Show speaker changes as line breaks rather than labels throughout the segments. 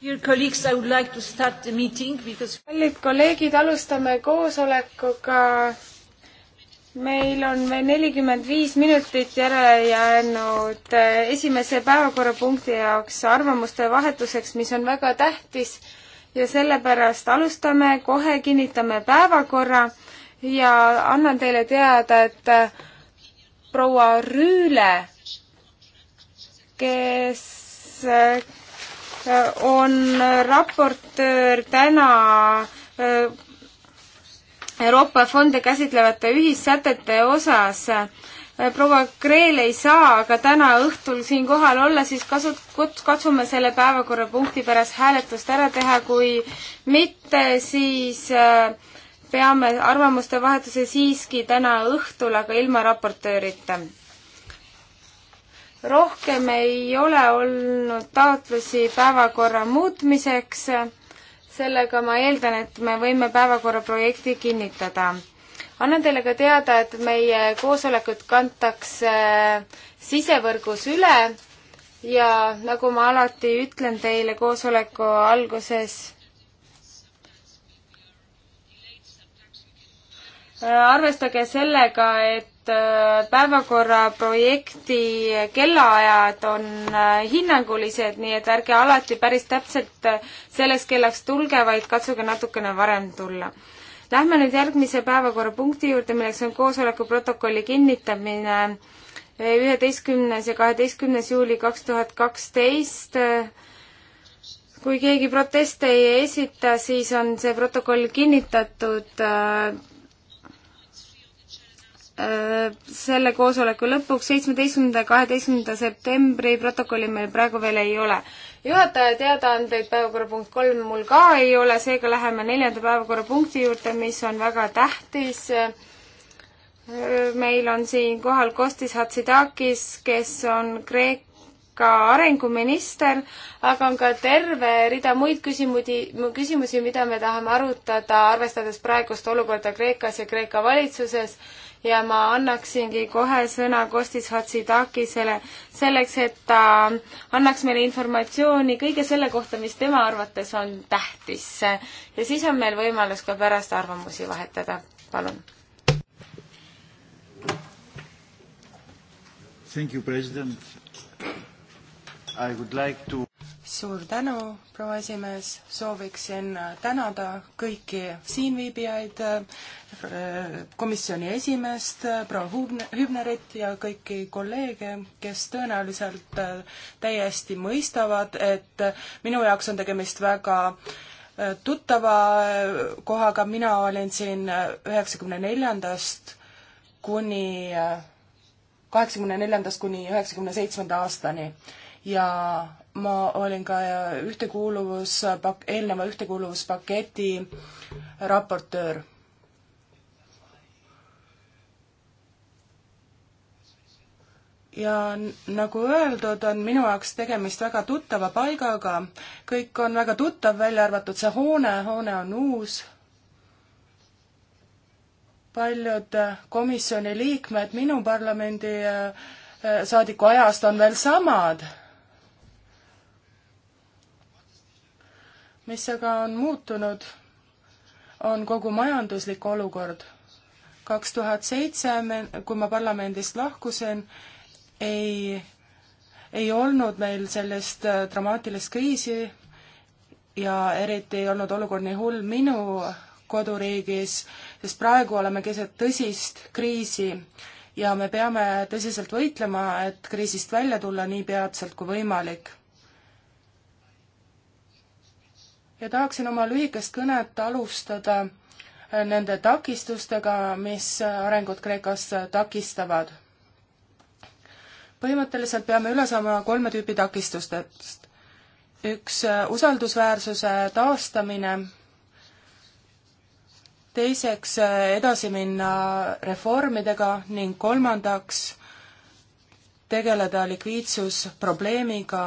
kallid
kolleegid, alustame koosolekuga. meil on veel nelikümmend viis minutit järele jäänud eh, esimese päevakorrapunkti jaoks arvamuste vahetuseks, mis on väga tähtis ja sellepärast alustame, kohe kinnitame päevakorra ja annan teile teada, et eh, proua Rüüle, kes eh, Äh, on äh, raportöör täna äh, Euroopa fonde käsitlevate ühissätete osas. proua Kreel ei saa aga täna õhtul siin kohal olla, siis kasut-, katsume selle päevakorrapunkti pärast hääletust ära teha, kui mitte, siis peame arvamuste vahetuse siiski täna õhtul, aga ilma raportöörita rohkem ei ole olnud taotlusi päevakorra muutmiseks. sellega ma eeldan, et me võime päevakorra projekti kinnitada. annan teile ka teada, et meie koosolekut kantakse äh, sisevõrgus üle ja nagu ma alati ütlen teile koosoleku alguses, äh, arvestage sellega, et Äh, päevakorra projekti kellaajad on äh, hinnangulised, nii et ärge alati päris täpselt äh, selleks kellaks tulge, vaid katsuge natukene varem tulla. Lähme nüüd järgmise päevakorrapunkti juurde, milleks on koosoleku protokolli kinnitamine üheteistkümnes ja kaheteistkümnes juuli kaks tuhat kaksteist kui keegi proteste ei esita, siis on see protokoll kinnitatud Äh, selle koosoleku lõpuks, seitsmeteistkümnenda, kaheteistkümnenda septembri protokolli meil praegu veel ei ole. juhataja teadaandeid päevakorrapunkt kolm mul ka ei ole, seega läheme neljanda päevakorrapunkti juurde, mis on väga tähtis. Äh, meil on siin kohal Kostis Hatsidakis, kes on Kreeka arenguminister, aga on ka terve rida muid küsimusi, küsimusi, mida me tahame arutada, arvestades praegust olukorda Kreekas ja Kreeka valitsuses ja ma annaksingi kohe sõna Kostis Hatsidakisele selleks, et ta annaks meile informatsiooni kõige selle kohta, mis tema arvates on tähtis. ja siis on meil võimalus ka pärast arvamusi vahetada. palun.
Thank you, president. I would like to
suur tänu, proua esimees, sooviksin tänada kõiki siinviibijaid, äh, komisjoni esimeest, proua Hübnerit ja kõiki kolleege, kes tõenäoliselt äh, täiesti mõistavad, et minu jaoks on tegemist väga äh, tuttava kohaga, mina olin siin üheksakümne neljandast kuni, kaheksakümne neljandast kuni üheksakümne seitsmenda aastani ja ma olin ka ühtekuuluvus, eelneva ühtekuuluvuspaketi raportöör. ja nagu öeldud, on minu jaoks tegemist väga tuttava paigaga, kõik on väga tuttav, välja arvatud see hoone, hoone on uus paljud komisjoni liikmed minu parlamendi äh, saadiku ajast on veel samad mis aga on muutunud, on kogu majanduslik olukord. kaks tuhat seitse, kui ma parlamendist lahkusin, ei, ei olnud meil sellist äh, dramaatilist kriisi ja eriti ei olnud olukord nii hull minu koduriigis, sest praegu oleme keset tõsist kriisi ja me peame tõsiselt võitlema, et kriisist välja tulla nii peatselt kui võimalik ja tahaksin oma lühikest kõnet alustada äh, nende takistustega, mis äh, arengut Kreekas äh, takistavad. põhimõtteliselt peame üle saama kolme tüüpi takistustest. üks, usaldusväärsuse taastamine, teiseks, edasi minna reformidega ning kolmandaks, tegeleda likviidsusprobleemiga,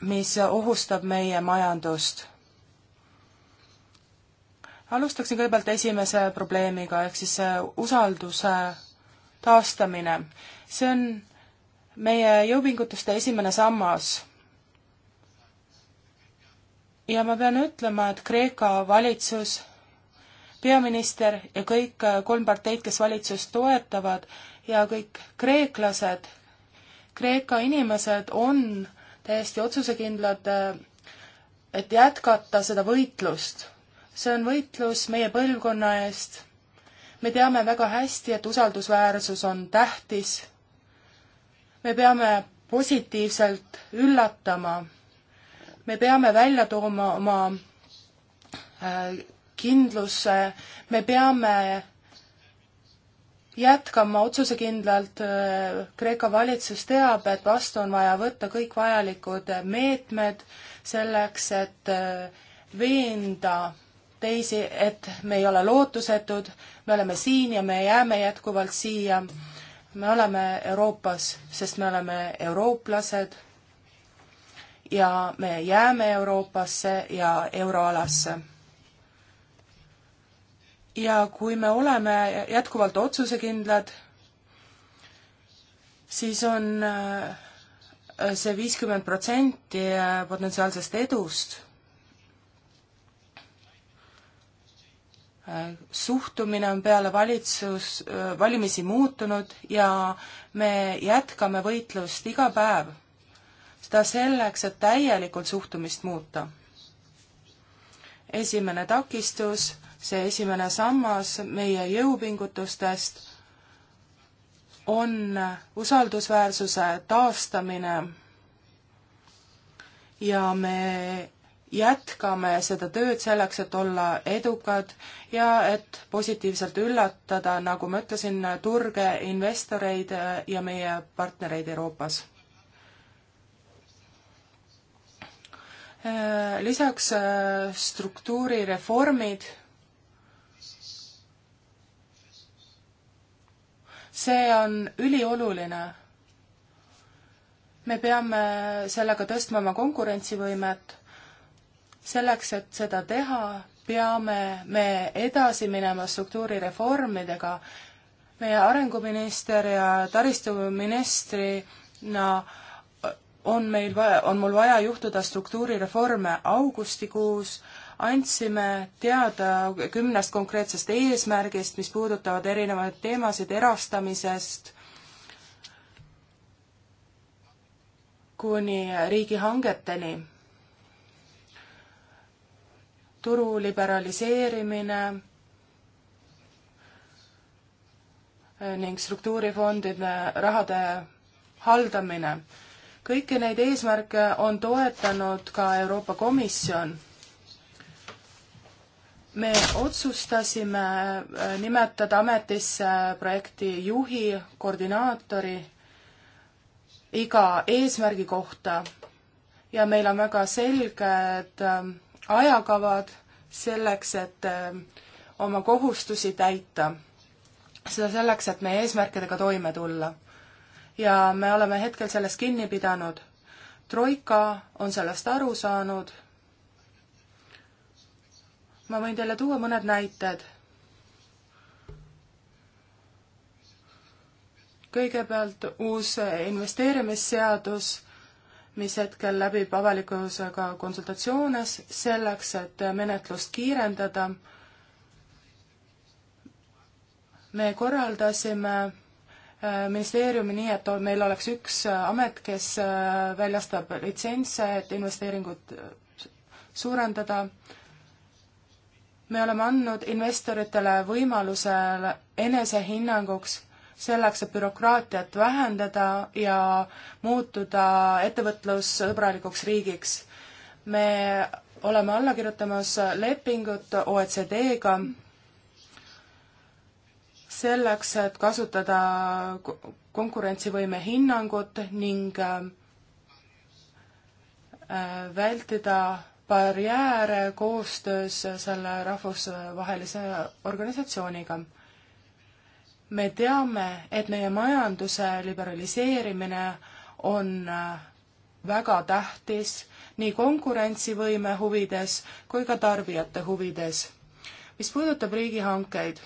mis ohustab meie majandust alustaksin kõigepealt esimese probleemiga, ehk siis äh, usalduse taastamine. see on meie jõupingutuste esimene sammas. ja ma pean ütlema, et Kreeka valitsus, peaminister ja kõik äh, kolm parteid, kes valitsust toetavad ja kõik kreeklased, Kreeka inimesed on täiesti otsusekindlad, äh, et jätkata seda võitlust see on võitlus meie põlvkonna eest. me teame väga hästi, et usaldusväärsus on tähtis. me peame positiivselt üllatama. me peame välja tooma oma äh, kindluse, me peame jätkama otsusekindlalt. Äh, Kreeka valitsus teab, et vastu on vaja võtta kõik vajalikud meetmed selleks, et äh, veenda teisi, et me ei ole lootusetud, me oleme siin ja me jääme jätkuvalt siia. me oleme Euroopas, sest me oleme eurooplased ja me jääme Euroopasse ja euroalasse. ja kui me oleme jätkuvalt otsusekindlad, siis on äh, see viiskümmend protsenti äh, potentsiaalsest edust suhtumine on peale valitsus, valimisi muutunud ja me jätkame võitlust iga päev. seda selleks, et täielikult suhtumist muuta. esimene takistus, see esimene sammas meie jõupingutustest on usaldusväärsuse taastamine ja me jätkame seda tööd selleks, et olla edukad ja et positiivselt üllatada, nagu ma ütlesin, turge, investoreid ja meie partnereid Euroopas. lisaks äh, struktuurireformid see on ülioluline. me peame sellega tõstma oma konkurentsivõimet selleks, et seda teha, peame me edasi minema struktuurireformidega. meie arenguminister ja taristuministrina on meil vaja, on mul vaja juhtuda struktuurireforme augustikuus, andsime teada kümnest konkreetsest eesmärgist, mis puudutavad erinevaid teemasid erastamisest kuni riigihangeteni turu liberaliseerimine ning struktuurifondide rahade haldamine. kõiki neid eesmärke on toetanud ka Euroopa Komisjon. me otsustasime äh, nimetada ametisse projekti juhi, koordinaatori iga eesmärgi kohta ja meil on väga selged äh, ajakavad selleks, et äh, oma kohustusi täita. seda selleks, et meie eesmärkidega toime tulla. ja me oleme hetkel sellest kinni pidanud. troika on sellest aru saanud. ma võin teile tuua mõned näited. kõigepealt uus investeerimisseadus mis hetkel läbib avalikkusega konsultatsioones selleks, et menetlust kiirendada. me korraldasime äh, ministeeriumi nii, et meil oleks üks äh, amet, kes äh, väljastab litsentse, et investeeringut suurendada. me oleme andnud investoritele võimaluse enesehinnanguks selleks, et bürokraatiat vähendada ja muutuda ettevõtlussõbralikuks riigiks. me oleme alla kirjutamas lepingut OECD-ga selleks, et kasutada konkurentsivõime hinnangut ning äh, vältida barjääre koostöös selle rahvusvahelise organisatsiooniga me teame, et meie majanduse liberaliseerimine on äh, väga tähtis nii konkurentsivõime huvides kui ka tarbijate huvides. mis puudutab riigihankeid,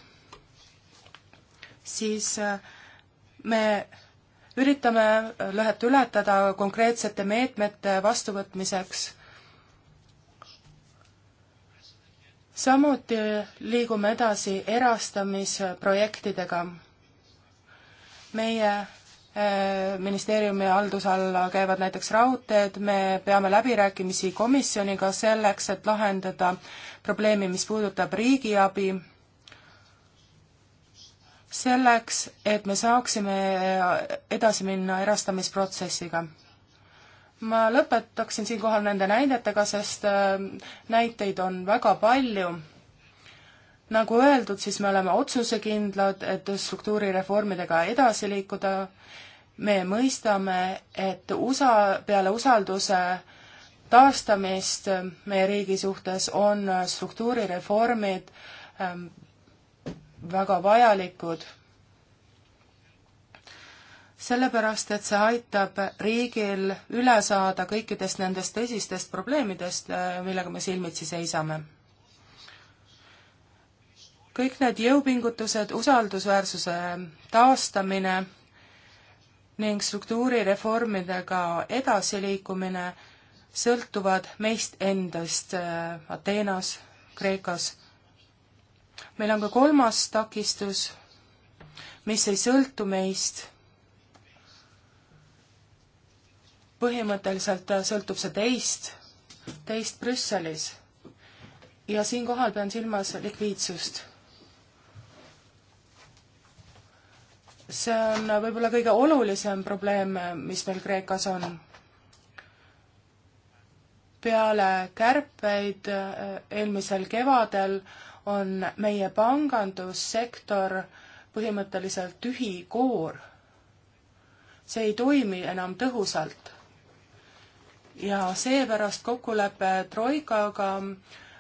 siis äh, me üritame äh, lõhet ületada konkreetsete meetmete vastuvõtmiseks samuti liigume edasi erastamisprojektidega. meie äh, ministeeriumi halduse alla käivad näiteks raudteed, me peame läbirääkimisi komisjoniga selleks, et lahendada probleemi, mis puudutab riigiabi, selleks, et me saaksime äh, edasi minna erastamisprotsessiga ma lõpetaksin siinkohal nende näidetega, sest äh, näiteid on väga palju. nagu öeldud, siis me oleme otsusekindlad, et struktuurireformidega edasi liikuda. me mõistame, et USA, peale usalduse taastamist meie riigi suhtes on struktuurireformid ähm, väga vajalikud sellepärast, et see aitab riigil üle saada kõikidest nendest tõsistest probleemidest, äh, millega me silmitsi seisame. kõik need jõupingutused, usaldusväärsuse taastamine ning struktuurireformidega edasiliikumine sõltuvad meist endast äh, Ateenas, Kreekas. meil on ka kolmas takistus, mis ei sõltu meist põhimõtteliselt äh, sõltub see teist, teist Brüsselis. ja siinkohal pean silmas likviidsust. see on äh, võib-olla kõige olulisem probleem, äh, mis meil Kreekas on. peale kärpeid eelmisel kevadel on meie pangandussektor põhimõtteliselt tühi koor. see ei toimi enam tõhusalt ja seepärast kokkulepe Troikaga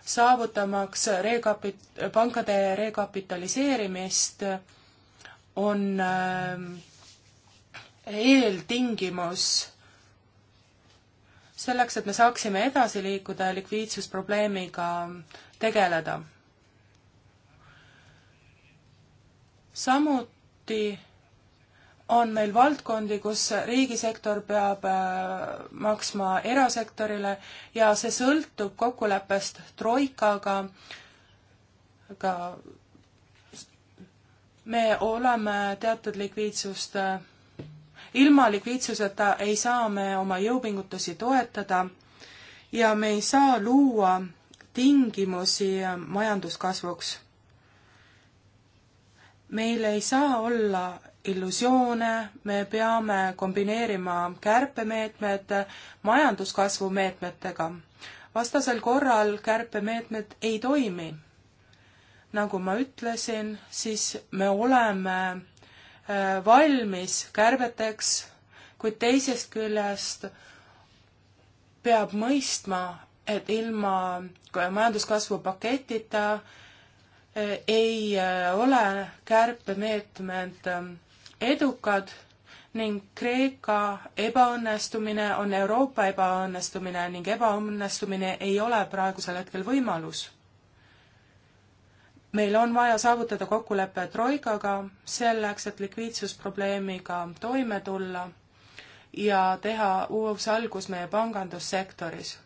saavutamaks rekapit-, pankade rekapitaliseerimist on äh, eeltingimus selleks, et me saaksime edasi liikuda ja likviidsusprobleemiga tegeleda. samuti on meil valdkondi, kus riigisektor peab äh, maksma erasektorile ja see sõltub kokkuleppest Troikaga, aga me oleme teatud likviidsust, äh, ilma likviidsuseta ei saa me oma jõupingutusi toetada ja me ei saa luua tingimusi äh, majanduskasvuks. meil ei saa olla illusioone, me peame kombineerima kärpemeetmed majanduskasvu meetmetega. vastasel korral kärpemeetmed ei toimi. nagu ma ütlesin, siis me oleme äh, valmis kärbeteks, kuid teisest küljest peab mõistma, et ilma majanduskasvu paketita äh, ei äh, ole kärpemeetmed ähm, edukad ning Kreeka ebaõnnestumine on Euroopa ebaõnnestumine ning ebaõnnestumine ei ole praegusel hetkel võimalus. meil on vaja saavutada kokkulepe Troikaga selleks, et likviidsusprobleemiga toime tulla ja teha uus algus meie pangandussektoris.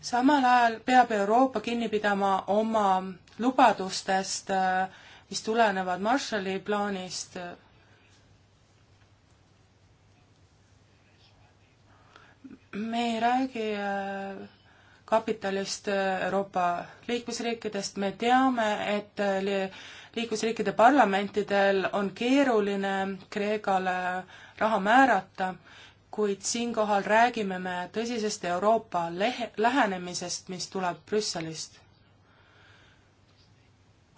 samal ajal peab Euroopa kinni pidama oma lubadustest äh, mis tulenevad Marshalli plaanist. me ei räägi äh, kapitalist äh, Euroopa liikmesriikidest, me teame, et äh, liikmesriikide parlamentidel on keeruline Kreekale raha määrata, kuid siinkohal räägime me tõsisest Euroopa lehe, lähenemisest, mis tuleb Brüsselist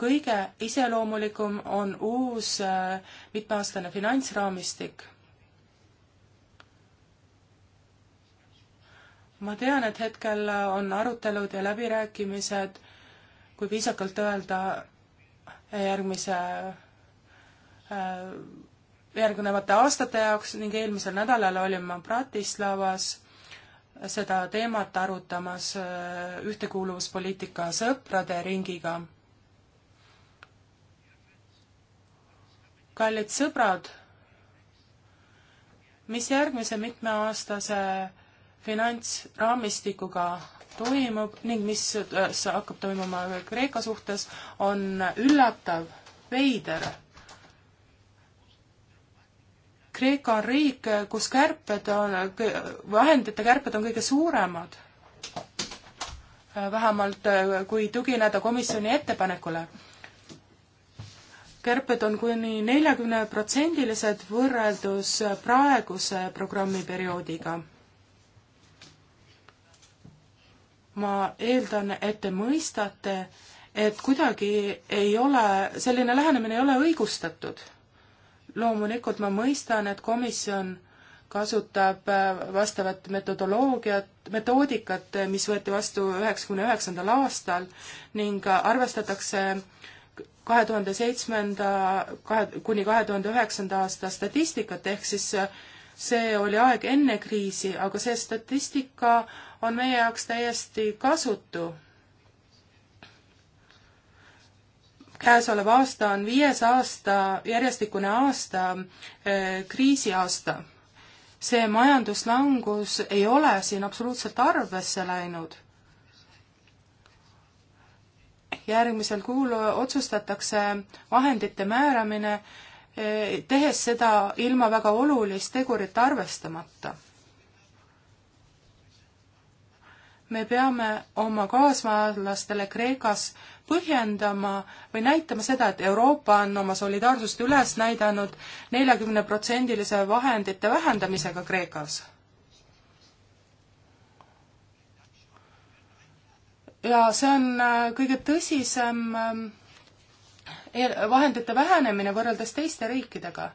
kõige iseloomulikum on uus äh, mitmeaastane finantsraamistik. ma tean, et hetkel on arutelud ja läbirääkimised, kui viisakalt öelda, järgmise, äh, järgnevate aastate jaoks ning eelmisel nädalal olin ma Bratislavas seda teemat arutamas äh, ühtekuuluvuspoliitika sõprade ringiga kallid sõbrad, mis järgmise mitmeaastase finantsraamistikuga toimub ning mis äh, hakkab toimuma Kreeka suhtes, on üllatav, veider. Kreeka on riik, kus kärped on, vahendite kärped on kõige suuremad, äh, vähemalt äh, kui tugineda komisjoni ettepanekule kärped on kuni neljakümneprotsendilised võrreldus praeguse programmiperioodiga. ma eeldan, et te mõistate, et kuidagi ei ole, selline lähenemine ei ole õigustatud. loomulikult ma mõistan, et komisjon kasutab äh, vastavat metodoloogiat, metoodikat, äh, mis võeti vastu üheksakümne üheksandal aastal ning äh, arvestatakse kahe tuhande seitsmenda, kahe, kuni kahe tuhande üheksanda aasta statistikat, ehk siis äh, see oli aeg enne kriisi, aga see statistika on meie jaoks täiesti kasutu. käesolev aasta on viies aasta, järjestikune aasta, äh, kriisiaasta see majanduslangus ei ole siin absoluutselt arvesse läinud järgmisel kuul otsustatakse vahendite määramine, eh, tehes seda ilma väga olulist tegurit arvestamata. me peame oma kaasmaalastele Kreekas põhjendama või näitama seda, et Euroopa on oma solidaarsust üles näidanud neljakümneprotsendilise vahendite vähendamisega Kreekas ja see on äh, kõige tõsisem ähm, vahendite vähenemine võrreldes teiste riikidega.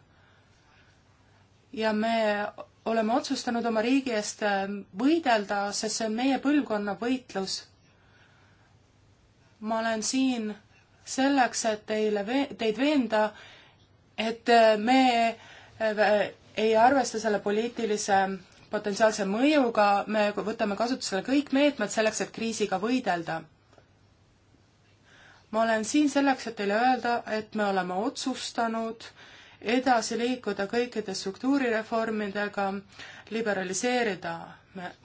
ja me oleme otsustanud oma riigi eest ähm, võidelda, sest see on meie põlvkonna võitlus. ma olen siin selleks, et teile, teid veenda, et äh, me äh, ei arvesta selle poliitilise potentsiaalse mõjuga, me võtame kasutusele kõik meetmed selleks, et kriisiga võidelda. ma olen siin selleks, et teile öelda, et me oleme otsustanud edasi liikuda kõikide struktuurireformidega, liberaliseerida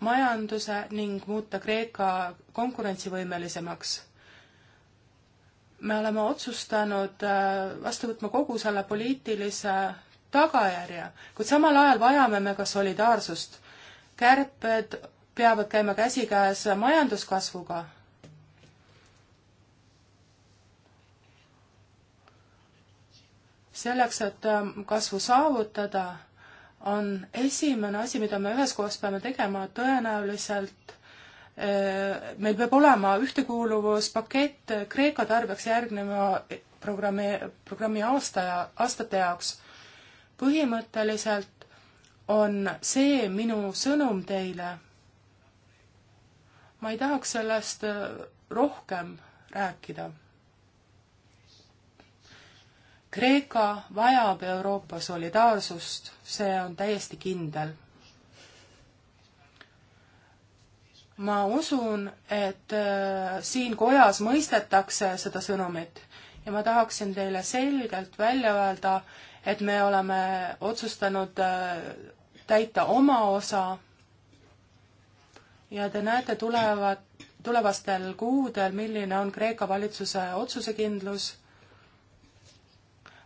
majanduse ning muuta Kreeka konkurentsivõimelisemaks. me oleme otsustanud äh, vastu võtma kogu selle poliitilise tagajärje, kuid samal ajal vajame me ka solidaarsust. kärped peavad käima käsikäes majanduskasvuga. selleks, et ähm, kasvu saavutada, on esimene asi, mida me üheskoos peame tegema, tõenäoliselt äh, meil peab olema ühtekuuluvuspakett Kreeka tarbeks järgneva programmi, programmi aasta ja aastate jaoks põhimõtteliselt on see minu sõnum teile. ma ei tahaks sellest äh, rohkem rääkida. Kreeka vajab Euroopa solidaarsust, see on täiesti kindel ma usun, et äh, siin kojas mõistetakse seda sõnumit ja ma tahaksin teile selgelt välja öelda, et me oleme otsustanud äh, täita oma osa ja te näete tulevat, tulevastel kuudel, milline on Kreeka valitsuse otsusekindlus.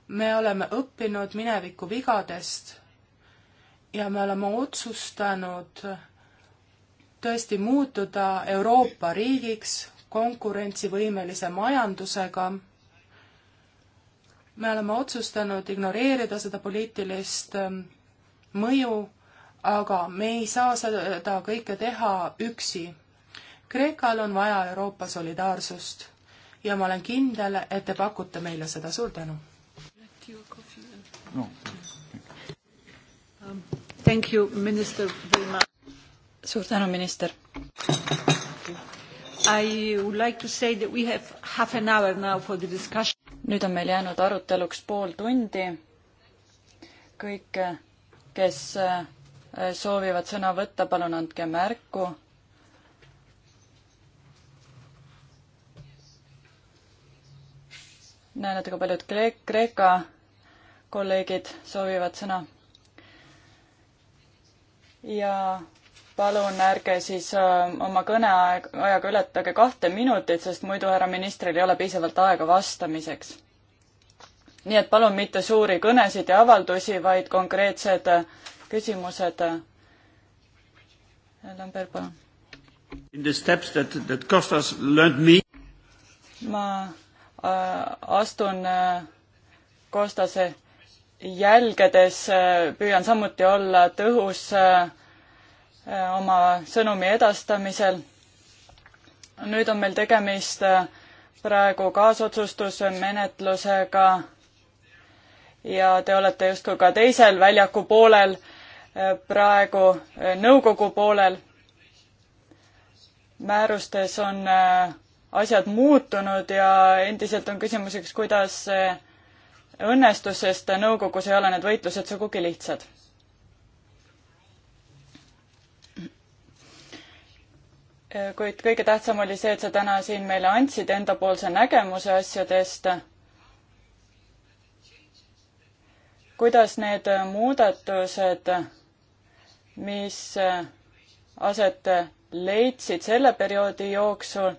me oleme õppinud mineviku vigadest ja me oleme otsustanud tõesti muutuda Euroopa riigiks konkurentsivõimelise majandusega me oleme otsustanud ignoreerida seda poliitilist ähm, mõju, aga me ei saa seda kõike teha üksi. Kreekal on vaja Euroopa solidaarsust ja ma olen kindel, et te pakute meile seda, suur tänu! No. Thank you, minister, very much.
suur tänu, minister! I would like to say that we have half an hour now for the discussion nüüd on meil jäänud aruteluks pool tundi. kõik, kes eh, soovivad sõna võtta, palun andke märku. näen, et ka paljud Kreek-, Kreeka kolleegid soovivad sõna. ja palun ärge siis äh, oma kõneaeg, ajaga ületage kahte minutit, sest muidu härra ministril ei ole piisavalt aega vastamiseks. nii et palun mitte suuri kõnesid ja avaldusi, vaid konkreetsed äh, küsimused. Äh, Lambert, palun.
In the steps that, that Costas learned me.
ma äh, astun äh, Costase jälgedes äh,, püüan samuti olla tõhus äh, Äh, oma sõnumi edastamisel. nüüd on meil tegemist äh, praegu kaasotsustusmenetlusega ja te olete justkui ka teisel väljaku poolel, äh, praegu nõukogu poolel. määrustes on asjad muutunud ja endiselt on küsimuseks, kuidas see õnnestus, sest nõukogus ei ole need võitlused sugugi lihtsad kuid kõige tähtsam oli see, et sa täna siin meile andsid endapoolse nägemuse asjadest. kuidas need muudatused, mis aset leidsid selle perioodi jooksul,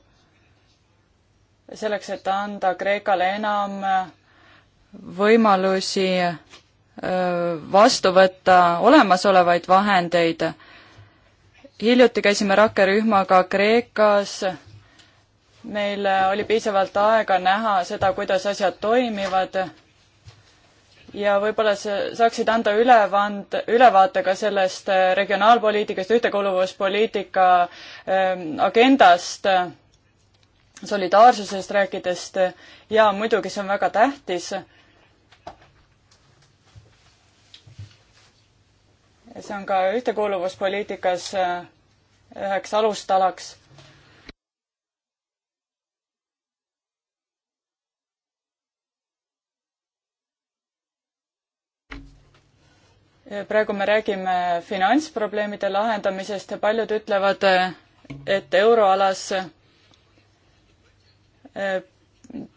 selleks, et anda Kreekale enam võimalusi vastu võtta olemasolevaid vahendeid hiljuti käisime rakkerühmaga Kreekas, meil oli piisavalt aega näha seda, kuidas asjad toimivad ja võib-olla sa saaksid anda ülevand, ülevaate ka sellest regionaalpoliitikast, ühtekuuluvuspoliitika ähm, agendast, solidaarsusest rääkidest ja muidugi see on väga tähtis see on ka ühtekuuluvuspoliitikas äh, üheks alustalaks. praegu me räägime finantsprobleemide lahendamisest ja paljud ütlevad, et euroalas äh,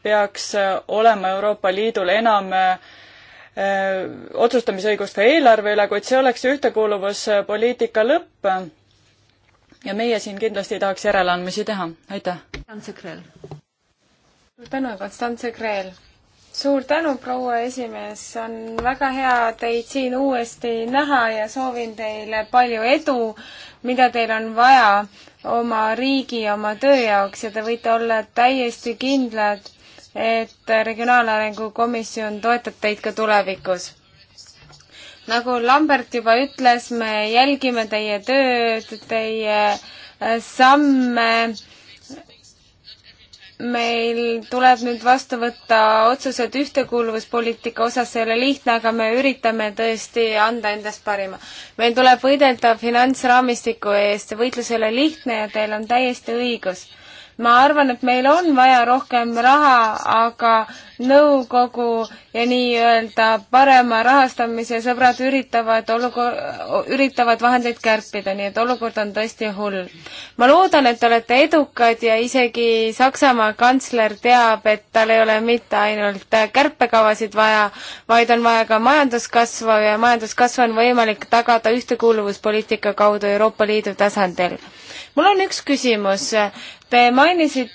peaks olema Euroopa Liidul enam äh, Äh, otsustamisõigust ka eelarve üle, kuid see oleks ühtekuuluvuspoliitika lõpp. ja meie siin kindlasti ei tahaks järeleandmisi teha. aitäh! suur
tänu, Konstantse Kreel! suur tänu, proua esimees, on väga hea teid siin uuesti näha ja soovin teile palju edu, mida teil on vaja oma riigi, oma töö jaoks ja te võite olla täiesti kindlad, et Regionaalarengu Komisjon toetab teid ka tulevikus. nagu Lambert juba ütles, me jälgime teie tööd, teie äh, samme. meil tuleb nüüd vastu võtta otsused ühtekuuluvuspoliitika osas, see ei ole lihtne, aga me üritame tõesti anda endast parima. meil tuleb võidelda finantsraamistiku eest, see võitlus ei ole lihtne ja teil on täiesti õigus ma arvan, et meil on vaja rohkem raha, aga nõukogu ja nii-öelda parema rahastamise sõbrad üritavad olukor-, üritavad vahendeid kärpida, nii et olukord on tõesti hull. ma loodan, et te olete edukad ja isegi Saksamaa kantsler teab, et tal ei ole mitte ainult kärpekavasid vaja, vaid on vaja ka majanduskasvu ja majanduskasvu on võimalik tagada ühtekuuluvuspoliitika kaudu Euroopa Liidu tasandil mul on üks küsimus. Te mainisite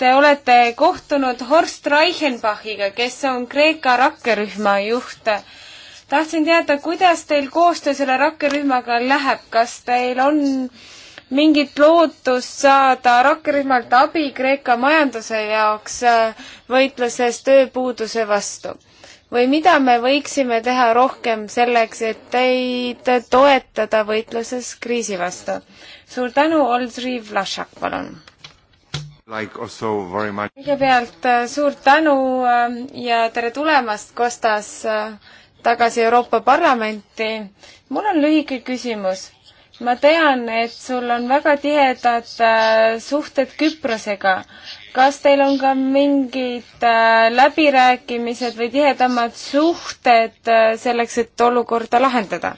te olete kohtunud Horst Reichenbachiga, kes on Kreeka rakkerühma juht. tahtsin teada, kuidas teil koostöö selle rakkerühmaga läheb, kas teil on mingit lootust saada rakkerühmalt abi Kreeka majanduse jaoks võitluses tööpuuduse vastu? või mida me võiksime teha rohkem selleks, et teid toetada võitluses kriisi vastu? suur tänu, Oldri Vlašak, palun!
kõigepealt
äh, suur tänu ähm, ja tere tulemast, Kostas, äh, tagasi Euroopa Parlamenti. mul on lühike küsimus ma tean, et sul on väga tihedad äh, suhted Küprosega kas teil on ka mingid äh, läbirääkimised või tihedamad suhted äh, selleks, et olukorda lahendada?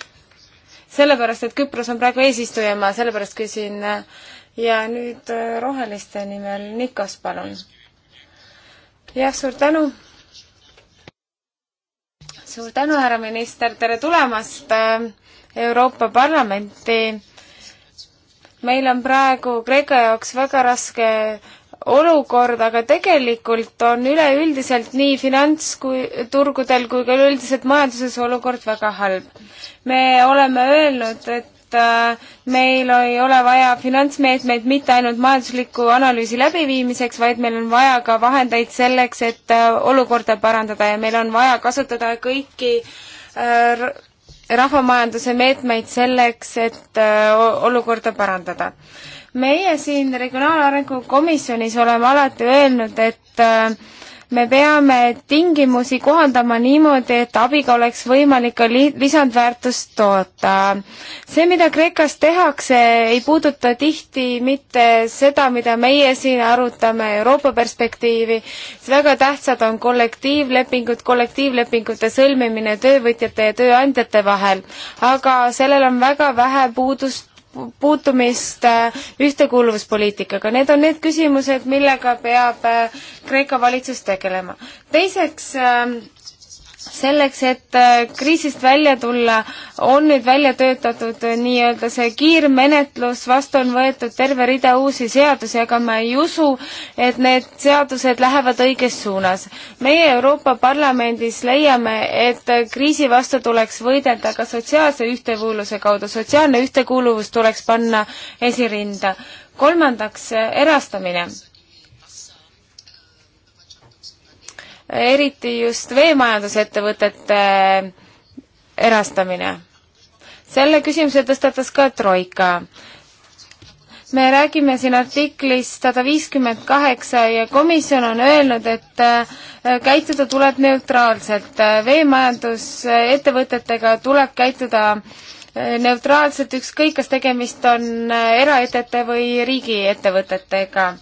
sellepärast, et Küpros on praegu eesistujamaa, sellepärast küsin äh, ja nüüd roheliste nimel Nikos, palun. jah, suur tänu. suur tänu, härra minister, tere tulemast Euroopa Parlamenti. meil on praegu Kreeka jaoks väga raske olukord, aga tegelikult on üleüldiselt nii finants kui turgudel kui ka üleüldiselt majanduses olukord väga halb. me oleme öelnud, et äh, meil ei ole vaja finantsmeetmeid mitte ainult majandusliku analüüsi läbiviimiseks, vaid meil on vaja ka vahendeid selleks, et äh, olukorda parandada ja meil on vaja kasutada kõiki äh, rahvamajanduse meetmeid selleks, et äh, olukorda parandada meie siin Regionaalarengu Komisjonis oleme alati öelnud, et äh, me peame tingimusi kohandama niimoodi, et abiga oleks võimalik ka li lisandväärtust toota. see, mida Kreekas tehakse, ei puuduta tihti mitte seda, mida meie siin arutame Euroopa perspektiivi, väga tähtsad on kollektiivlepingud, kollektiivlepingute sõlmimine töövõtjate ja tööandjate vahel, aga sellel on väga vähe puudust puutumist äh, ühtekuuluvuspoliitikaga, need on need küsimused, millega peab äh, Kreeka valitsus tegelema. teiseks ähm, selleks, et äh, kriisist välja tulla, on nüüd välja töötatud äh, nii-öelda see kiirmenetlus, vastu on võetud terve rida uusi seadusi, aga ma ei usu, et need seadused lähevad õiges suunas. meie Euroopa Parlamendis leiame, et äh, kriisi vastu tuleks võidelda ka sotsiaalse ühtekuuluvuse kaudu, sotsiaalne ühtekuuluvus tuleks panna esirinda. kolmandaks, erastamine eriti just veemajandusettevõtete erastamine. selle küsimuse tõstatas ka Troika. me räägime siin artiklist sada viiskümmend kaheksa ja komisjon on öelnud, et äh, käituda tuleb neutraalselt. veemajandusettevõtetega tuleb käituda äh, neutraalselt, ükskõik kas tegemist on äh, eraettevõtte või riigiettevõtetega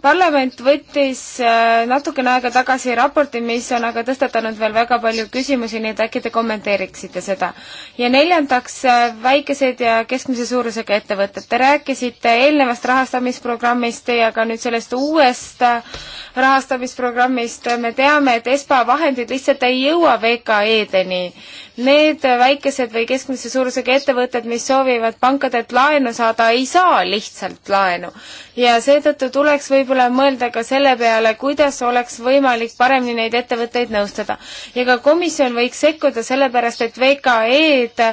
parlament võttis äh, natukene aega tagasi raporti, mis on aga tõstatanud veel väga palju küsimusi, nii et äkki te kommenteeriksite seda. ja neljandaks, äh, väikesed ja keskmise suurusega ettevõtted. Te rääkisite eelnevast rahastamisprogrammist ja ka nüüd sellest uuest äh, rahastamisprogrammist. me teame, et ESPA vahendid lihtsalt ei jõua VKE-deni. Need väikesed või keskmise suurusega ettevõtted, mis soovivad pankadelt laenu saada, ei saa lihtsalt laenu. ja seetõttu tuleks võib-olla mõelda ka selle peale, kuidas oleks võimalik paremini neid ettevõtteid nõustada. ja ka komisjon võiks sekkuda sellepärast, et VKE-d,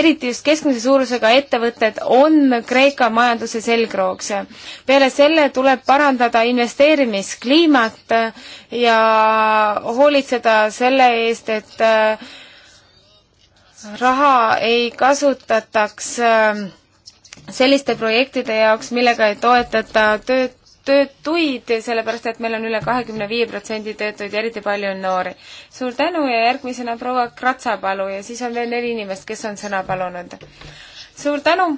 eriti just keskmise suurusega ettevõtted, on Kreeka majanduse selgrooks. peale selle tuleb parandada investeerimiskliimat ja hoolitseda selle eest, et raha ei kasutataks ähm, selliste projektide jaoks, millega ei toetata tööd, töötuid, sellepärast et meil on üle kahekümne viie protsendi töötuid ja eriti palju on noori. suur tänu ja järgmisena proua Kratsapalu ja siis on veel neli inimest, kes on sõna palunud. suur tänu!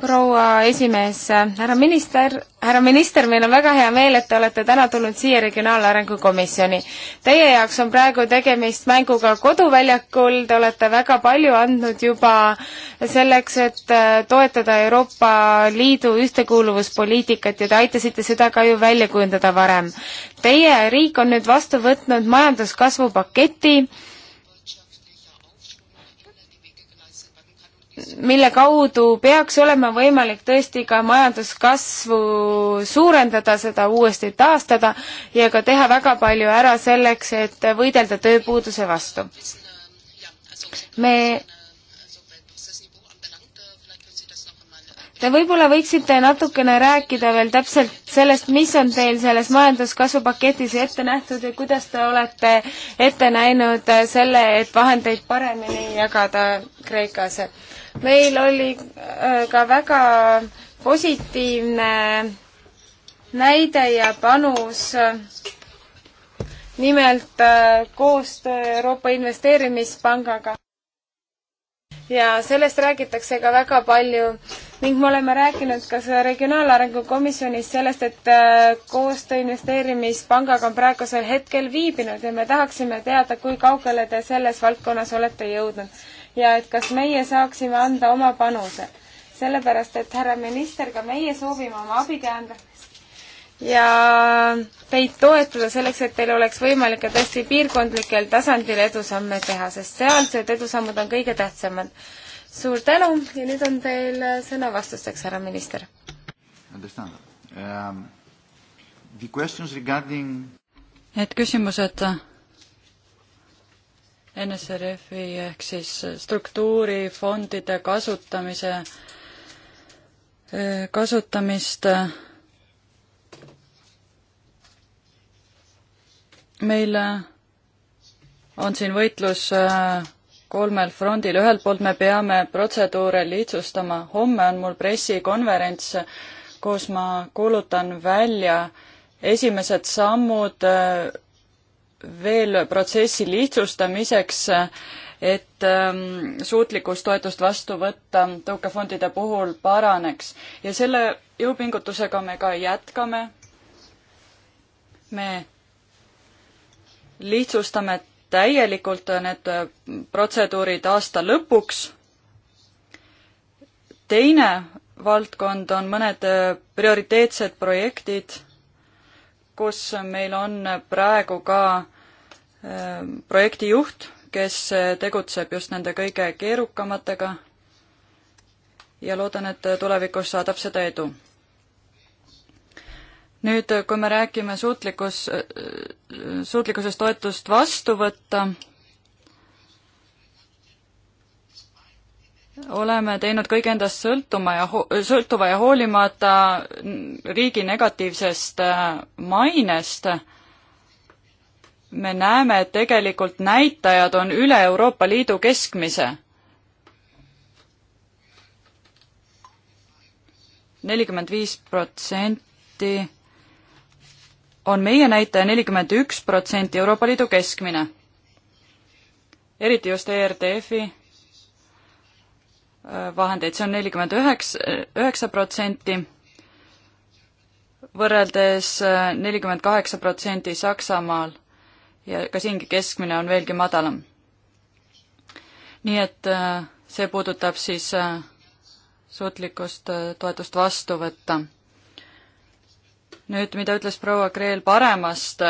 proua esimees, härra minister, härra minister, meil on väga hea meel, et te olete täna tulnud siia Regionaalarengu Komisjoni. Teie jaoks on praegu tegemist mänguga koduväljakul, te olete väga palju andnud juba selleks, et äh, toetada Euroopa Liidu ühtekuuluvuspoliitikat ja te aitasite seda ka ju välja kujundada varem. Teie riik on nüüd vastu võtnud majanduskasvu paketi, mille kaudu peaks olema võimalik tõesti ka majanduskasvu suurendada, seda uuesti taastada ja ka teha väga palju ära selleks, et võidelda tööpuuduse vastu. me Te võib-olla võiksite natukene rääkida veel täpselt sellest, mis on teil selles majanduskasvu paketis ette nähtud ja kuidas te olete ette näinud selle, et vahendeid paremini jagada Kreekas meil oli äh, ka väga positiivne näide ja panus äh, nimelt äh, koostöö Euroopa Investeerimispangaga. ja sellest räägitakse ka väga palju ning me oleme rääkinud ka Regionaalarengu Komisjonis sellest, et koostöö investeerimispangaga on praegusel hetkel viibinud ja me tahaksime teada, kui kaugele te selles valdkonnas olete jõudnud ja et kas meie saaksime anda oma panuse. sellepärast, et härra minister, ka meie soovime oma abikäe anda ja teid toetada selleks, et teil oleks võimalik ka tõesti piirkondlikel tasandil edusamme teha, sest sealsed edusammud on kõige tähtsamad. suur tänu ja nüüd on teil sõna vastusteks, härra minister.
Um, regarding... Need küsimused NSRF-i ehk siis struktuurifondide kasutamise, eh, kasutamist meil on siin võitlus eh, kolmel frondil, ühelt poolt me peame protseduure lihtsustama, homme on mul pressikonverents, kus ma kuulutan välja esimesed sammud eh, veel protsessi lihtsustamiseks, et ähm, suutlikkus toetust vastu võtta tõukefondide puhul paraneks ja selle jõupingutusega me ka jätkame. me lihtsustame täielikult need protseduurid aasta lõpuks. teine valdkond on mõned prioriteetsed projektid kus meil on praegu ka ehm, projektijuht, kes tegutseb just nende kõige keerukamatega ja loodan, et tulevikus saadab seda edu. nüüd, kui me räägime suutlikkus, suutlikkusest toetust vastu võtta, oleme teinud kõik endast sõltuma ja ho-, sõltuva ja hoolimata riigi negatiivsest äh, mainest, me näeme, et tegelikult näitajad on üle Euroopa Liidu keskmise. nelikümmend viis protsenti on meie näitaja nelikümmend üks protsenti Euroopa Liidu keskmine. eriti just ERDF-i vahendeid, see on nelikümmend üheksa, üheksa protsenti, võrreldes äh, nelikümmend kaheksa protsenti Saksamaal ja ka siingi keskmine on veelgi madalam. nii et äh, see puudutab siis äh, suutlikkust toetust vastu võtta. nüüd, mida ütles proua Kreel paremast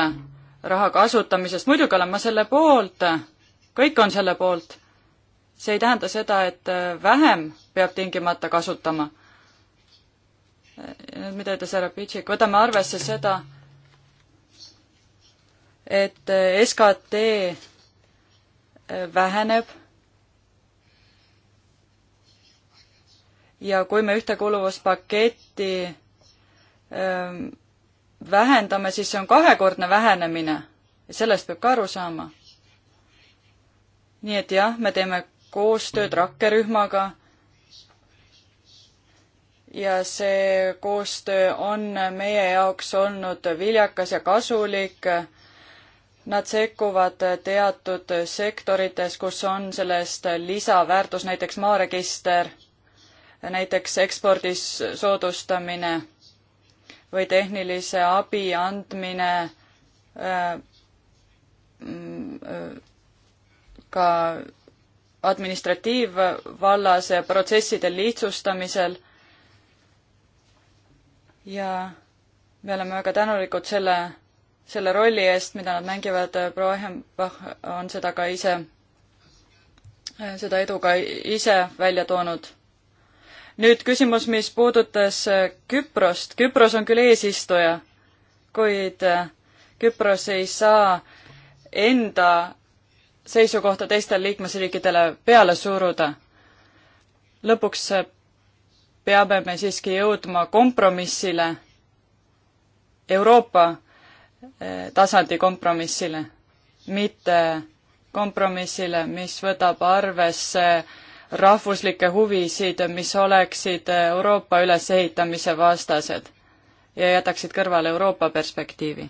raha kasutamisest, muidugi olen ma selle poolt, kõik on selle poolt see ei tähenda seda, et äh, vähem peab tingimata kasutama. nüüd mida ütles härra Pitsik, võtame arvesse seda, et äh, SKT äh, väheneb ja kui me ühtekuuluvuspaketti ähm, vähendame, siis see on kahekordne vähenemine ja sellest peab ka aru saama. nii et jah, me teeme koostööd rakkerühmaga ja see koostöö on meie jaoks olnud viljakas ja kasulik. Nad sekkuvad teatud sektorites, kus on sellest lisaväärtus, näiteks maaregister, näiteks ekspordis soodustamine või tehnilise abi andmine äh, mm, äh, ka administratiivvallas protsesside lihtsustamisel. ja me oleme väga tänulikud selle, selle rolli eest, mida nad mängivad, proua Ehenbach on seda ka ise, seda edu ka ise välja toonud. nüüd küsimus, mis puudutas Küprost. Küpros on küll eesistuja, kuid Küpros ei saa enda seisukohta teistel liikmesriikidele peale suruda. lõpuks peame me siiski jõudma kompromissile, Euroopa eh, tasandi kompromissile, mitte kompromissile, mis võtab arvesse rahvuslikke huvisid, mis oleksid Euroopa ülesehitamise vastased ja jätaksid kõrvale Euroopa perspektiivi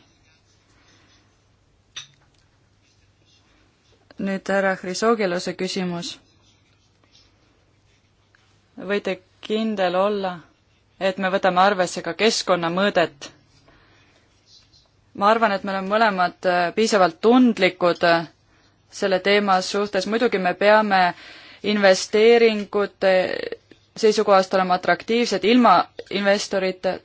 nüüd härra Hrisogelose küsimus. võite kindel olla, et me võtame arvesse ka keskkonnamõõdet? ma arvan, et me oleme mõlemad äh, piisavalt tundlikud äh, selle teema suhtes, muidugi me peame investeeringute seisukohast olema atraktiivsed, ilma investorita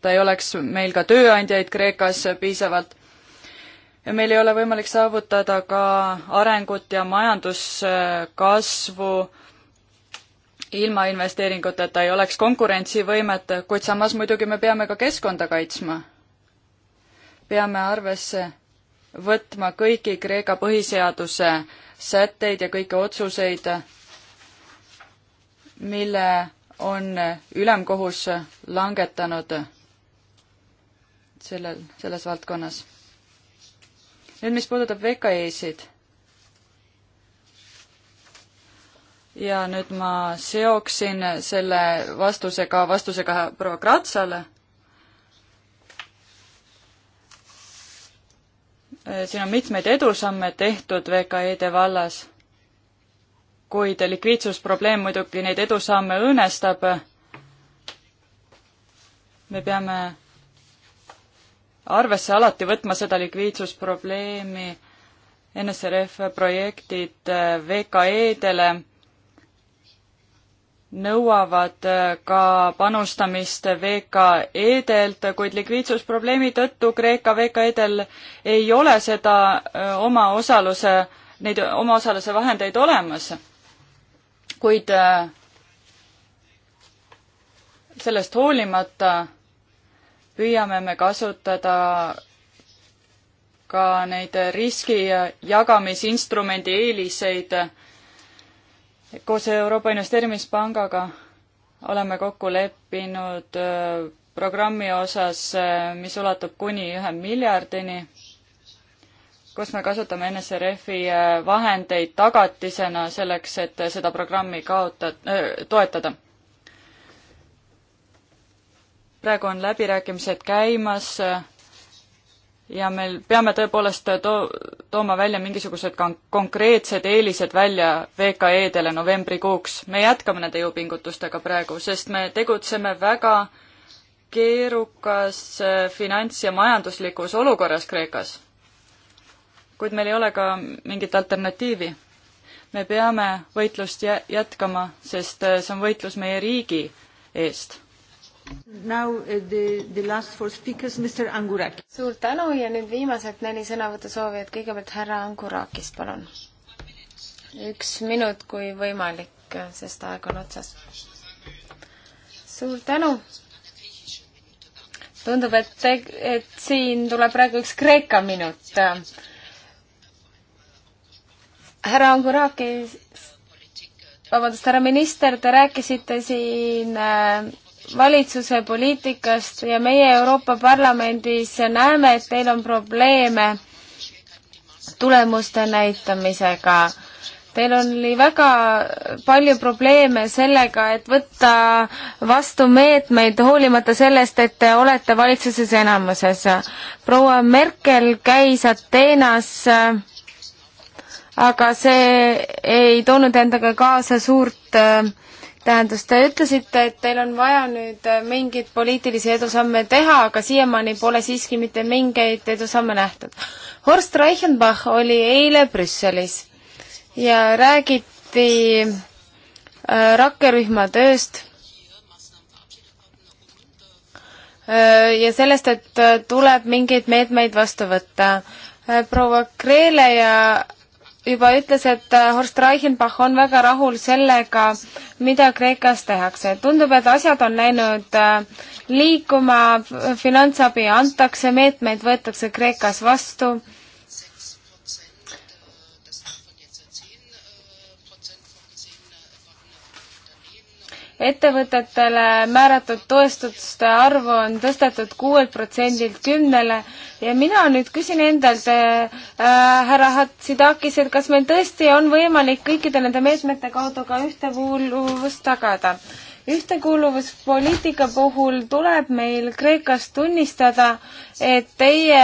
ta ei oleks meil ka tööandjaid Kreekas piisavalt meil ei ole võimalik saavutada ka arengut ja majanduskasvu ilma investeeringuteta, ei oleks konkurentsivõimet, kuid samas muidugi me peame ka keskkonda kaitsma. peame arvesse võtma kõiki Kreeka põhiseaduse sätteid ja kõiki otsuseid, mille on ülemkohus langetanud sellel, selles valdkonnas nüüd, mis puudutab VKE-sid. ja nüüd ma seoksin selle vastusega, vastusega proua Kratsale. siin on mitmeid edusamme tehtud VKE-de vallas, kuid likviidsusprobleem muidugi neid edusamme õõnestab. me peame arvesse alati võtma seda likviidsusprobleemi, NSRF projektid äh, VKE-dele nõuavad äh, ka panustamist VKE-delt, kuid likviidsusprobleemi tõttu Kreeka VKE-del ei ole seda äh, omaosaluse, neid omaosaluse vahendeid olemas. kuid sellest hoolimata püüame me kasutada ka neid riski jagamisinstrumendi eeliseid. koos Euroopa Investeerimispangaga oleme kokku leppinud äh, programmi osas, äh, mis ulatub kuni ühe miljardini, kus me kasutame NSRF-i äh, vahendeid tagatisena selleks, et seda programmi kaotada, toetada praegu on läbirääkimised käimas äh, ja me peame tõepoolest äh, to-, tooma välja mingisugused kon-, konkreetsed eelised välja VKE-dele novembrikuuks. me jätkame nende jõupingutustega praegu, sest me tegutseme väga keerukas äh, finants- ja majanduslikus olukorras Kreekas. kuid meil ei ole ka mingit alternatiivi. me peame võitlust jä-, jätkama, sest see on võitlus meie riigi eest
Now uh, the, the last four speakers, Mr Angurakis. suur tänu ja nüüd viimased neli sõnavõtusoovijat, kõigepealt härra Angurakis, palun. üks minut, kui võimalik, sest aeg on otsas. suur tänu. tundub, et, et siin tuleb praegu üks Kreeka minut. härra Angurakis, vabandust, härra minister, te rääkisite siin äh, valitsuse poliitikast ja meie Euroopa Parlamendis näeme, et teil on probleeme tulemuste näitamisega. Teil oli väga palju probleeme sellega, et võtta vastu meetmeid, hoolimata sellest, et te olete valitsuses enamuses. proua Merkel käis Ateenas aga see ei toonud endaga kaasa suurt äh, tähendust, te ütlesite, et teil on vaja nüüd äh, mingeid poliitilisi edusamme teha, aga siiamaani pole siiski mitte mingeid edusamme nähtud. Horst Reichenbach oli eile Brüsselis ja räägiti äh, rakkerühma tööst äh, ja sellest, et tuleb mingeid meetmeid vastu võtta. proua Kreele ja juba ütles, et äh, Horst Reichenbach on väga rahul sellega, mida Kreekas tehakse. tundub, et asjad on läinud äh, liikuma, finantsabi antakse, meetmeid võetakse Kreekas vastu ettevõtetele määratud toestuste arvu on tõstetud kuuelt protsendilt kümnele ja mina nüüd küsin endalt äh,, härra Hatsidakis, et kas meil tõesti on võimalik kõikide nende meetmete kaudu ka ühtekuuluvust tagada? ühtekuuluvuspoliitika puhul tuleb meil Kreekas tunnistada, et teie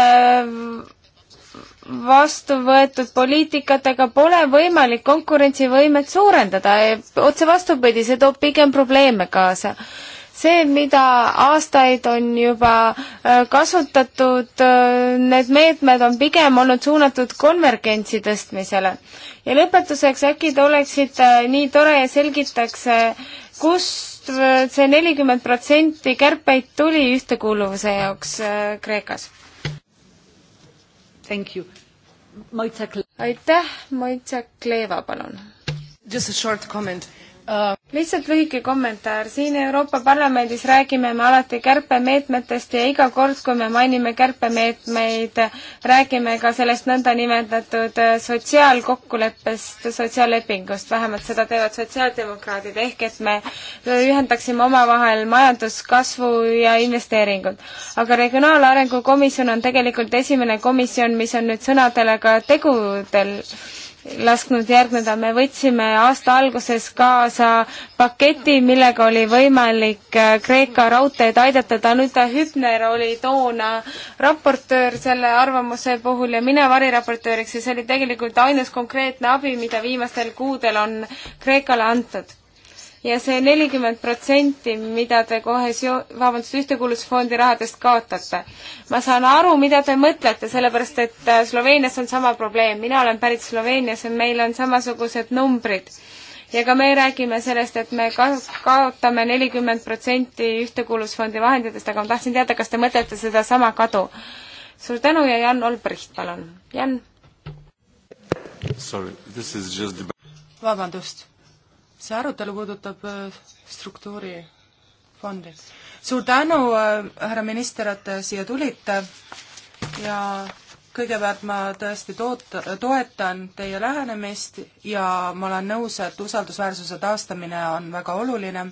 vastu võetud poliitikatega pole võimalik konkurentsivõimet suurendada, otse vastupidi, see toob pigem probleeme kaasa. see, mida aastaid on juba äh, kasutatud, äh, need meetmed on pigem olnud suunatud konvergentsi tõstmisele. ja lõpetuseks äkki te oleksite nii tore ja selgitaks, äh, kust see nelikümmend protsenti kärpeid tuli ühtekuuluvuse jaoks Kreekas? Thank you. aitäh, Moitsa Kleeva, palun. Just a short comment Äh, lihtsalt lühike kommentaar, siin Euroopa Parlamendis räägime me alati kärpemeetmetest ja iga kord, kui me mainime kärpemeetmeid, räägime ka sellest nõndanimetatud äh, sotsiaalkokkuleppest, sotsiaallepingust, vähemalt seda teevad sotsiaaldemokraadid, ehk et me äh, ühendaksime omavahel majanduskasvu ja investeeringud. aga Regionaalarengu Komisjon on tegelikult esimene komisjon, mis on nüüd sõnadele ka tegudel lasknud järgneda. me võtsime aasta alguses kaasa paketi, millega oli võimalik äh, Kreeka raudteed aidata. Danuta Hübner oli toona raportöör selle arvamuse puhul ja mina variraportööriks ja see oli tegelikult ainus konkreetne abi, mida viimastel kuudel on Kreekale antud ja see nelikümmend protsenti, mida te kohesio-, vabandust, Ühtekuuluvusfondi rahadest kaotate. ma saan aru, mida te mõtlete, sellepärast et äh, Sloveenias on sama probleem, mina olen pärit Sloveenias ja meil on samasugused numbrid. ja ka me räägime sellest, et me ka-, kaotame nelikümmend protsenti Ühtekuuluvusfondi vahenditest, aga ma tahtsin teada, kas te mõtlete sedasama kadu. suur tänu ja Jan Olbricht, palun. Jan.
Sorry, this is just the
vabandust see arutelu puudutab
äh, struktuurifondi. suur tänu, äh, härra minister, et te siia tulite ja kõigepealt ma tõesti toot-, toetan teie lähenemist ja ma olen nõus, et usaldusväärsuse taastamine on väga oluline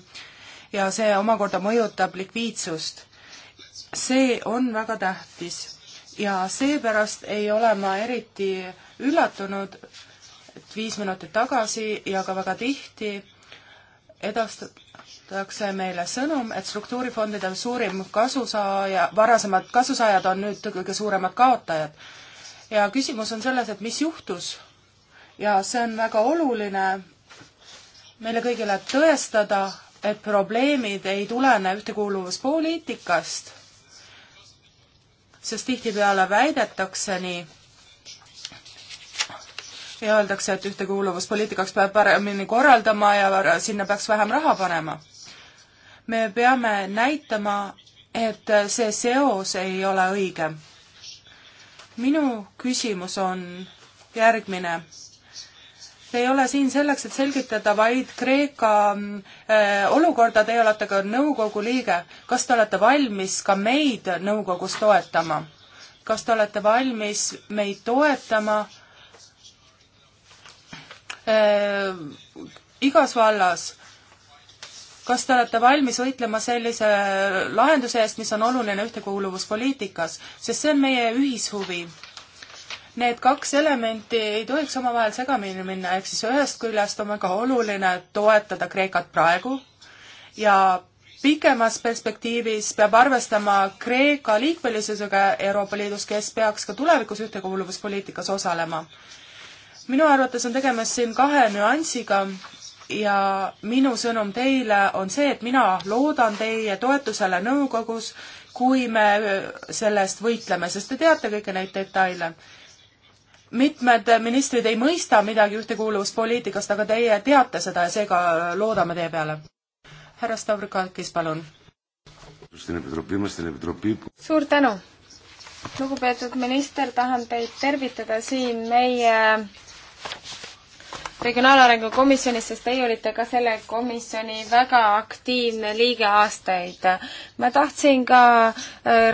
ja see omakorda mõjutab likviidsust. see on väga tähtis ja seepärast ei ole ma eriti üllatunud, viis minutit tagasi ja ka väga tihti edastatakse meile sõnum, et struktuurifondide suurim kasusaaja, varasemad kasusaajad on nüüd kõige suuremad kaotajad. ja küsimus on selles, et mis juhtus. ja see on väga oluline meile kõigile tõestada, et probleemid ei tulene ühtekuuluvuspoliitikast, sest tihtipeale väidetakse nii ja öeldakse, et ühtekuuluvuspoliitikaks peab paremini korraldama ja sinna peaks vähem raha panema. me peame näitama, et see seos ei ole õige. minu küsimus on järgmine. Te ei ole siin selleks, et selgitada vaid Kreeka äh, olukorda, teie olete ka nõukogu liige. kas te olete valmis ka meid nõukogus toetama? kas te olete valmis meid toetama äh, äh, igas vallas. kas te olete valmis võitlema sellise lahenduse eest, mis on oluline ühtekuuluvuspoliitikas, sest see on meie ühishuvi? Need kaks elementi ei tohiks omavahel segamini minna, ehk siis ühest küljest on väga oluline toetada Kreekat praegu ja pikemas perspektiivis peab arvestama Kreeka liikmelisusega Euroopa Liidus, kes peaks ka tulevikus ühtekuuluvuspoliitikas osalema minu arvates on tegemist siin kahe nüansiga ja minu sõnum teile on see, et mina loodan teie toetusele nõukogus, kui me selle eest võitleme, sest te teate kõiki neid detaile. mitmed ministrid ei mõista midagi ühtekuuluvuspoliitikast, aga teie teate seda ja seega loodame teie peale. härra Stavrikakis, palun.
suur tänu lugupeetud minister, tahan teid tervitada siin meie regionaalarengu komisjonis, sest teie olite ka selle komisjoni väga aktiivne liige aastaid. ma tahtsin ka äh,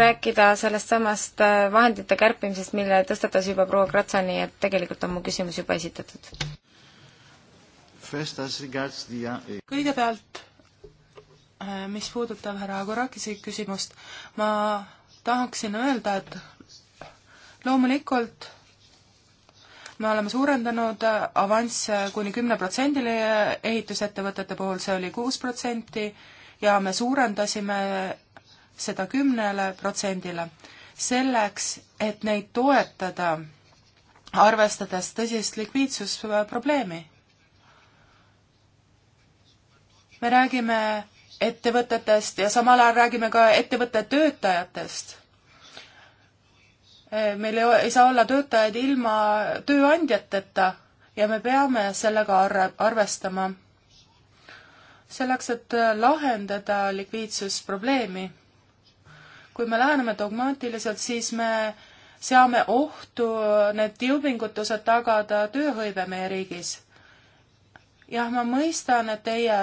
rääkida sellest samast äh, vahendite kärpimisest, mille tõstatas juba proua Kratsa, nii et tegelikult on mu küsimus juba esitatud.
Uh,
kõigepealt, äh, mis puudutab härra Agorakise küsimust, ma tahaksin öelda, et loomulikult me oleme suurendanud äh, avansse äh, kuni kümne protsendini äh, ehitusettevõtete puhul, see oli kuus protsenti, ja me suurendasime seda kümnele protsendile. selleks, et neid toetada, arvestades tõsist likviidsusprobleemi. me räägime ettevõtetest ja samal ajal räägime ka ettevõtte töötajatest Äh, meil ei, ei saa olla töötajaid ilma tööandjateta ja me peame sellega arve, arvestama. selleks, et äh, lahendada likviidsusprobleemi. kui me läheneme dogmaatiliselt, siis me seame ohtu äh, need jõupingutused tagada tööhõive meie riigis. jah, ma mõistan, et teie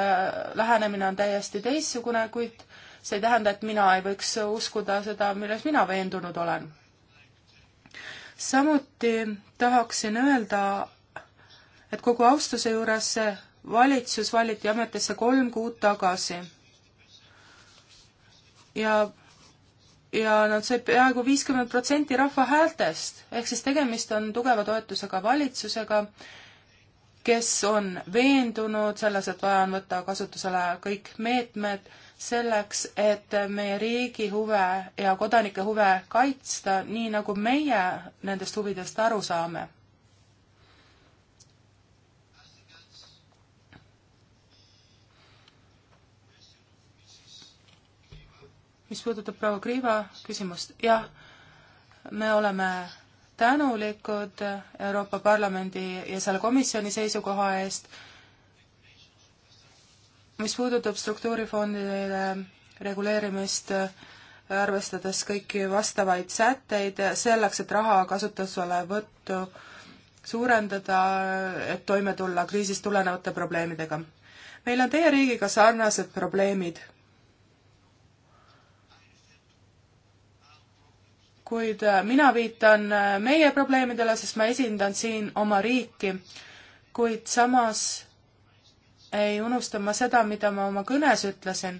lähenemine on täiesti teistsugune, kuid see ei tähenda, et mina ei võiks uskuda seda, milles mina veendunud olen samuti tahaksin öelda, et kogu austuse juures see valitsus valiti ametisse kolm kuud tagasi. ja, ja nad said peaaegu viiskümmend protsenti rahva häältest, ehk siis tegemist on tugeva toetusega valitsusega, kes on veendunud selles, et vaja on võtta kasutusele kõik meetmed selleks, et meie riigi huve ja kodanike huve kaitsta, nii nagu meie nendest huvidest aru saame. mis puudutab proua Kriiva küsimust, jah, me oleme tänulikud Euroopa Parlamendi ja selle komisjoni seisukoha eest mis puudutab struktuurifondide reguleerimist, arvestades kõiki vastavaid sätteid, selleks, et raha kasutuselevõttu suurendada, et toime tulla kriisist tulenevate probleemidega. meil on teie riigiga sarnased probleemid. kuid mina viitan meie probleemidele, sest ma esindan siin oma riiki, kuid samas ei unusta ma seda, mida ma oma kõnes ütlesin.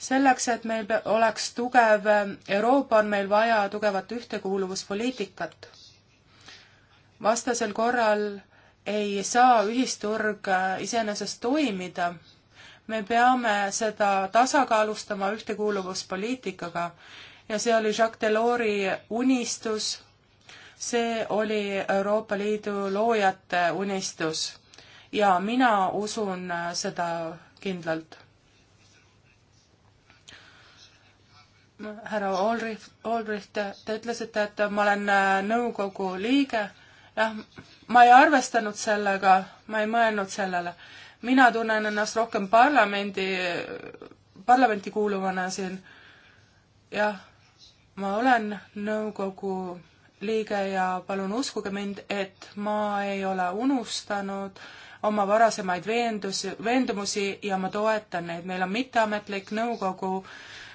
selleks, et meil oleks tugev Euroopa, on meil vaja tugevat ühtekuuluvuspoliitikat. vastasel korral ei saa ühisturg äh, iseenesest toimida. me peame seda tasakaalustama ühtekuuluvuspoliitikaga ja see oli Jacques Delors'i unistus, see oli Euroopa Liidu loojate unistus ja mina usun äh, seda kindlalt. härra Olrich, Olrich, te, te ütlesite, et ma olen äh, nõukogu liige. jah, ma ei arvestanud sellega, ma ei mõelnud sellele. mina tunnen ennast rohkem parlamendi, parlamenti kuuluvana siin. jah, ma olen nõukogu liige ja palun uskuge mind, et ma ei ole unustanud äh, oma varasemaid veendus, veendumusi ja ma toetan neid. meil on mitteametlik nõukogu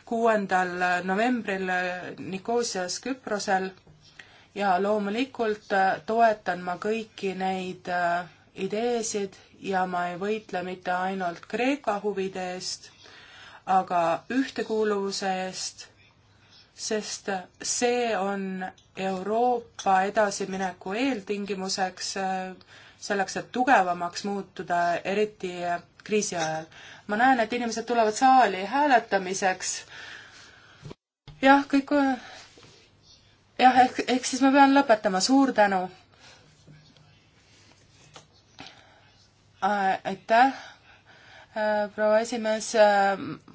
kuuendal novembril Nikosias Küprosel ja loomulikult äh, toetan ma kõiki neid äh, ideesid ja ma ei võitle mitte ainult Kreeka huvide eest, aga ühtekuuluvuse eest, sest see on Euroopa edasimineku eeltingimuseks äh, selleks, et tugevamaks muutuda, eriti kriisi ajal. ma näen, et inimesed tulevad saali hääletamiseks. jah, kõik, jah, ehk, ehk siis ma pean lõpetama, suur tänu. aitäh proua esimees,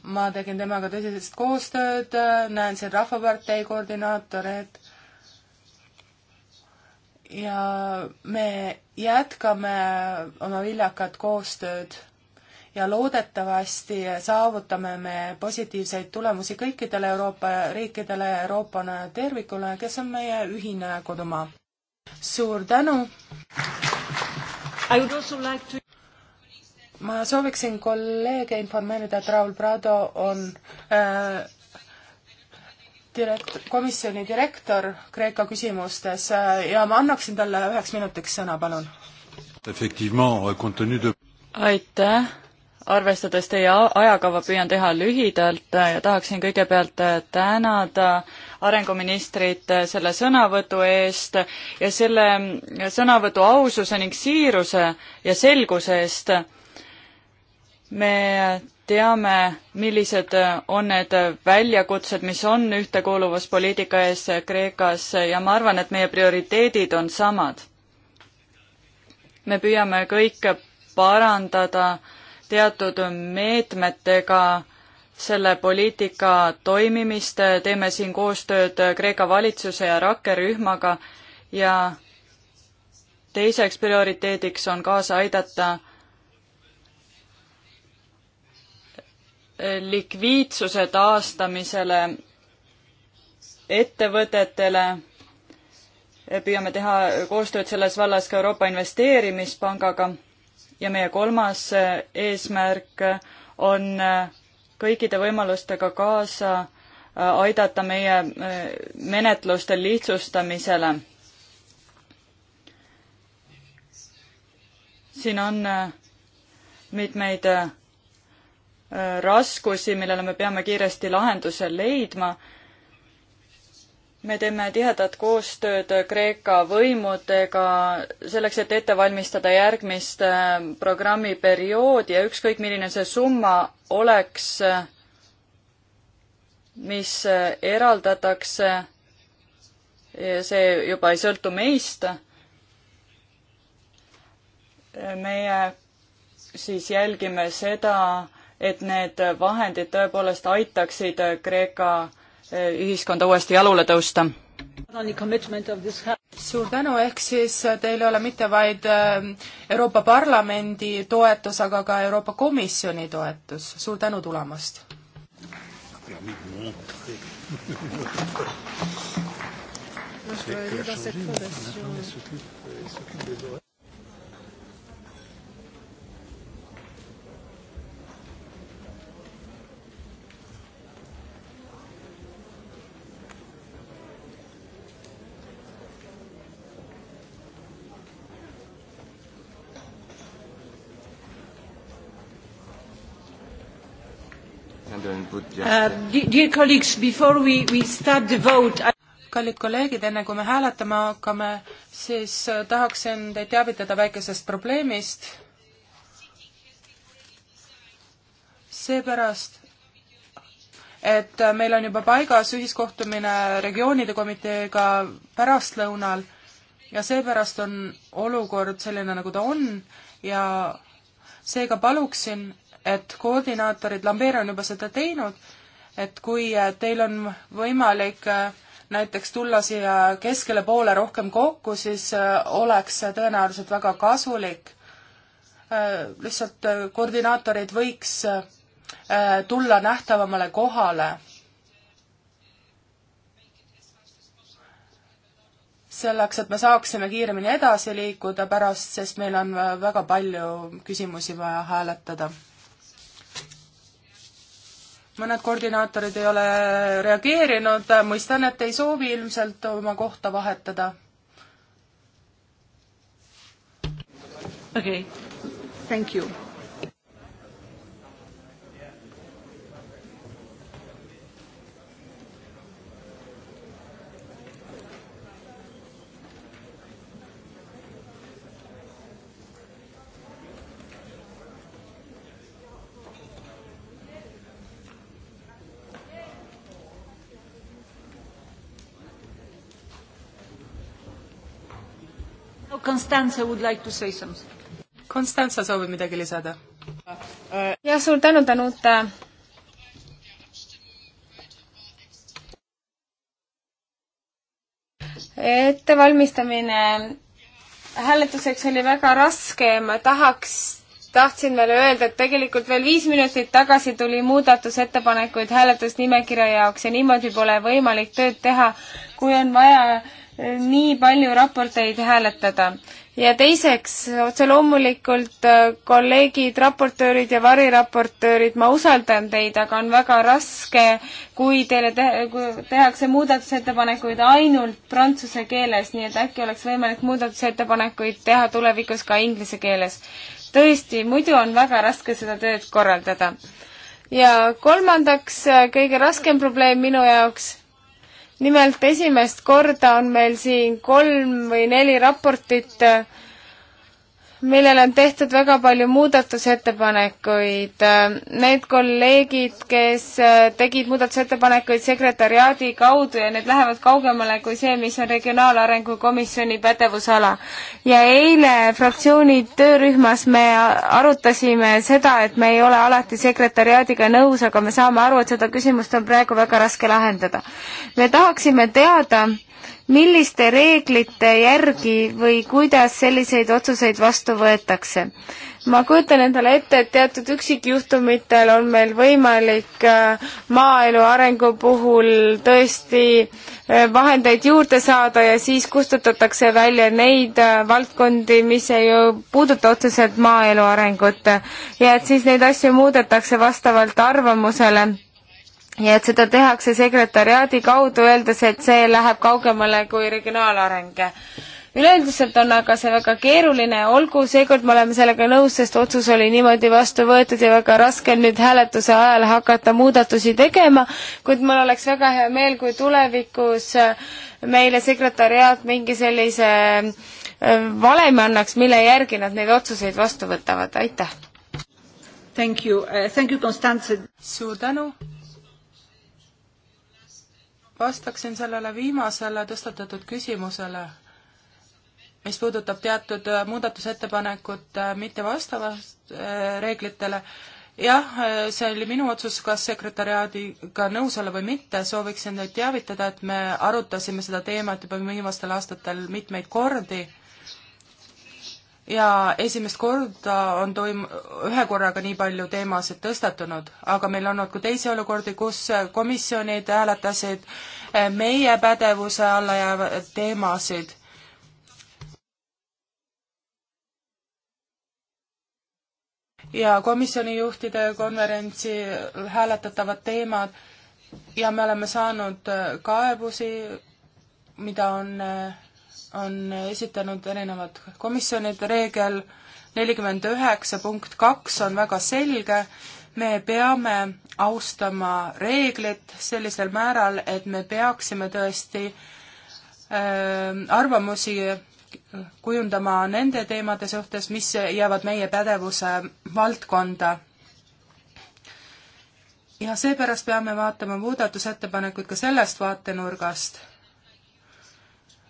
ma tegin temaga tõsiselt koostööd, näen siin Rahvapartei koordinaatoreid, ja me jätkame oma viljakat koostööd ja loodetavasti saavutame me positiivseid tulemusi kõikidele Euroopa riikidele, Euroopana tervikule, kes on meie ühine kodumaa. suur tänu! Like to... ma sooviksin kolleege informeerida, et Raul Prado on äh, direkt-, komisjoni direktor Kreeka küsimustes äh, ja ma annaksin talle üheks minutiks sõna, palun. Äh, aitäh, arvestades
teie ajakava, püüan teha lühidalt äh, ja tahaksin kõigepealt tänada arenguministrit selle sõnavõtu eest ja selle sõnavõtu aususe ning siiruse ja selguse eest. me teame, millised on need väljakutsed, mis on ühtekuuluvuspoliitika ees Kreekas ja ma arvan, et meie prioriteedid on samad. me püüame kõike parandada teatud meetmetega selle poliitika toimimist, teeme siin koostööd Kreeka valitsuse ja rakkerühmaga ja teiseks prioriteediks on kaasa aidata likviidsuse taastamisele ettevõtetele, püüame teha koostööd selles vallas ka Euroopa Investeerimispangaga ja meie kolmas äh, eesmärk on äh, kõikide võimalustega kaasa äh, aidata meie menetluste lihtsustamisele. siin on mitmeid raskusi, millele me peame kiiresti lahenduse leidma. me teeme tihedat koostööd Kreeka võimudega selleks, et ette valmistada järgmist äh, programmiperioodi ja ükskõik, milline see summa oleks, mis äh, eraldatakse, see juba ei sõltu meist. meie siis jälgime seda, et need vahendid tõepoolest aitaksid Kreeka eh, ühiskonda uuesti
jalule tõusta. suur tänu, ehk siis teil ei ole mitte vaid eh, Euroopa Parlamendi toetus, aga ka Euroopa Komisjoni toetus, suur tänu tulemast!
Moi, je vais aller dans cette fondation.
Elle s'occupe des oreilles. Uh, kallid kolleegid, enne kui me hääletama hakkame, siis äh, tahaksin teid teavitada väikesest probleemist. seepärast, et äh, meil on juba paigas ühiskohtumine regioonide komiteega pärastlõunal ja seepärast on olukord selline, nagu ta on ja seega paluksin, et koordinaatorid, Lambert on juba seda teinud, et kui äh, teil on võimalik äh, näiteks tulla siia keskele poole rohkem kokku, siis äh, oleks see tõenäoliselt väga kasulik. lihtsalt koordinaatorid võiks tulla nähtavamale kohale. selleks, et me saaksime kiiremini edasi liikuda pärast, sest meil on väga palju küsimusi vaja hääletada mõned koordinaatorid ei ole reageerinud, mõistan, et ei soovi ilmselt oma kohta vahetada. okei okay., thank you Constanza would like to say something. Constanza soovib midagi lisada.
jah, suur tänu, Danuta. ettevalmistamine hääletuseks oli väga raske ja ma tahaks tahtsin veel öelda, et tegelikult veel viis minutit tagasi tuli muudatusettepanekuid hääletusnimekirja jaoks ja niimoodi pole võimalik tööd teha, kui on vaja nii palju raporteid hääletada. ja teiseks, otse loomulikult äh, kolleegid, raportöörid ja variraportöörid, ma usaldan teid, aga on väga raske, kui teile te kui tehakse muudatusettepanekuid ainult prantsuse keeles, nii et äkki oleks võimalik muudatusettepanekuid teha tulevikus ka inglise keeles. tõesti, muidu on väga raske seda tööd korraldada. ja kolmandaks, äh, kõige raskem probleem minu jaoks nimelt esimest korda on meil siin kolm või neli raportit äh, millele on tehtud väga palju muudatusettepanekuid. Need kolleegid, kes äh, tegid muudatusettepanekuid sekretariaadi kaudu ja need lähevad kaugemale kui see, mis on Regionaalarengu Komisjoni pädevusala. ja eile fraktsiooni töörühmas me arutasime seda, et me ei ole alati sekretariaadiga nõus, aga me saame aru, et seda küsimust on praegu väga raske lahendada. me tahaksime teada, milliste reeglite järgi või kuidas selliseid otsuseid vastu võetakse? ma kujutan endale ette, et teatud üksikjuhtumitel on meil võimalik äh, maaelu arengu puhul tõesti äh, vahendeid juurde saada ja siis kustutatakse välja neid äh, valdkondi, mis ei puuduta otseselt maaelu arengut ja et siis neid asju muudetakse vastavalt arvamusele ja et seda tehakse sekretariaadi kaudu, öeldes, et see läheb kaugemale kui regionaalareng. üleüldiselt on aga see väga keeruline, olgu, seekord me oleme sellega nõus, sest otsus oli niimoodi vastu võetud ja väga raske on nüüd hääletuse ajal hakata muudatusi tegema, kuid mul oleks väga hea meel, kui tulevikus meile sekretariaat mingi sellise äh, valemi annaks, mille järgi nad neid otsuseid vastu võtavad, aitäh! Thank you uh,, thank you,
Konstantse! suur tänu! vastaksin sellele viimasele tõstatatud küsimusele, mis puudutab teatud äh, muudatusettepanekut äh, mittevastavast äh, reeglitele. jah, see oli minu otsus, kas sekretäriaadiga nõus olla või mitte, sooviksin teid teavitada, et me arutasime seda teemat juba viimastel aastatel mitmeid kordi ja esimest korda on toim-, ühe korraga nii palju teemasid tõstatunud, aga meil on olnud ka teisi olukordi, kus komisjonid hääletasid eh, meie pädevuse alla jäävaid teemasid. ja komisjoni juhtide konverentsi hääletatavad teemad ja me oleme saanud eh, kaebusi, mida on eh, on esitanud erinevad komisjonid, reegel nelikümmend üheksa punkt kaks on väga selge, me peame austama reeglit sellisel määral, et me peaksime tõesti äh, arvamusi kujundama nende teemade suhtes, mis jäävad meie pädevuse valdkonda. ja seepärast peame vaatama muudatusettepanekuid ka sellest vaatenurgast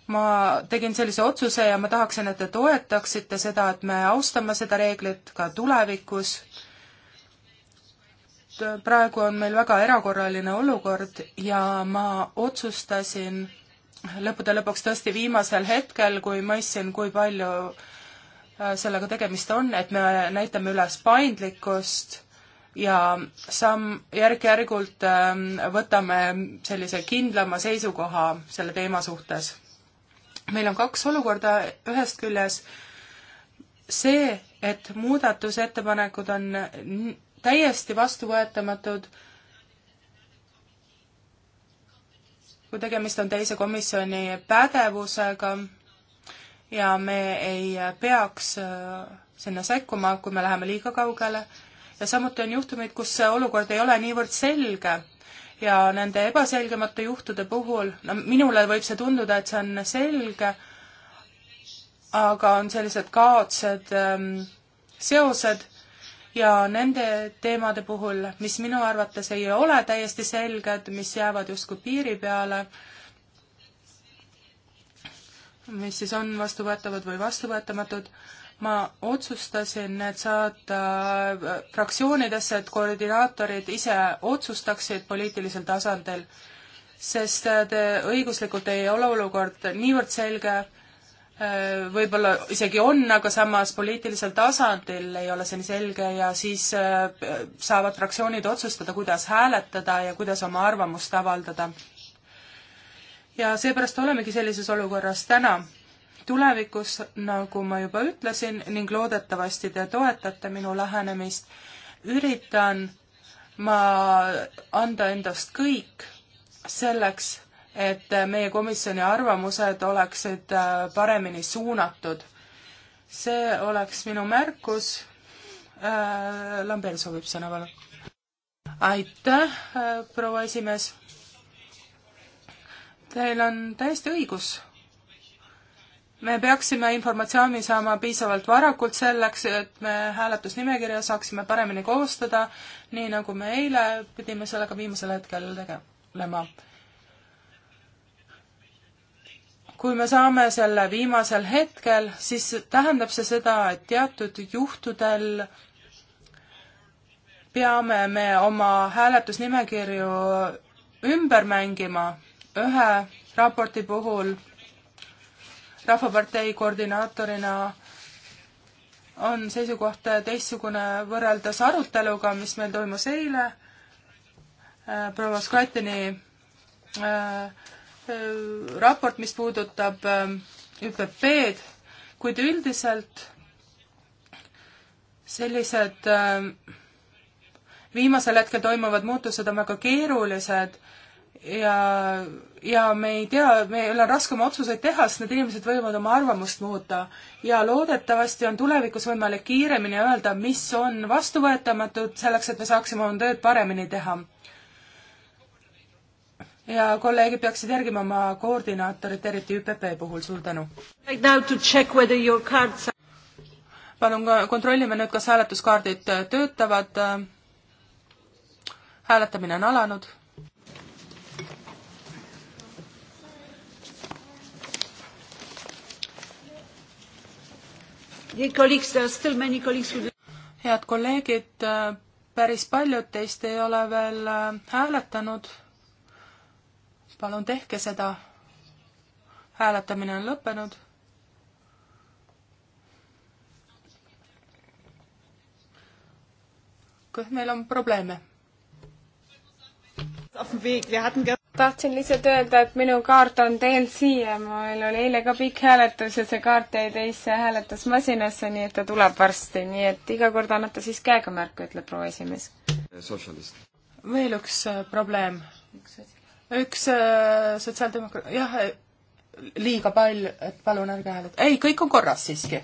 ma tegin sellise otsuse ja ma tahaksin, et te toetaksite seda, et me austame seda reeglit ka tulevikus. praegu on meil väga erakorraline olukord ja ma otsustasin lõppude lõpuks tõesti viimasel hetkel, kui mõistsin, kui palju äh, sellega tegemist on, et me näitame üles paindlikkust ja samm, järk-järgult ähm, võtame sellise kindlama seisukoha selle teema suhtes meil on kaks olukorda, ühest küljes see, et muudatusettepanekud on täiesti vastuvõetamatud, kui tegemist on teise komisjoni pädevusega ja me ei peaks äh, sinna sekkuma, kui me läheme liiga kaugele. ja samuti on juhtumeid, kus see olukord ei ole niivõrd selge ja nende ebaselgemate juhtude puhul, no minule võib see tunduda, et see on selge, aga on sellised kaotsed ähm, seosed ja nende teemade puhul, mis minu arvates ei ole täiesti selged, mis jäävad justkui piiri peale, mis siis on vastuvõetavad või vastuvõetamatud äh,, ma otsustasin need saata äh, fraktsioonidesse, et koordinaatorid ise otsustaksid poliitilisel tasandil, sest äh, õiguslikult ei ole olukord niivõrd selge, äh, võib-olla isegi on, aga samas poliitilisel tasandil ei ole see nii selge ja siis saavad fraktsioonid otsustada, kuidas hääletada ja kuidas oma arvamust avaldada. ja seepärast olemegi sellises olukorras täna tulevikus, nagu ma juba ütlesin, ning loodetavasti te toetate minu lähenemist. üritan ma anda endast kõik selleks, et meie komisjoni arvamused oleksid äh, paremini suunatud. see oleks minu märkus. Äh, Lambert soovib sõna, palun. aitäh, äh, proua esimees. Teil on täiesti õigus me peaksime informatsiooni saama piisavalt varakult selleks, et me hääletusnimekirja saaksime paremini koostada, nii nagu me eile pidime sellega viimasel hetkel tegelema. kui me saame selle viimasel hetkel, siis tähendab see seda, et teatud juhtudel peame me oma hääletusnimekirju ümber mängima ühe raporti puhul Rahvapartei koordinaatorina on seisukoht teistsugune võrreldes aruteluga, mis meil toimus eile äh, proua Skratini äh, äh, raport, mis puudutab ÜPP-d, kuid üldiselt sellised viimasel hetkel toimuvad muutused on väga keerulised ja, ja me ei tea, meil on raske oma otsuseid teha, sest need inimesed võivad oma arvamust muuta. ja loodetavasti on tulevikus võimalik kiiremini öelda, mis on vastuvõetamatud, selleks et me saaksime oma tööd paremini teha. ja kolleegid peaksid järgima oma koordinaatorit, eriti ÜPP puhul, suur tänu! palun kontrollime nüüd, kas hääletuskaardid töötavad. hääletamine on alanud head kolleegid, äh, päris paljud teist ei ole veel äh, hääletanud. palun tehke seda. hääletamine on lõppenud. kas meil on probleeme?
tahtsin lihtsalt öelda, et minu kaart on teel siia, mul oli eile ka pikk hääletus ja see kaart jäi teisse hääletusmasinasse, nii et ta tuleb varsti, nii et iga kord annate siis käega märku, ütleb proua esimees. sotsialist. veel üks äh, probleem. üks äh, sotsiaaldemokraat,
jah, äh, liiga palju, et palun ärge hääletage. ei, kõik on korras siiski.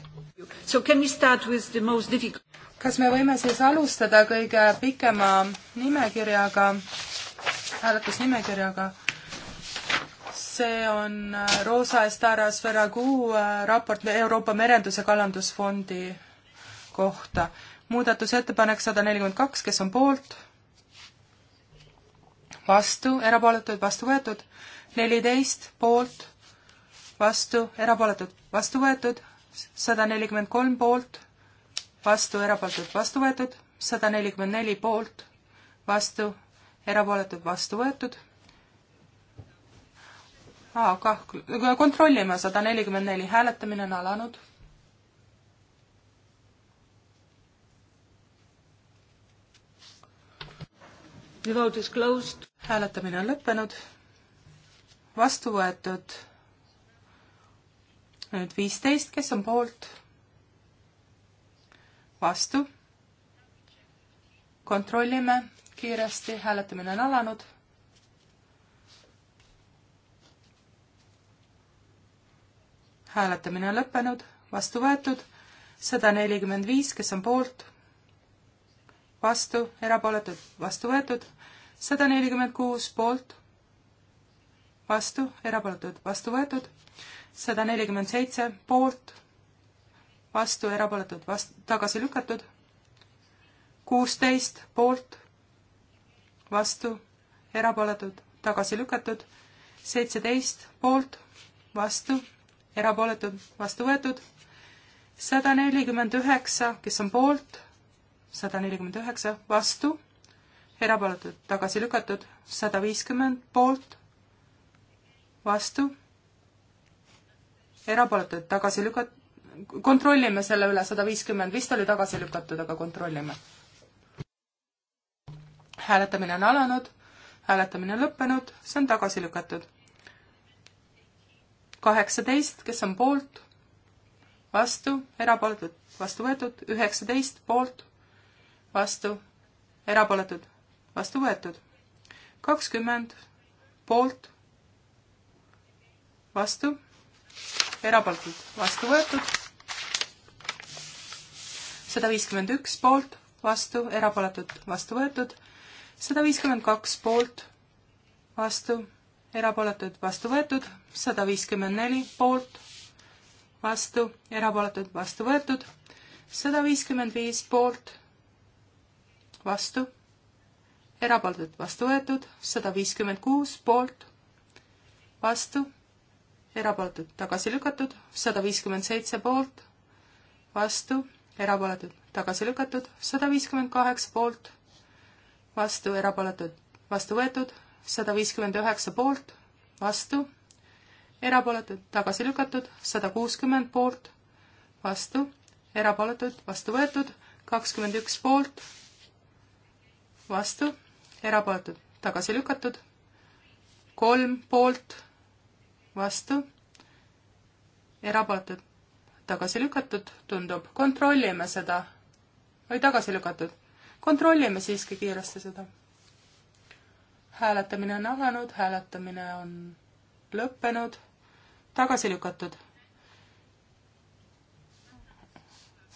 So can we start with the most difficult? kas me võime siis alustada kõige pikema nimekirjaga? hääletusnimekirjaga. see on äh, Rosa Estara Sveraguu äh, raport Euroopa Merendus- ja Kalandusfondi kohta. muudatusettepanek sada nelikümmend kaks, kes on poolt? vastu, erapooletud, vastu võetud. neliteist poolt, vastu, erapooletud, vastu võetud. sada nelikümmend kolm poolt, vastu, erapooletud, vastu võetud. sada nelikümmend neli poolt, vastu, erapooletud vastu võetud. aa, kah, kontrollime, sada nelikümmend neli, hääletamine on alanud. The vote is closed. hääletamine on lõppenud. vastu võetud nüüd viisteist, kes on poolt? vastu. kontrollime, kiiresti, hääletamine on alanud. hääletamine on lõppenud, vastu võetud, sada nelikümmend viis, kes on poolt, vastu, erapooletud, vastu võetud, sada nelikümmend kuus poolt, vastu, erapooletud, vastu võetud, sada nelikümmend seitse poolt, vastu, erapooletud, vastu, tagasi lükatud, kuusteist poolt vastu, erapooletud, tagasi lükatud, seitseteist poolt, vastu, erapooletud, vastu võetud, sada nelikümmend üheksa, kes on poolt, sada nelikümmend üheksa, vastu, erapooletud, tagasi lükatud, sada viiskümmend poolt, vastu, erapooletud, tagasi lükat-, kontrollime selle üle, sada viiskümmend, vist oli tagasi lükatud, aga kontrollime hääletamine on alanud, hääletamine on lõppenud, see on tagasi lükatud. kaheksateist, kes on poolt, vastu, erapooletud, vastu võetud, üheksateist poolt, vastu, erapooletud, vastu võetud. kakskümmend poolt, vastu, erapooletud, vastu võetud. sada viiskümmend üks poolt, vastu, erapooletud, vastu võetud sada viiskümmend kaks poolt, vastu, erapooletud, vastu võetud, sada viiskümmend neli poolt, vastu, erapooletud, vastu võetud, sada viiskümmend viis poolt, vastu, erapooletud, vastu võetud, sada viiskümmend kuus poolt, vastu, erapooletud, tagasi lükatud, sada viiskümmend seitse poolt, vastu, erapooletud, tagasi lükatud, sada viiskümmend kaheksa poolt vastu, erapooletud, vastu võetud, sada viiskümmend üheksa poolt, vastu, erapooletud, tagasi lükatud, sada kuuskümmend poolt, vastu, erapooletud, vastu võetud, kakskümmend üks poolt, vastu, erapooletud, tagasi lükatud, kolm poolt, vastu, erapooletud, tagasi lükatud, tundub, kontrollime seda, oli tagasi lükatud kontrollime siiski kiiresti seda. hääletamine on alanud, hääletamine on lõppenud, tagasi lükatud.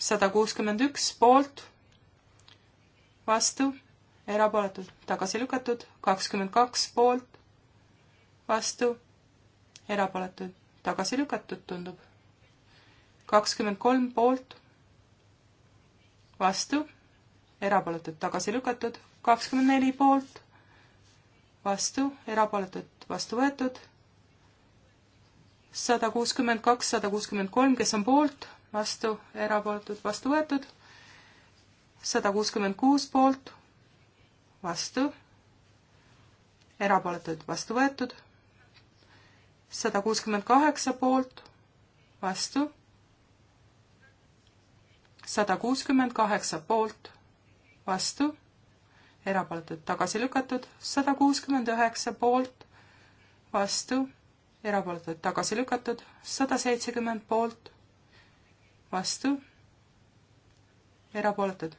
sada kuuskümmend üks poolt, vastu, erapooletud, tagasi lükatud, kakskümmend kaks poolt, vastu, erapooletud, tagasi lükatud, tundub. kakskümmend kolm poolt, vastu erapooletud tagasi lükatud, kakskümmend neli poolt, vastu, erapooletud vastu võetud, sada kuuskümmend kaks, sada kuuskümmend kolm, kes on poolt, vastu, erapooletud vastu võetud, sada kuuskümmend kuus poolt, vastu, erapooletud vastu võetud, sada kuuskümmend kaheksa poolt, vastu, sada kuuskümmend kaheksa poolt vastu, erapooletud tagasi lükatud, sada kuuskümmend üheksa poolt, vastu, erapooletud tagasi lükatud, sada seitsekümmend poolt, vastu, erapooletud.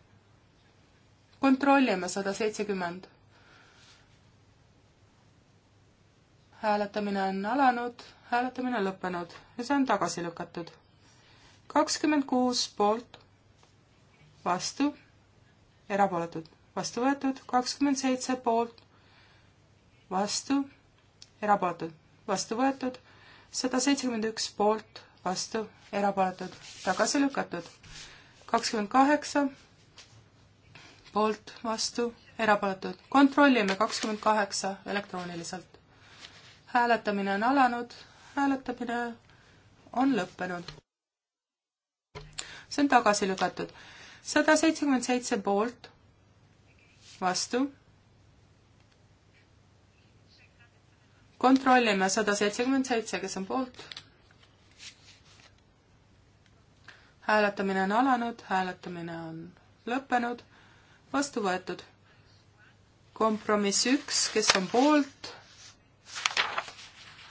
kontrollime sada seitsekümmend. hääletamine on alanud, hääletamine lõppenud ja see on tagasi lükatud. kakskümmend kuus poolt, vastu erapooletud, vastu võetud, kakskümmend seitse poolt, vastu, erapooletud, vastu võetud, sada seitsekümmend üks poolt, vastu, erapooletud, tagasi lükatud, kakskümmend kaheksa poolt, vastu, erapooletud. kontrollime kakskümmend kaheksa elektrooniliselt. hääletamine on alanud, hääletamine on lõppenud. see on tagasi lükatud sada seitsekümmend seitse poolt, vastu. kontrollime sada seitsekümmend seitse, kes on poolt. hääletamine on alanud, hääletamine on lõppenud, vastu võetud. kompromiss üks, kes on poolt,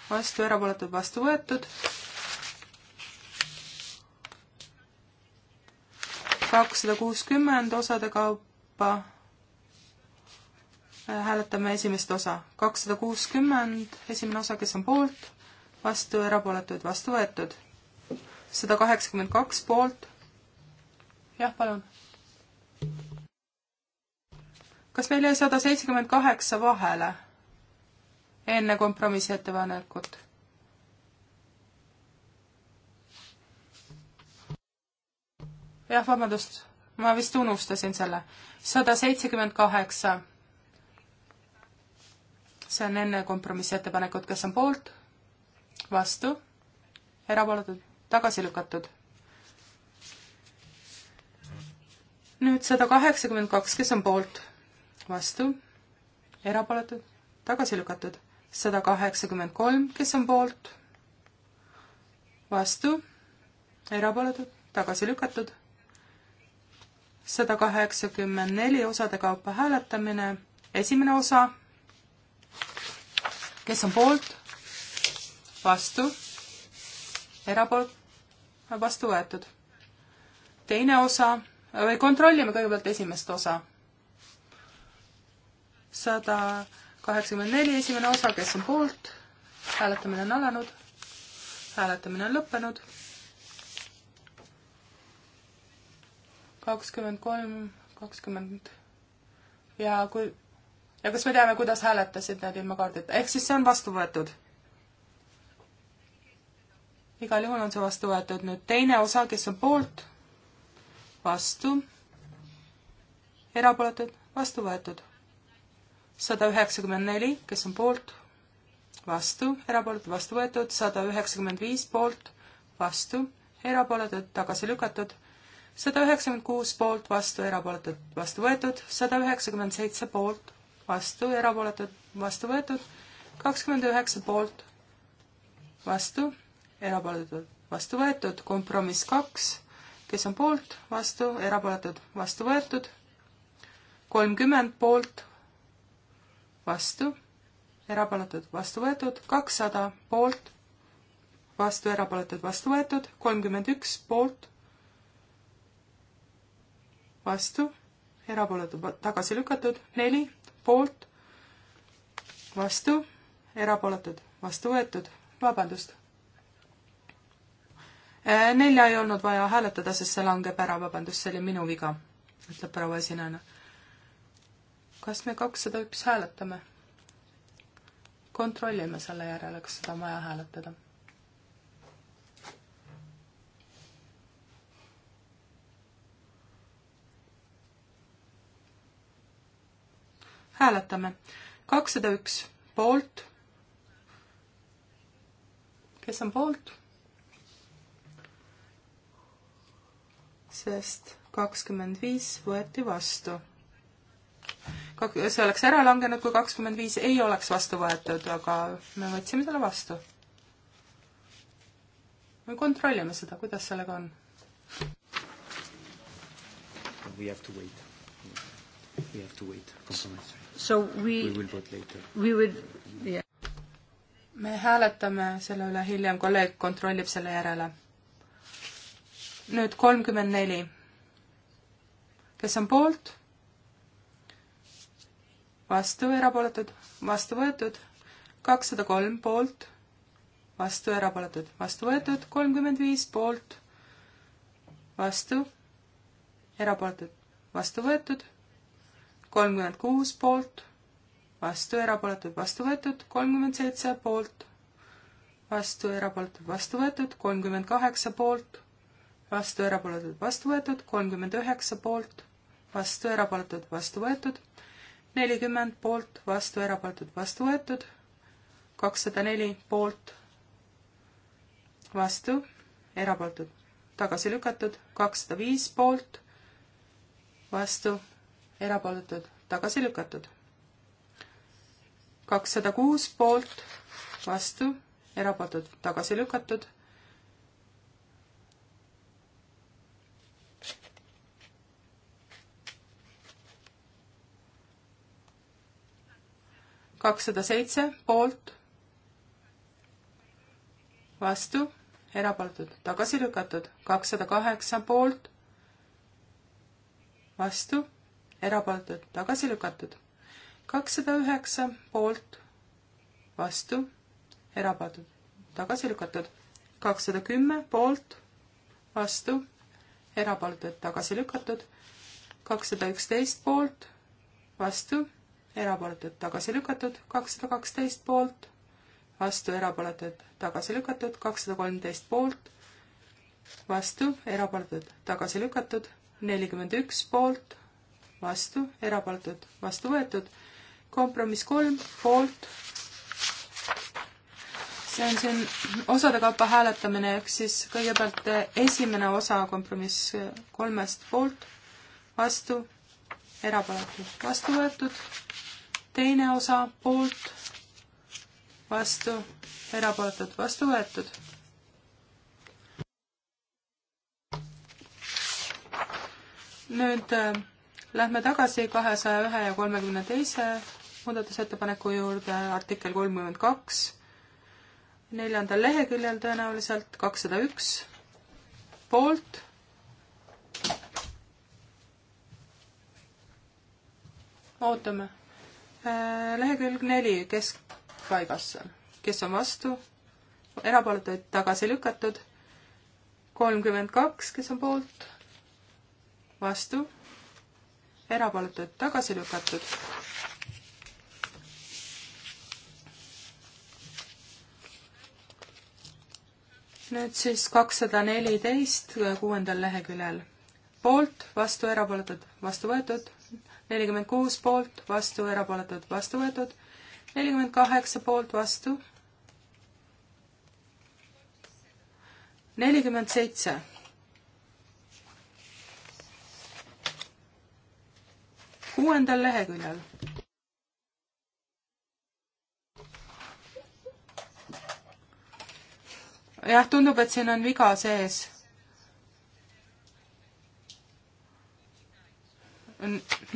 vastu, erapooletud, vastu võetud kakssada kuuskümmend osade kaupa hääletame esimest osa. kakssada kuuskümmend, esimene osa, kes on poolt, vastu, erapooletuid, vastu võetud. sada kaheksakümmend kaks poolt. jah, palun. kas meil jäi sada seitsekümmend kaheksa vahele enne kompromissi ettepanekut? jah, vabandust, ma vist unustasin selle. sada seitsekümmend kaheksa. see on enne kompromissettepanekut, kes on poolt, vastu, erapooletud, tagasi lükatud. nüüd sada kaheksakümmend kaks, kes on poolt, vastu, erapooletud, tagasi lükatud. sada kaheksakümmend kolm, kes on poolt, vastu, erapooletud, tagasi lükatud sada kaheksakümmend neli osade kaupa hääletamine, esimene osa, kes on poolt, vastu, erapoolt, vastu võetud. teine osa, või kontrollime kõigepealt esimest osa. sada kaheksakümmend neli, esimene osa, kes on poolt, hääletamine on alanud, hääletamine on lõppenud kakskümmend kolm, kakskümmend ja kui, ja kas me teame, kuidas hääletasid nad ilma kaardita, ehk siis see on vastu võetud? igal juhul on see vastu võetud, nüüd teine osa, kes on poolt, vastu, erapooletud, vastu võetud. sada üheksakümmend neli, kes on poolt, vastu, erapooletud, vastu võetud, sada üheksakümmend viis poolt, vastu, erapooletud, tagasi lükatud, sada üheksakümmend kuus poolt, vastu, erapooletud, vastu võetud, sada üheksakümmend seitse poolt, vastu, erapooletud, vastu võetud, kakskümmend üheksa poolt, vastu, erapooletud, vastu võetud, kompromiss kaks, kes on poolt, vastu, erapooletud, vastu võetud, kolmkümmend poolt, vastu, erapooletud, vastu võetud, kakssada poolt, vastu, erapooletud, vastu võetud, kolmkümmend üks poolt, vastu, erapooletud tagasi lükatud, neli poolt, vastu, erapooletud, vastu võetud, vabandust. Äh, nelja ei olnud vaja hääletada, sest see langeb ära, vabandust, see oli minu viga, ütleb proua esinejana. kas me kakssada üks hääletame? kontrollime selle järele, kas seda on vaja hääletada hääletame. kakssada üks poolt. kes on poolt? sest kakskümmend viis võeti vastu. Kak-, see oleks ära langenud, kui kakskümmend viis ei oleks vastu võetud, aga me võtsime selle vastu. me kontrollime seda, kuidas sellega on. We have to wait. We have to wait. Compromise. So we, we will vote later. We will, yeah. me hääletame selle üle hiljem, kolleeg kontrollib selle järele. nüüd kolmkümmend neli. kes on poolt? vastu, erapooletud, vastu võetud, kakssada kolm poolt, vastu, erapooletud, vastu võetud, kolmkümmend viis poolt, vastu, erapooletud, vastu võetud, kolmkümmend kuus poolt, vastu, erapooletud, vastu võetud, kolmkümmend seitse poolt, vastu, erapooletud, vastu võetud, kolmkümmend kaheksa poolt, vastu, erapooletud, vastu võetud, kolmkümmend üheksa poolt, vastu, erapooletud, vastu võetud, nelikümmend poolt, vastu, erapooletud, vastu võetud, kakssada neli poolt, vastu, erapooletud, tagasi lükatud, kakssada viis poolt, vastu erapooletud, tagasi lükatud. kakssada kuus poolt, vastu, erapooletud, tagasi lükatud. kakssada seitse poolt, vastu, erapooletud, tagasi lükatud, kakssada kaheksa poolt, vastu erapooletud, tagasi lükatud. kakssada üheksa poolt, vastu, erapooletud, tagasi lükatud. kakssada kümme poolt, vastu, erapooletud, tagasi lükatud. kakssada üksteist poolt, vastu, erapooletud, tagasi lükatud. kakssada kaksteist poolt, vastu, erapooletud, tagasi lükatud. kakssada kolmteist poolt, vastu, erapooletud, tagasi lükatud. nelikümmend üks poolt vastu, erapooletud, vastu võetud. kompromiss kolm, poolt. see on siin osade kaupa hääletamine, ehk siis kõigepealt esimene osa kompromiss kolmest poolt, vastu, erapooletud, vastu võetud. teine osa poolt, vastu, erapooletud, vastu võetud nüüd äh, Lähme tagasi kahesaja ühe ja kolmekümne teise muudatusettepaneku juurde, artikkel kolmkümmend kaks, neljandal leheküljel tõenäoliselt kakssada üks poolt ootame. Äh, lehekülg neli keskpaigas, kes on vastu, erapooletuid tagasi lükatud, kolmkümmend kaks, kes on poolt, vastu, erapooletud, tagasi lükatud. nüüd siis kakssada neliteist kuuendal leheküljel. poolt, vastu, erapooletud, vastu võetud, nelikümmend kuus poolt, vastu, erapooletud, vastu võetud, nelikümmend kaheksa poolt, vastu, nelikümmend seitse kuuendal leheküljel. jah, tundub, et siin on viga sees.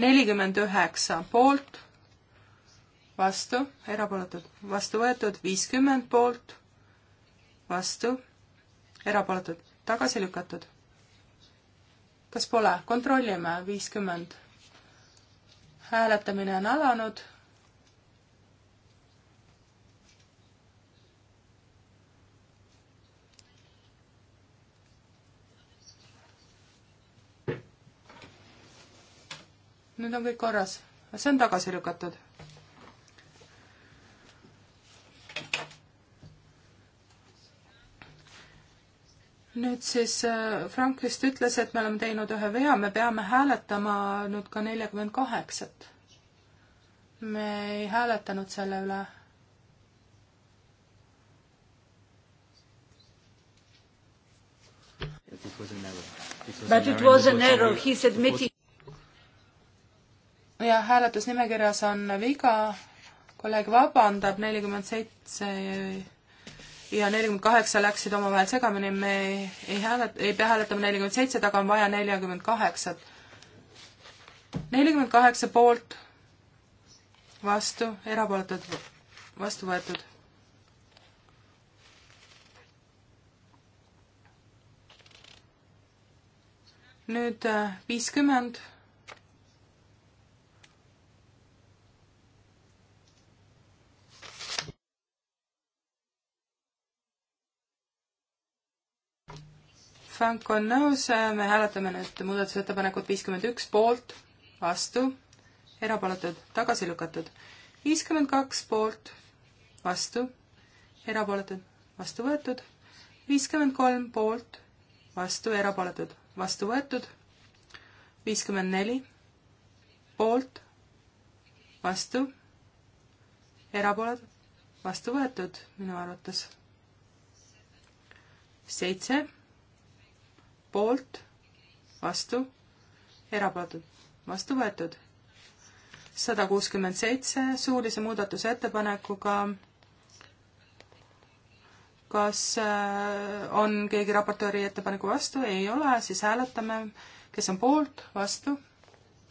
nelikümmend üheksa poolt, vastu, erapooletud, vastu võetud, viiskümmend poolt, vastu, erapooletud, tagasi lükatud. kas pole, kontrollime, viiskümmend hääletamine on alanud. nüüd on kõik korras, see on tagasi lükatud nüüd siis äh, Frank vist ütles, et me oleme teinud ühe vea, me peame hääletama nüüd ka neljakümmend kaheksat. me ei hääletanud selle üle. But it was an error, he is admitting. jah, hääletusnimekirjas on viga, kolleeg vabandab, nelikümmend seitse ja nelikümmend kaheksa läksid omavahel segamini, me ei, ei hääleta, ei pea hääletama nelikümmend seitset, aga on vaja neljakümmend kaheksat. nelikümmend kaheksa poolt, vastu, erapooletud, vastu võetud. nüüd äh, viiskümmend Frank on nõus, me hääletame nüüd muudatusettepanekut viiskümmend üks poolt, vastu, erapooletud, tagasi lükatud. viiskümmend kaks poolt, vastu, erapooletud, vastu võetud. viiskümmend kolm poolt, vastu, erapooletud, vastu võetud. viiskümmend neli poolt, vastu, erapooletud, vastu võetud minu arvates. seitse poolt, vastu, erapooletud, vastu võetud. sada kuuskümmend seitse suulise muudatusettepanekuga. kas äh, on keegi raportööri ettepaneku vastu? ei ole, siis hääletame, kes on poolt, vastu,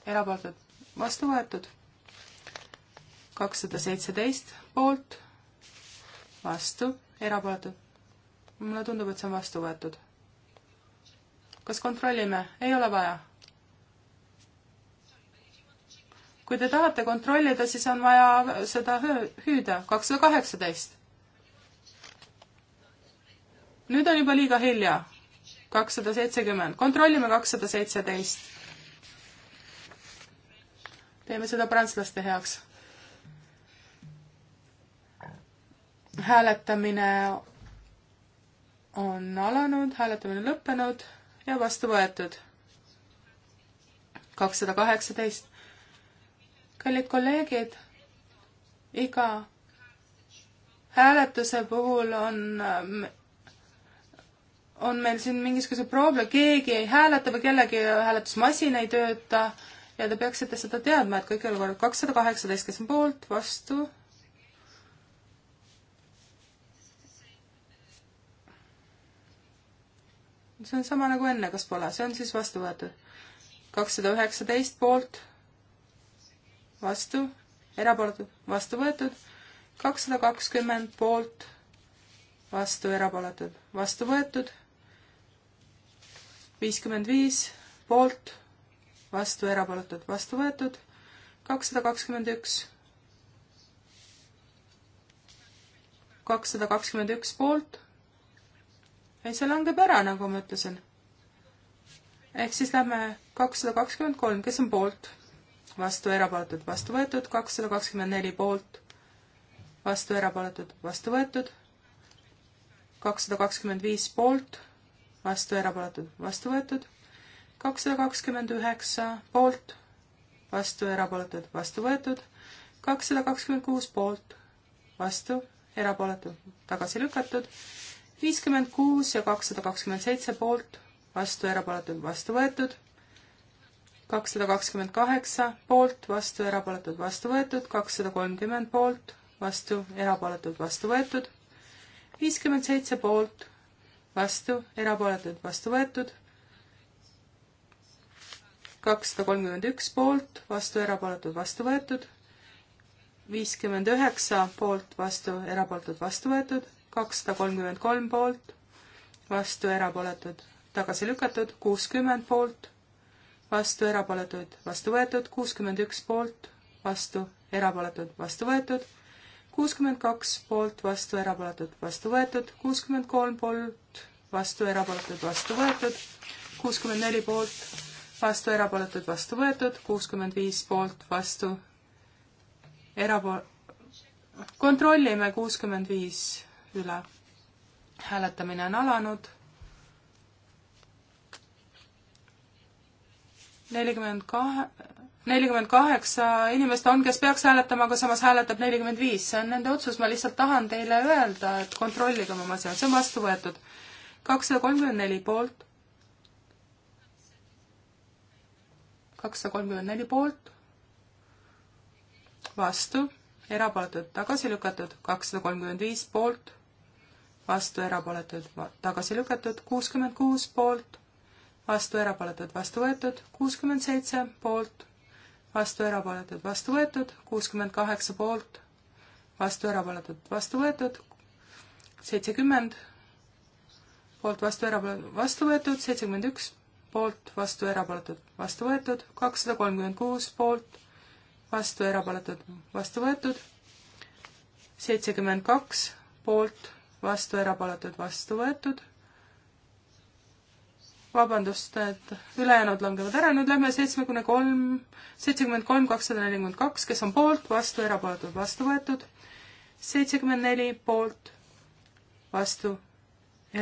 erapooletud, vastu võetud. kakssada seitseteist poolt, vastu, erapooletud. mulle tundub, et see on vastu võetud kas kontrollime? ei ole vaja. kui te tahate kontrollida, siis on vaja seda hüüda. kakssada kaheksateist. nüüd on juba liiga hilja. kakssada seitsekümmend. kontrollime kakssada seitseteist. teeme seda prantslaste heaks. hääletamine on alanud, hääletamine lõppenud ja vastu võetud. kakssada kaheksateist. kallid kolleegid, iga hääletuse puhul on, on meil siin mingisuguse probleem, keegi ei hääleta või kellegi hääletusmasin ei tööta ja te peaksite seda teadma, et kõik olukorrad kakssada kaheksateist, kes on poolt, vastu see on sama nagu enne, kas pole, see on siis vastu võetud. kakssada üheksateist poolt, vastu, erapooletud, vastu võetud, kakssada kakskümmend poolt, vastu, erapooletud, vastu võetud, viiskümmend viis poolt, vastu, erapooletud, vastu võetud, kakssada kakskümmend üks, kakssada kakskümmend üks poolt ei, see langeb ära, nagu ma ütlesin. ehk siis lähme kakssada kakskümmend kolm, kes on poolt, vastu, erapooletud, vastu võetud, kakssada kakskümmend neli poolt, vastu, erapooletud, vastu võetud, kakssada kakskümmend viis poolt, vastu, erapooletud, vastu võetud, kakssada kakskümmend üheksa poolt, vastu, erapooletud, vastu võetud, kakssada kakskümmend kuus poolt, vastu, erapooletud, tagasi lükatud viiskümmend kuus ja kakssada kakskümmend seitse poolt, vastu, erapooletud, vastu võetud. kakssada kakskümmend kaheksa poolt, vastu, erapooletud, vastu võetud, kakssada kolmkümmend poolt, vastu, erapooletud, vastu võetud. viiskümmend seitse poolt, vastu, erapooletud, vastu võetud. kakssada kolmkümmend üks poolt, vastu, erapooletud, vastu võetud viiskümmend üheksa poolt, vastu, erapooletud, vastu võetud kakssada kolmkümmend kolm poolt, vastu erapooletud, tagasi lükatud, kuuskümmend poolt, vastu erapooletud, vastu võetud, kuuskümmend üks poolt, vastu erapooletud, vastu võetud, kuuskümmend kaks poolt, vastu erapooletud, vastu võetud, kuuskümmend kolm poolt, vastu erapooletud, vastu võetud, kuuskümmend neli poolt, vastu erapooletud, vastu võetud, kuuskümmend viis poolt, vastu erapo-, kontrollime kuuskümmend viis üle. hääletamine on alanud. nelikümmend kahe, nelikümmend kaheksa inimest on, kes peaks hääletama, aga samas hääletab nelikümmend viis, see on nende otsus, ma lihtsalt tahan teile öelda, et kontrollige oma masinat, see on vastu võetud. kakssada kolmkümmend neli poolt. kakssada kolmkümmend neli poolt. vastu, erapooletud, tagasi lükatud, kakssada kolmkümmend viis poolt vastu erapooletud, tagasi lükatud, kuuskümmend kuus poolt, vastu erapooletud, vastu võetud, kuuskümmend seitse poolt, vastu erapooletud, vastu võetud, kuuskümmend kaheksa poolt, vastu erapooletud, vastu võetud, seitsekümmend poolt, vastu erapooletud, vastu võetud, seitsekümmend üks poolt, vastu erapooletud, vastu võetud, kakssada kolmkümmend kuus poolt, vastu erapooletud, vastu võetud, seitsekümmend kaks poolt vastu, erapooletud, vastu võetud. vabandust, et ülejäänud langevad ära, nüüd lähme seitsmekümne kolm, seitsekümmend kolm, kakssada nelikümmend kaks, kes on poolt, vastu, erapooletud, vastu võetud. seitsekümmend neli poolt, vastu,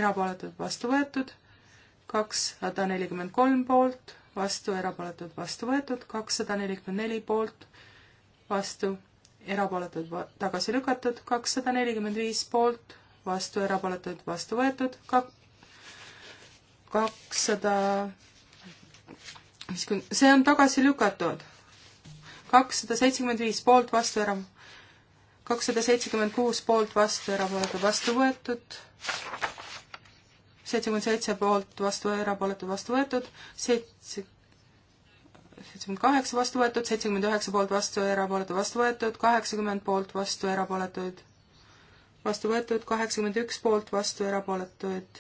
erapooletud, vastu võetud. kakssada nelikümmend kolm poolt, vastu, erapooletud, vastu võetud. kakssada nelikümmend neli poolt, vastu, erapooletud, tagasi lükatud. kakssada nelikümmend viis poolt vastu, erapooletud, vastu võetud, kakssada viiskümmend, see on tagasi lükatud. kakssada seitsekümmend viis poolt, vastu, era-, kakssada seitsekümmend kuus poolt, vastu, erapooletu, vastu võetud, seitsekümmend seitse poolt, vastu, erapooletu, vastu võetud, seitse, seitsekümmend kaheksa vastu võetud, seitsekümmend üheksa poolt vastu, erapooletu vastu võetud, kaheksakümmend poolt vastu, erapooletuid vastu võetud, kaheksakümmend üks poolt, vastu erapooletuid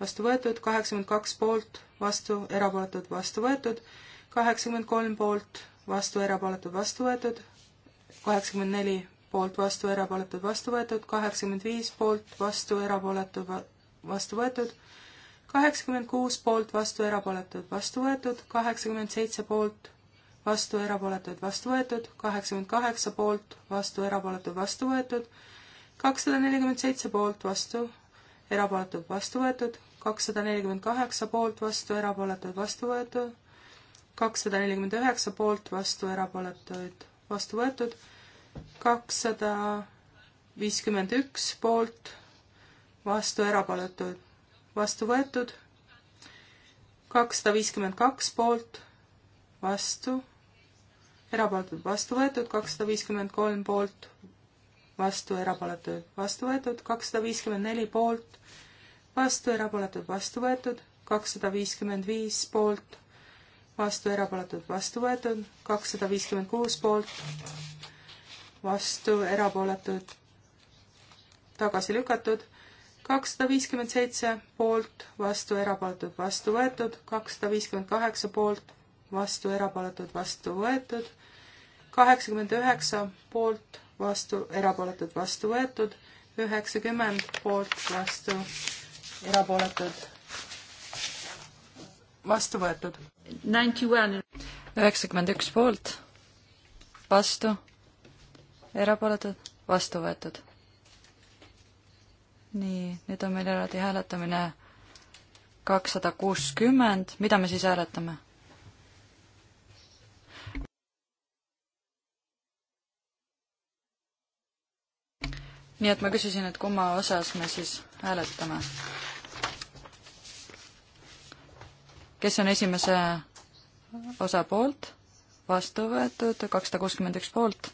vastu võetud, kaheksakümmend kaks poolt, vastu erapooletud, vastu võetud, kaheksakümmend kolm poolt, vastu erapooletud, vastu võetud, kaheksakümmend neli poolt, vastu erapooletud, vastu võetud, kaheksakümmend viis poolt, vastu erapooletud, vastu võetud, kaheksakümmend kuus poolt, vastu erapooletud, vastu võetud, kaheksakümmend seitse poolt, vastu erapooletud, vastu võetud, kaheksakümmend kaheksa poolt, vastu erapooletud, vastu võetud, kakssada nelikümmend seitse poolt, vastu, erapooletud, vastu võetud, kakssada nelikümmend kaheksa poolt, vastu, erapooletud, vastu võetud, kakssada nelikümmend üheksa poolt, vastu, erapooletuid, vastu võetud, kakssada viiskümmend üks poolt, vastu, erapooletuid, vastu võetud, kakssada viiskümmend kaks poolt, vastu, erapooletud, vastu võetud, kakssada viiskümmend kolm poolt vastu, erapooletud, vastu võetud, kakssada viiskümmend neli poolt, vastu, erapooletud, vastu võetud, kakssada viiskümmend viis poolt, vastu, erapooletud, vastu võetud, kakssada viiskümmend kuus poolt, vastu, erapooletud, tagasi lükatud, kakssada viiskümmend seitse poolt, vastu, erapooletud, vastu võetud, kakssada viiskümmend kaheksa poolt, vastu, erapooletud, vastu võetud, kaheksakümmend üheksa poolt, vastu, erapooletud, vastu võetud, üheksakümmend poolt, vastu, erapooletud, vastu võetud.
üheksakümmend üks poolt, vastu, erapooletud, vastu võetud. nii, nüüd on meil eraldi hääletamine kakssada kuuskümmend, mida me siis hääletame? nii et ma küsisin, et kumma osas me siis hääletame. kes on esimese osa poolt? vastu võetud, kakssada kuuskümmend üks poolt.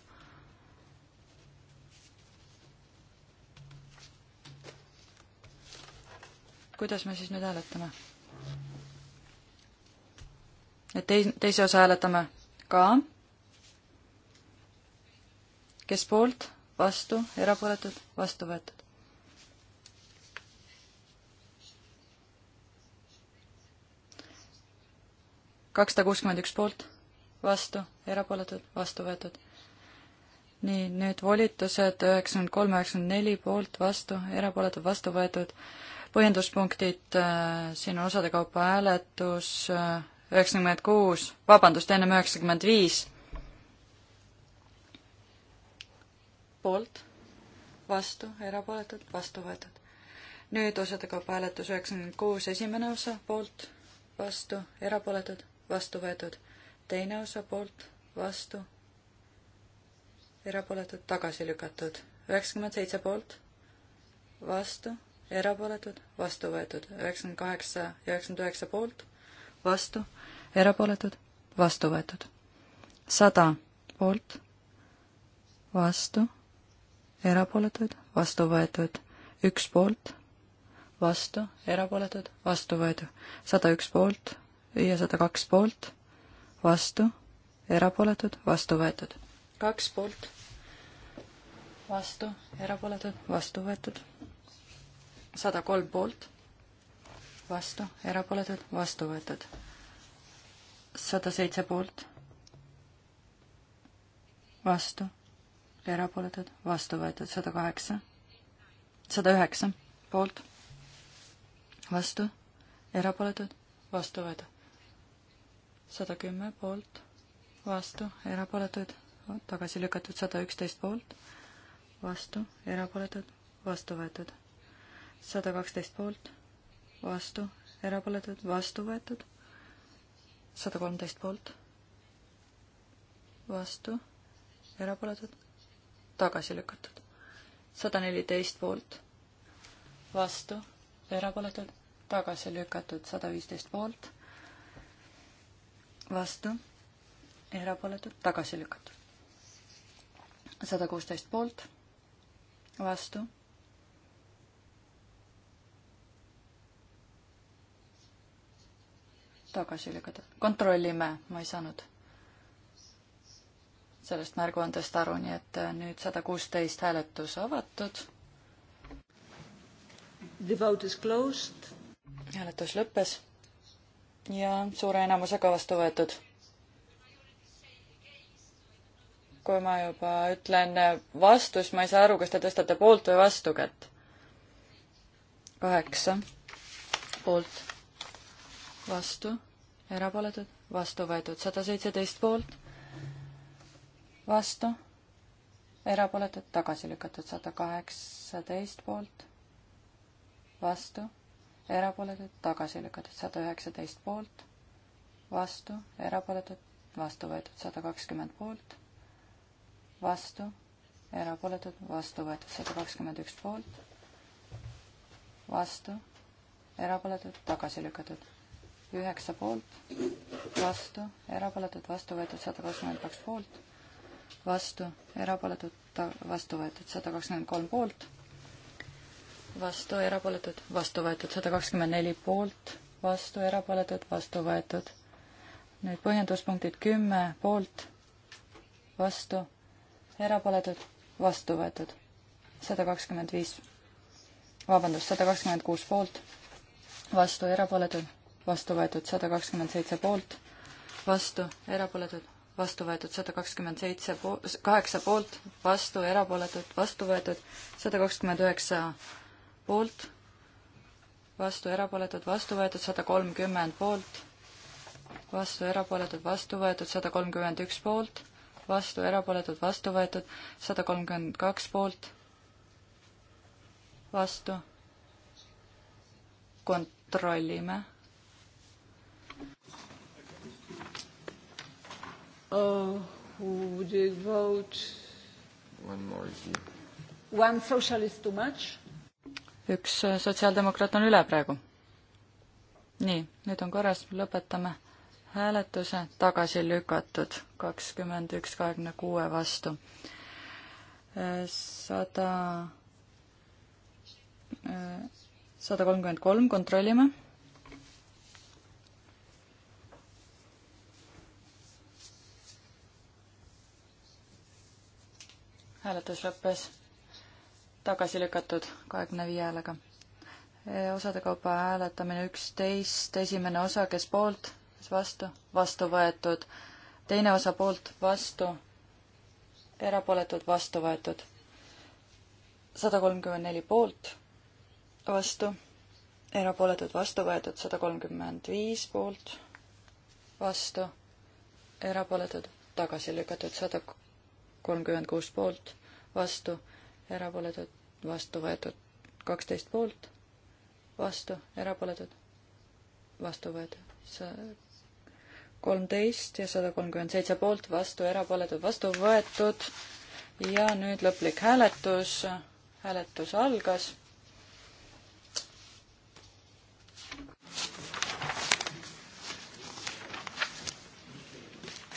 kuidas me siis nüüd hääletame? et tei-, teise osa hääletame ka. kes poolt? vastu, erapooletud, vastu võetud. kakssada kuuskümmend üks poolt, vastu, erapooletud, vastu võetud. nii, nüüd volitused üheksakümmend kolm, üheksakümmend neli poolt, vastu, erapooletud, vastu võetud. põhjenduspunktid äh,, siin on osade kaupa hääletus äh,, üheksakümmend kuus, vabandust, ennem üheksakümmend viis poolt, vastu, erapooletud, vastu võetud. nüüd osade kaupa hääletus üheksakümmend kuus, esimene osa poolt, vastu, erapooletud, vastu võetud. teine osa poolt, vastu, erapooletud, tagasi lükatud. üheksakümmend seitse poolt, vastu, erapooletud, vastu võetud. üheksakümmend kaheksa ja üheksakümmend üheksa poolt, vastu, erapooletud, vastu võetud. sada poolt, vastu erapooletud, vastu võetud, üks poolt, vastu, erapooletud, vastu võetud, sada üks poolt ja sada kaks poolt, vastu, erapooletud, vastu võetud, kaks poolt, vastu, erapooletud, vastu võetud, sada kolm poolt, vastu, erapooletud, vastu võetud, sada seitse poolt, vastu ja erapooletud, vastu võetud sada kaheksa, sada üheksa poolt, vastu, erapooletud, vastu võetud, sada kümme poolt, vastu, erapooletud, tagasi lükatud sada üksteist poolt, vastu, erapooletud, vastu võetud, sada kaksteist poolt, vastu, erapooletud, vastu võetud, sada kolmteist poolt, vastu, erapooletud, tagasi lükatud. sada neliteist poolt, vastu, erapooletud, tagasi lükatud, sada viisteist poolt, vastu, erapooletud, tagasi lükatud. sada kuusteist poolt, vastu tagasi lükata. kontrollime, ma ei saanud sellest märguandest aru, nii et äh, nüüd sada kuusteist hääletus avatud. The vote is closed. hääletus lõppes ja suure enamusega vastu võetud. kui ma juba ütlen vastu, siis ma ei saa aru, kas te tõstate poolt või vastu kätt. kaheksa poolt, vastu, erapooletud, vastu võetud, sada seitseteist poolt vastu, erapooletud, tagasi lükatud sada kaheksateist poolt, vastu, erapooletud, tagasi lükatud sada üheksateist poolt, vastu, erapooletud, vastu võetud sada kakskümmend poolt, vastu, erapooletud, vastu võetud sada kakskümmend üks poolt, vastu, erapooletud, tagasi lükatud üheksa poolt, vastu, erapooletud, vastu võetud sada kakskümmend kaks poolt vastu, erapooletud, vastu võetud sada kakskümmend kolm poolt, vastu erapooletud, vastu võetud sada kakskümmend neli poolt, vastu erapooletud, vastu võetud. nüüd põhjenduspunktid kümme poolt, vastu, erapooletud, vastu võetud. sada kakskümmend viis, vabandust, sada kakskümmend kuus poolt, vastu erapooletud, vastu võetud sada kakskümmend seitse poolt, vastu erapooletud vastu võetud sada kakskümmend seitse po-, kaheksa poolt, vastu, erapooletud, vastu võetud sada kakskümmend üheksa poolt, vastu, erapooletud, vastu võetud sada kolmkümmend poolt, vastu, erapooletud, vastu võetud sada kolmkümmend üks poolt, vastu, erapooletud, vastu võetud sada kolmkümmend kaks poolt, vastu. kontrollime Oh, who did vote? One more is you. One socialist too much? üks äh, sotsiaaldemokraat on üle praegu. nii, nüüd on korras, lõpetame hääletuse, tagasi lükatud, kakskümmend üks kahekümne kuue vastu. Äh, sada, äh, sada kolmkümmend kolm, kontrollime hääletus lõppes tagasi lükatud kahekümne viie häälega. E, osade kaupa hääletamine üksteist, esimene osa, kes poolt, kes vastu, vastu võetud, teine osa poolt, vastu, erapooletud, vastu võetud. sada kolmkümmend neli poolt, vastu, erapooletud, vastu võetud, sada kolmkümmend viis poolt, vastu, erapooletud, tagasi lükatud, sada 100 kolmkümmend kuus poolt, vastu, erapooletud, vastu võetud. kaksteist poolt, vastu, erapooletud, vastu võetud. sa kolmteist ja sada kolmkümmend seitse poolt, vastu, erapooletud, vastu võetud. ja nüüd lõplik hääletus. hääletus algas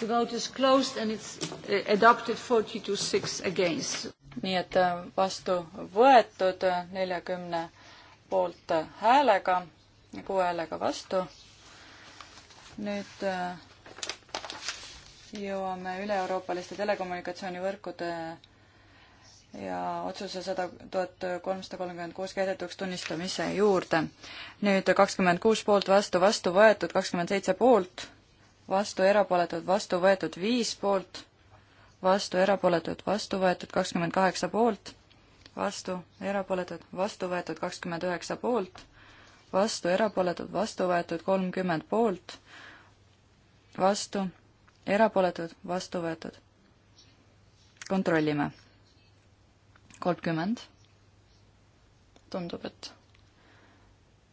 The vote is closed and it's uh, adopted forty to six against. nii et äh, vastu võetud äh, neljakümne poolt äh, häälega, kuue häälega vastu. nüüd jõuame üle-euroopaliste telekommunikatsioonivõrkude ja otsuse sada, tuhat kolmsada kolmkümmend kuus kehtetuks tunnistamise juurde. nüüd kakskümmend kuus poolt vastu, vastu võetud kakskümmend seitse poolt vastu erapooletud, vastu võetud viis poolt, vastu erapooletud, vastu võetud kakskümmend kaheksa poolt, vastu erapooletud, vastu võetud kakskümmend üheksa poolt, vastu erapooletud, vastu võetud kolmkümmend poolt, vastu erapooletud, vastu võetud. kontrollime. kolmkümmend. tundub, et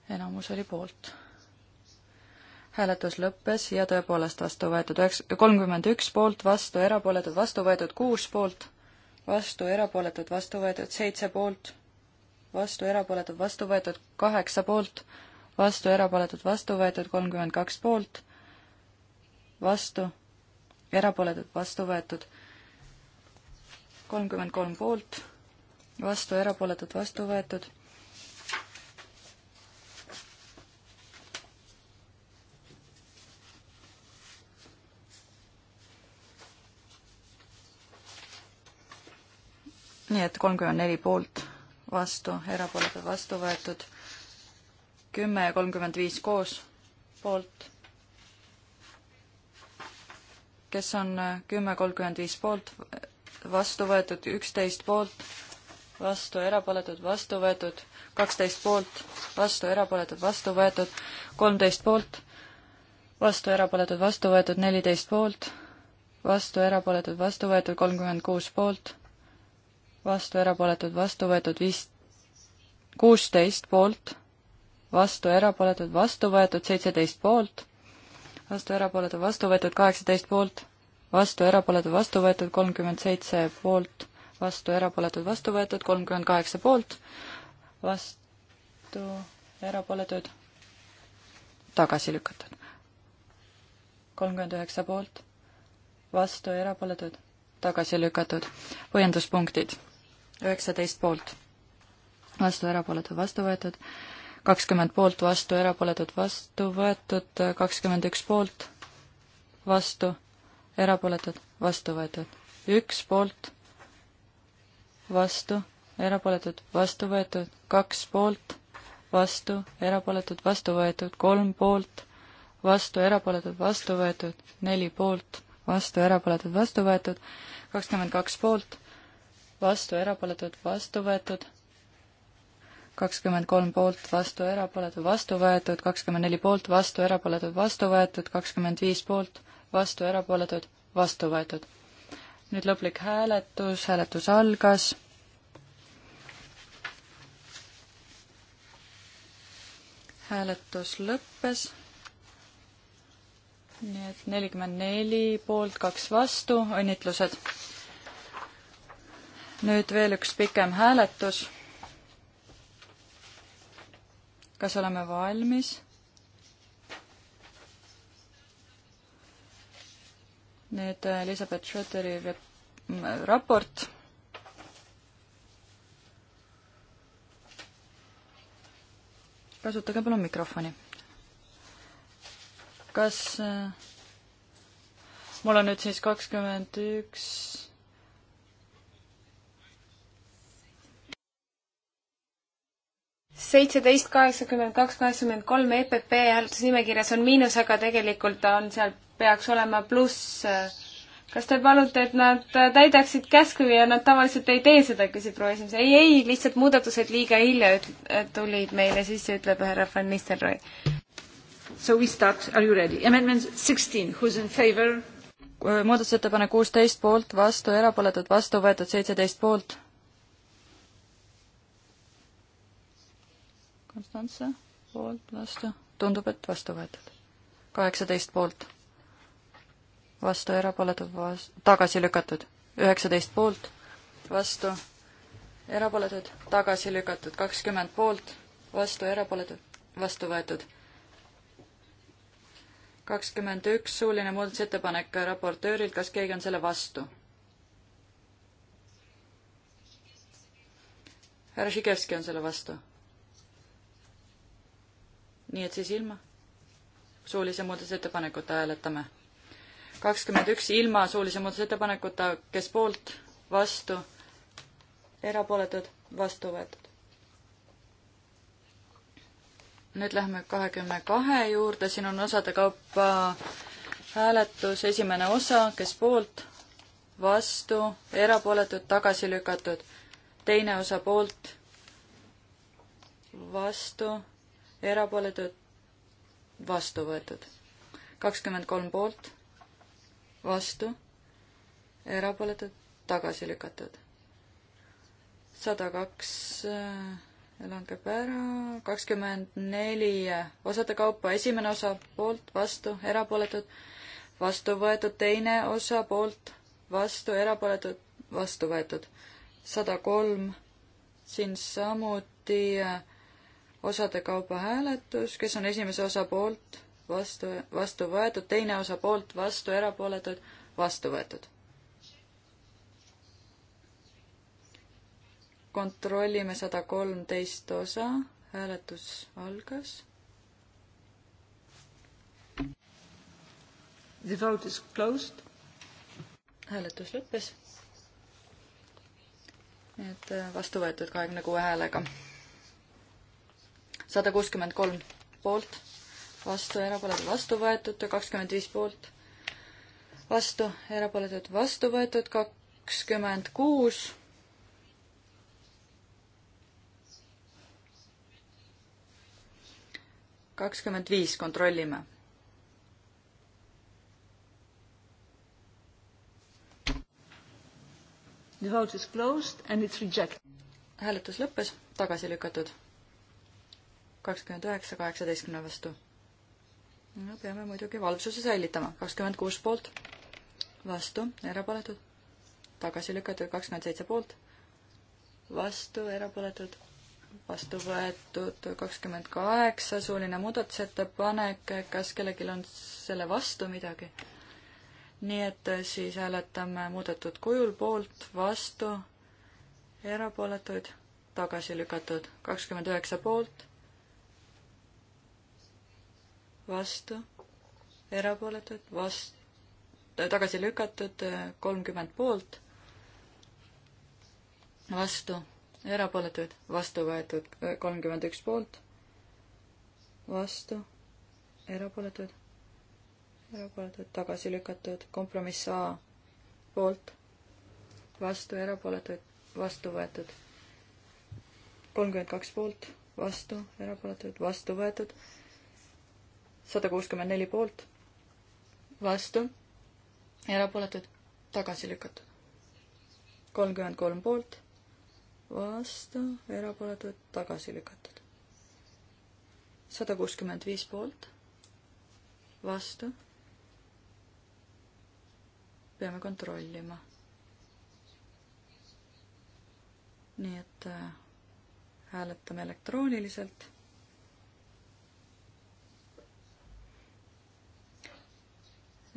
enamus oli poolt hääletus lõppes ja tõepoolest vastu võetud üheks-, kolmkümmend üks poolt, vastu erapooletud, vastu võetud kuus poolt, vastu erapooletud, vastu võetud seitse poolt, vastu erapooletud, vastu võetud kaheksa poolt, vastu erapooletud, vastu võetud kolmkümmend kaks poolt, vastu erapooletud, vastu võetud kolmkümmend kolm poolt, vastu erapooletud, vastu võetud nii et kolmkümmend neli poolt, vastu, erapooletud, vastu võetud. kümme ja kolmkümmend viis koos, poolt. kes on kümme, kolmkümmend viis poolt, vastu võetud, üksteist poolt, vastu, erapooletud, vastu võetud, kaksteist poolt, vastu, erapooletud, vastu võetud, kolmteist poolt, vastu, erapooletud, vastu võetud, neliteist poolt, vastu, erapooletud, vastu võetud, kolmkümmend kuus poolt vastu, erapooletud, vastu võetud viis, kuusteist poolt, vastu, erapooletud, vastu võetud seitseteist poolt, vastu, erapooletud, vastu võetud kaheksateist poolt, vastu, erapooletud, vastu võetud kolmkümmend seitse poolt, vastu, erapooletud, vastu võetud kolmkümmend kaheksa poolt, vastu, erapooletud, tagasi lükatud. kolmkümmend üheksa poolt, vastu, erapooletud, tagasi lükatud. põhjenduspunktid üheksateist poolt, vastu, erapooletud, vastu võetud, kakskümmend poolt, vastu, erapooletud, vastu võetud, kakskümmend üks poolt, vastu, erapooletud, vastu võetud, üks poolt, vastu, erapooletud, vastu võetud, kaks poolt, vastu, erapooletud, vastu võetud, kolm poolt, vastu, erapooletud, vastu võetud, neli poolt, vastu, erapooletud, vastu võetud, kakskümmend kaks poolt vastu, erapooletud, vastu võetud, kakskümmend kolm poolt, vastu, erapooletud, vastu võetud, kakskümmend neli poolt, vastu, erapooletud, vastu võetud, kakskümmend viis poolt, vastu, erapooletud, vastu võetud. nüüd lõplik hääletus, hääletus algas. hääletus lõppes nii et nelikümmend neli poolt, kaks vastu, õnnitlused! nüüd veel üks pikem hääletus. kas oleme valmis? nüüd äh, Elizabeth Schroederi äh, raport. kasutage palun mikrofoni. kas äh, mul on nüüd siis kakskümmend üks
seitseteist, kaheksakümmend kaks, kaheksakümmend kolm EPP hääletusnimekirjas on miinus, aga tegelikult on seal, peaks olema pluss. kas te palute, et nad täidaksid käsku ja nad tavaliselt ei tee seda, küsib proua esimees. ei, ei, lihtsalt muudatused liiga hilja tulid meile sisse, ütleb härra Van Nistelrooy. So we start, are you ready? Amendment sixteen,
who is in favor? Äh, muudatusettepanek kuusteist poolt, vastu, erapooletud, vastu võetud seitseteist poolt Konstantse poolt vastu, tundub, et vastu võetud. kaheksateist poolt vastu, erapooletud vas-, tagasi lükatud. üheksateist poolt vastu, erapooletud, tagasi lükatud. kakskümmend poolt vastu, erapooletud, vastu võetud kakskümmend üks suuline muudatusettepanek raportöörilt, kas keegi on selle vastu? härra Žigevski on selle vastu nii et siis ilma suulise muudatusettepanekuta hääletame. kakskümmend üks ilma suulise muudatusettepanekuta, kes poolt, vastu, erapooletud, vastu võetud. nüüd lähme kahekümne kahe juurde, siin on osade kaupa hääletus, esimene osa, kes poolt, vastu, erapooletud, tagasi lükatud. teine osa poolt, vastu erapooletud, vastu võetud. kakskümmend kolm poolt, vastu, erapooletud, tagasi lükatud. sada kaks äh, langeb ära, kakskümmend neli äh, osade kaupa, esimene osa poolt, vastu, erapooletud, vastu võetud, teine osa poolt, vastu, erapooletud, vastu võetud. sada kolm, siin samuti äh, osade kaupa hääletus, kes on esimese osa poolt, vastu, vastu võetud, teine osa poolt, vastu, erapooletud, vastu võetud. kontrollime sada kolmteist osa, hääletus algas. The vote is closed. hääletus lõppes. nii et äh, vastu võetud kahekümne kuue häälega sada kuuskümmend kolm poolt, vastu, erapooletud, vastu võetud, kakskümmend viis poolt, vastu, erapooletud, vastu võetud, kakskümmend kuus kakskümmend viis kontrollime. The vote is closed and it's rejected. hääletus lõppes, tagasi lükatud kakskümmend üheksa kaheksateistkümne vastu. no peame muidugi valvsuse säilitama. kakskümmend kuus poolt, vastu, erapooletud, tagasi lükatud, kakskümmend seitse poolt, vastu, erapooletud, vastu võetud kakskümmend kaheksa, suuline muudatusettepanek, kas kellelgi on selle vastu midagi? nii et äh, siis hääletame muudetud kujul poolt, vastu, erapooletuid, tagasi lükatud, kakskümmend üheksa poolt vastu, erapooletud, vast-, tagasi lükatud, kolmkümmend poolt, vastu, erapooletud, vastu võetud, kolmkümmend üks poolt, vastu, erapooletud, erapooletud, tagasi lükatud, kompromiss A poolt, vastu, erapooletud, vastu võetud, kolmkümmend kaks poolt, vastu, erapooletud, vastu võetud, sada kuuskümmend neli poolt, vastu, erapooletud, tagasi lükatud. kolmkümmend kolm poolt, vastu, erapooletud, tagasi lükatud. sada kuuskümmend viis poolt, vastu. peame kontrollima. nii et äh, hääletame elektrooniliselt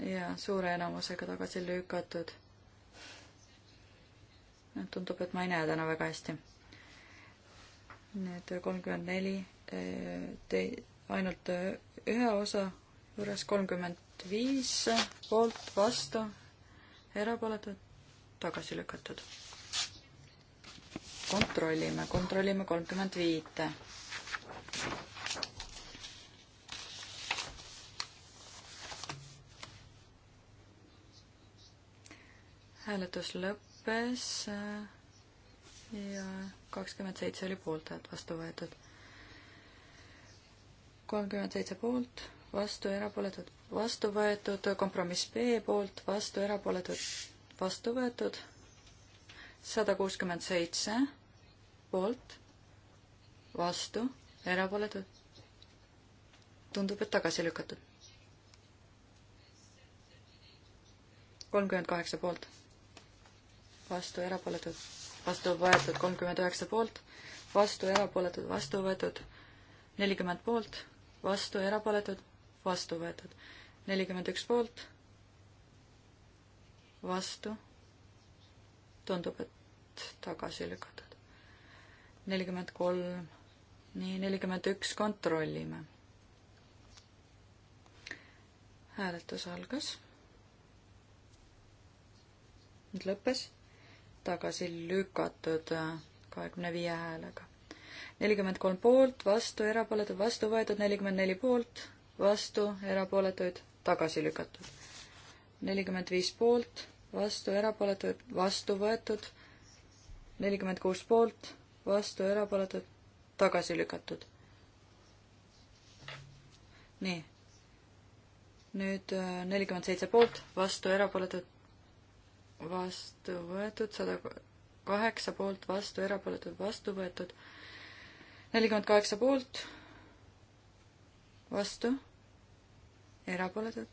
ja suure enamusega tagasi lükatud. Noh, tundub, et ma ei näe täna väga hästi. Need kolmkümmend neli, eh, tei-, ainult eh, ühe osa juures kolmkümmend viis poolt, vastu, erapooletud, tagasi lükatud. kontrollime, kontrollime kolmkümmend viite. hääletus lõppes äh, ja kakskümmend seitse oli poolthäält vastu võetud. kolmkümmend seitse poolt, vastu erapooletud, vastu võetud, kompromiss B poolt, vastu erapooletud, vastu võetud, sada kuuskümmend seitse poolt, vastu, erapooletud, tundub, et tagasi lükatud. kolmkümmend kaheksa poolt vastu erapooletud, vastu võetud kolmkümmend üheksa poolt, vastu erapooletud, vastu võetud nelikümmend poolt, vastu erapooletud, vastu võetud nelikümmend üks poolt, vastu, tundub, et tagasi lükatud, nelikümmend kolm, nii, nelikümmend üks kontrollime. hääletus algas nüüd lõppes tagasi lükatud äh, kahekümne viie häälega. nelikümmend kolm poolt, vastu, erapooletud, vastu võetud, nelikümmend neli poolt, vastu, erapooletuid, tagasi lükatud. nelikümmend viis poolt, vastu, erapooletuid, vastu võetud, nelikümmend kuus poolt, vastu, erapooletuid, tagasi lükatud. nii. nüüd äh, nelikümmend seitse poolt, vastu, erapooletuid, vastu võetud, sada kaheksa poolt vastu, erapooletud vastu võetud, nelikümmend kaheksa poolt vastu, erapooletud,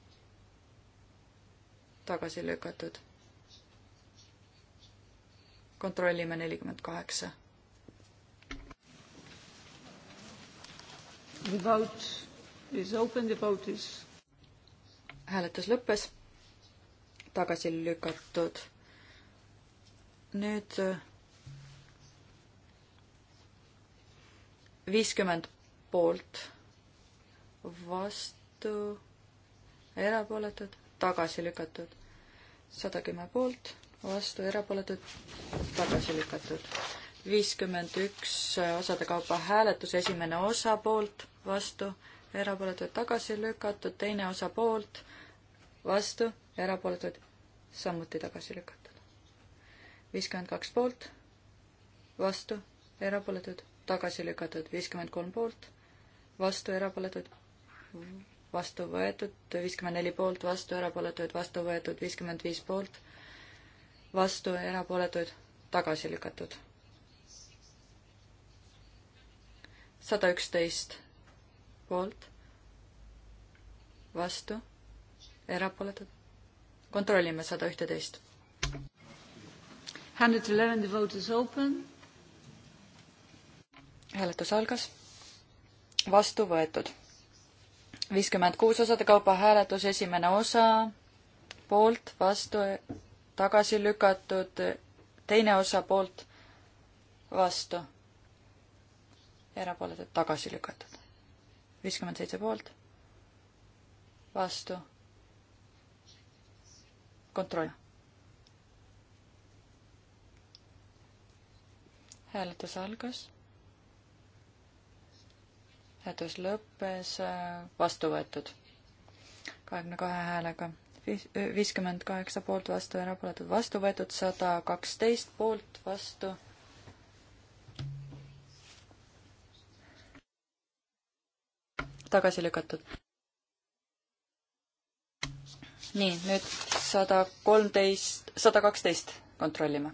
tagasi lükatud. kontrollime nelikümmend kaheksa. The vote is open, the vote is hääletus lõppes tagasi lükatud. nüüd äh, viiskümmend poolt, vastu, erapooletud, tagasi lükatud. sada kümme poolt, vastu, erapooletud, tagasi lükatud. viiskümmend üks äh, osade kaupa hääletus, esimene osa poolt, vastu, erapooletud, tagasi lükatud, teine osa poolt, vastu ja erapooletuid samuti tagasi lükatud. viiskümmend kaks poolt, vastu, erapooletud, tagasi lükatud, viiskümmend kolm poolt, vastu, erapooletud, vastu võetud, viiskümmend neli poolt, vastu, erapooletuid, vastu võetud, viiskümmend viis poolt, vastu, erapooletuid, tagasi lükatud. sada üksteist poolt, vastu, erapooletud, kontrollime sada ühteteist. hääletus algas. vastu võetud. viiskümmend kuus osade kaupa hääletus, esimene osa poolt, vastu, tagasi lükatud, teine osa poolt, vastu, erapooletud, tagasi lükatud. viiskümmend seitse poolt, vastu kontroll. hääletus algas. hääletus lõppes, vastu võetud. kahekümne kahe häälega, viiskümmend kaheksa poolt vastu, erapooletud vastu võetud, sada kaksteist poolt vastu tagasi lükatud nii, nüüd sada kolmteist, sada kaksteist kontrollime.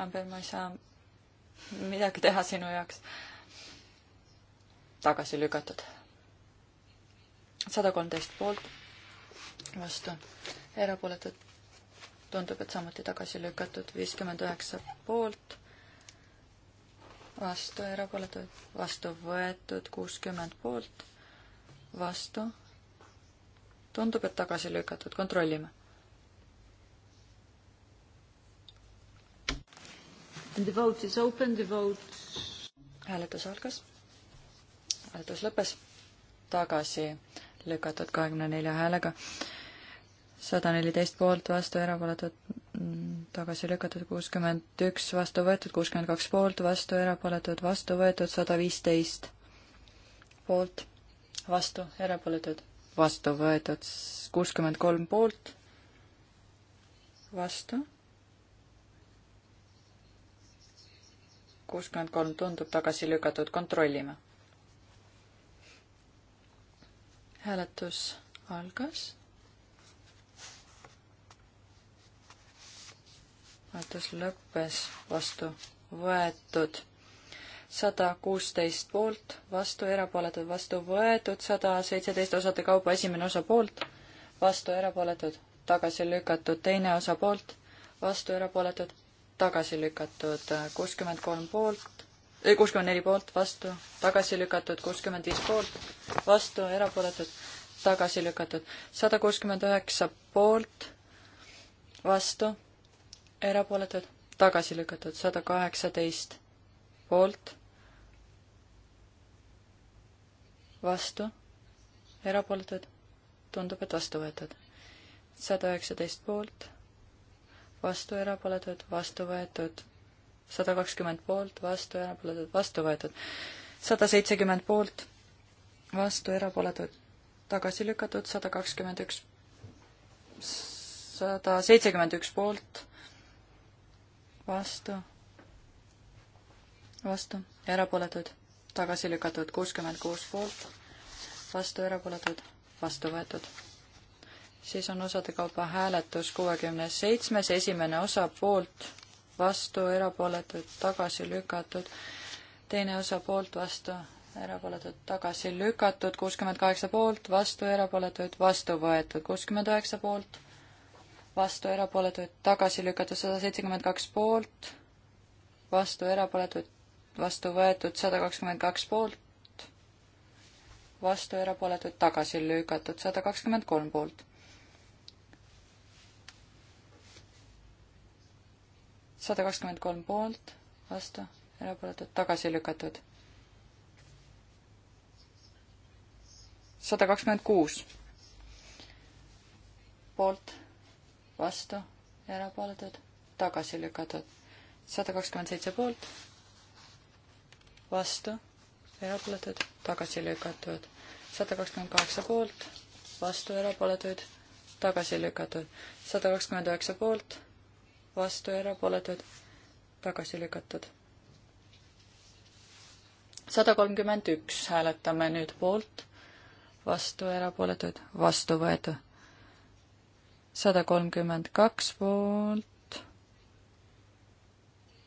Amber, ma ei saa midagi teha sinu jaoks. tagasi lükatud. sada kolmteist poolt, vastu, erapooletud. tundub, et samuti tagasi lükatud, viiskümmend üheksa poolt vastu, erapooletud, vastu võetud kuuskümmend poolt, vastu. tundub, et tagasi lükatud, kontrollime. And the vote is open, the vote. hääletus algas, hääletus lõppes, tagasi lükatud kahekümne nelja häälega, sada neliteist poolt, vastu, erapooletud mm, tagasi lükatud kuuskümmend üks, vastu võetud kuuskümmend kaks poolt, vastu erapooletud, vastu võetud sada viisteist poolt, vastu erapooletud, vastu võetud kuuskümmend kolm poolt, vastu kuuskümmend kolm tundub tagasi lükatud, kontrollime. hääletus algas hääletus lõppes, vastu võetud sada kuusteist poolt, vastu erapooletud, vastu võetud sada seitseteist osade kaupa, esimene osa poolt, vastu erapooletud, tagasi lükatud, teine osa poolt, vastu erapooletud, tagasi lükatud, kuuskümmend kolm poolt, eh, kuuskümmend neli poolt, vastu, tagasi lükatud, kuuskümmend viis poolt, vastu erapooletud, tagasi lükatud, sada kuuskümmend üheksa poolt, vastu erapooletud, tagasi lükatud, sada kaheksateist poolt, vastu, erapooletud, tundub, et vastu võetud. sada üheksateist poolt, vastu, erapooletud, vastu võetud, sada kakskümmend poolt, vastu, erapooletud, vastu võetud, sada seitsekümmend poolt, vastu, erapooletud, tagasi lükatud, sada kakskümmend üks, sada seitsekümmend üks poolt vastu, vastu, erapooletud, tagasi lükatud, kuuskümmend kuus poolt, vastu, erapooletud, vastu võetud. siis on osade kaupa hääletus kuuekümne seitsmes, esimene osa poolt, vastu, erapooletud, tagasi lükatud, teine osa poolt, vastu, erapooletud tagasi lükatud, kuuskümmend kaheksa poolt, vastu erapooletuid, vastu võetud kuuskümmend üheksa poolt, vastu erapooletuid tagasi lükatud sada seitsekümmend kaks poolt, vastu erapooletuid vastu võetud sada kakskümmend kaks poolt, vastu erapooletuid tagasi lükatud sada kakskümmend kolm poolt. sada kakskümmend kolm poolt, vastu erapooletuid tagasi lükatud. sada kakskümmend kuus poolt vastu, erapooletud, tagasi lükatud. sada kakskümmend seitse poolt, vastu, erapooletud, tagasi lükatud. sada kakskümmend kaheksa poolt, vastu, erapooletuid, tagasi lükatud. sada kakskümmend üheksa poolt, vastu, erapooletuid, tagasi lükatud. sada kolmkümmend üks hääletame nüüd poolt, vastu, erapooletuid, vastu võetud sada kolmkümmend kaks poolt,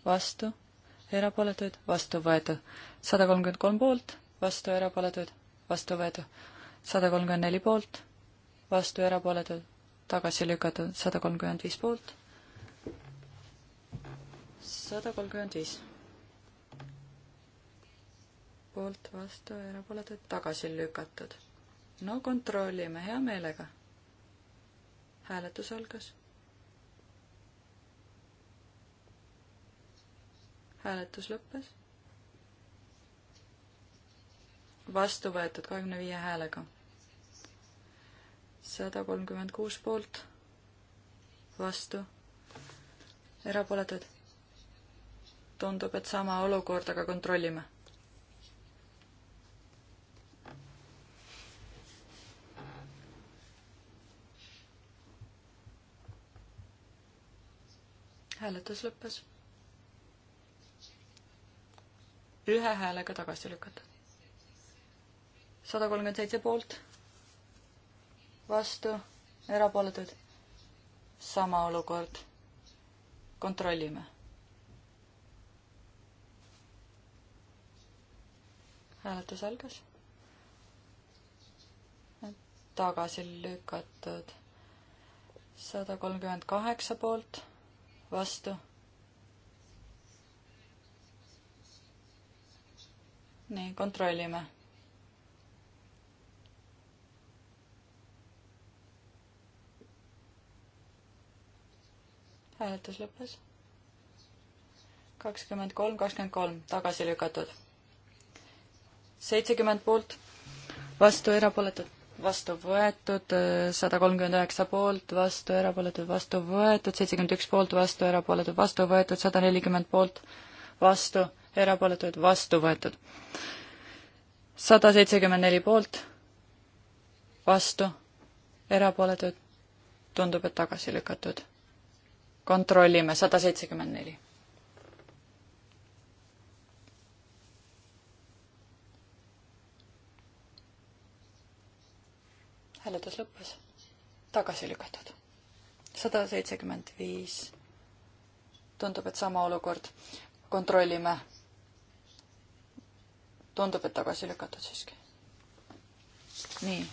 vastu, erapooletuid, vastu võetud. sada kolmkümmend kolm poolt, vastu, erapooletuid, vastu võetud. sada kolmkümmend neli poolt, vastu, erapooletuid, tagasi lükatud. sada kolmkümmend viis poolt, sada kolmkümmend viis poolt, vastu, erapooletuid, tagasi lükatud. no kontrollime hea meelega hääletus algas. hääletus lõppes. vastu võetud kahekümne viie häälega. sada kolmkümmend kuus poolt, vastu, erapooletud. tundub, et sama olukord, aga kontrollime hääletus lõppes. ühe häälega tagasi lükatud. sada kolmkümmend seitse poolt, vastu, erapooletud. sama olukord. kontrollime. hääletus algas. tagasi lükatud. sada kolmkümmend kaheksa poolt vastu. nii, kontrollime. hääletus lõppes. kakskümmend kolm, kakskümmend kolm, tagasi lükatud. seitsekümmend poolt, vastu erapooletud vastu võetud, sada kolmkümmend üheksa poolt, vastu erapooletud, vastu võetud, seitsekümmend üks poolt, vastu erapooletud, vastu võetud, sada nelikümmend poolt, vastu erapooletud, vastu võetud. sada seitsekümmend neli poolt, vastu erapooletud, tundub, et tagasi lükatud. kontrollime, sada seitsekümmend neli. hääletus lõppes. tagasi lükatud. sada seitsekümmend viis. tundub, et sama olukord. kontrollime. tundub, et tagasi lükatud siiski. nii.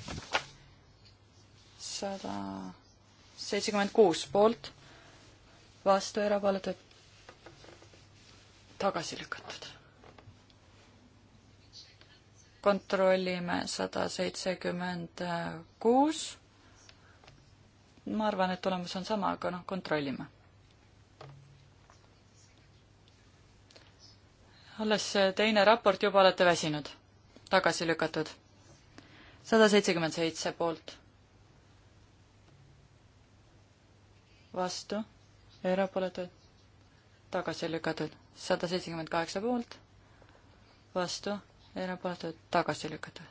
sada seitsekümmend kuus poolt, vastu erapooletud, tagasi lükatud kontrollime sada seitsekümmend kuus. ma arvan, et tulemus on sama, aga noh, kontrollime. alles teine raport, juba olete väsinud. tagasi lükatud. sada seitsekümmend seitse poolt. vastu, erapooletud, tagasi lükatud, sada seitsekümmend kaheksa poolt, vastu erapooletud, tagasi lükatud.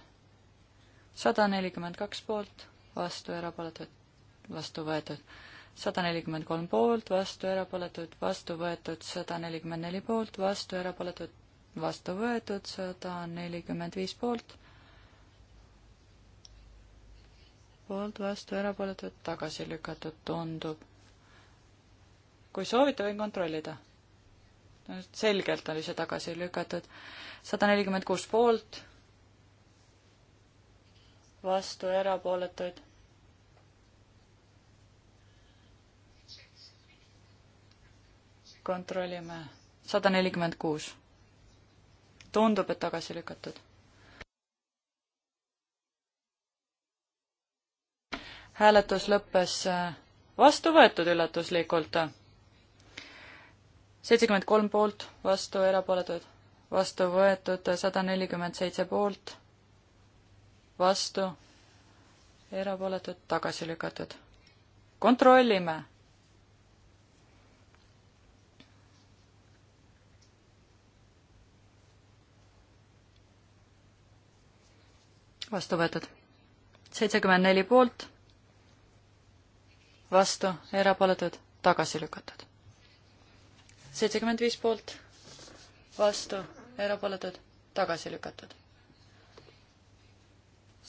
sada nelikümmend kaks poolt, vastu, erapooletud, vastu võetud. sada nelikümmend kolm poolt, vastu, erapooletud, vastu võetud, sada nelikümmend neli poolt, vastu, erapooletud, vastu võetud, sada nelikümmend viis poolt, poolt, vastu, erapooletud, tagasi lükatud, tundub. kui soovite, võin kontrollida selgelt oli see tagasi lükatud. sada nelikümmend kuus poolt, vastu erapooletuid. kontrollime, sada nelikümmend kuus. tundub, et tagasi lükatud. hääletus lõppes äh, vastu võetud üllatuslikult seitsekümmend kolm poolt, vastu, erapooletud, vastu võetud, sada nelikümmend seitse poolt, vastu, erapooletud, tagasi lükatud. kontrollime. vastu võetud. seitsekümmend neli poolt, vastu, erapooletud, tagasi lükatud seitsekümmend viis poolt, vastu, erapooletud, tagasi lükatud.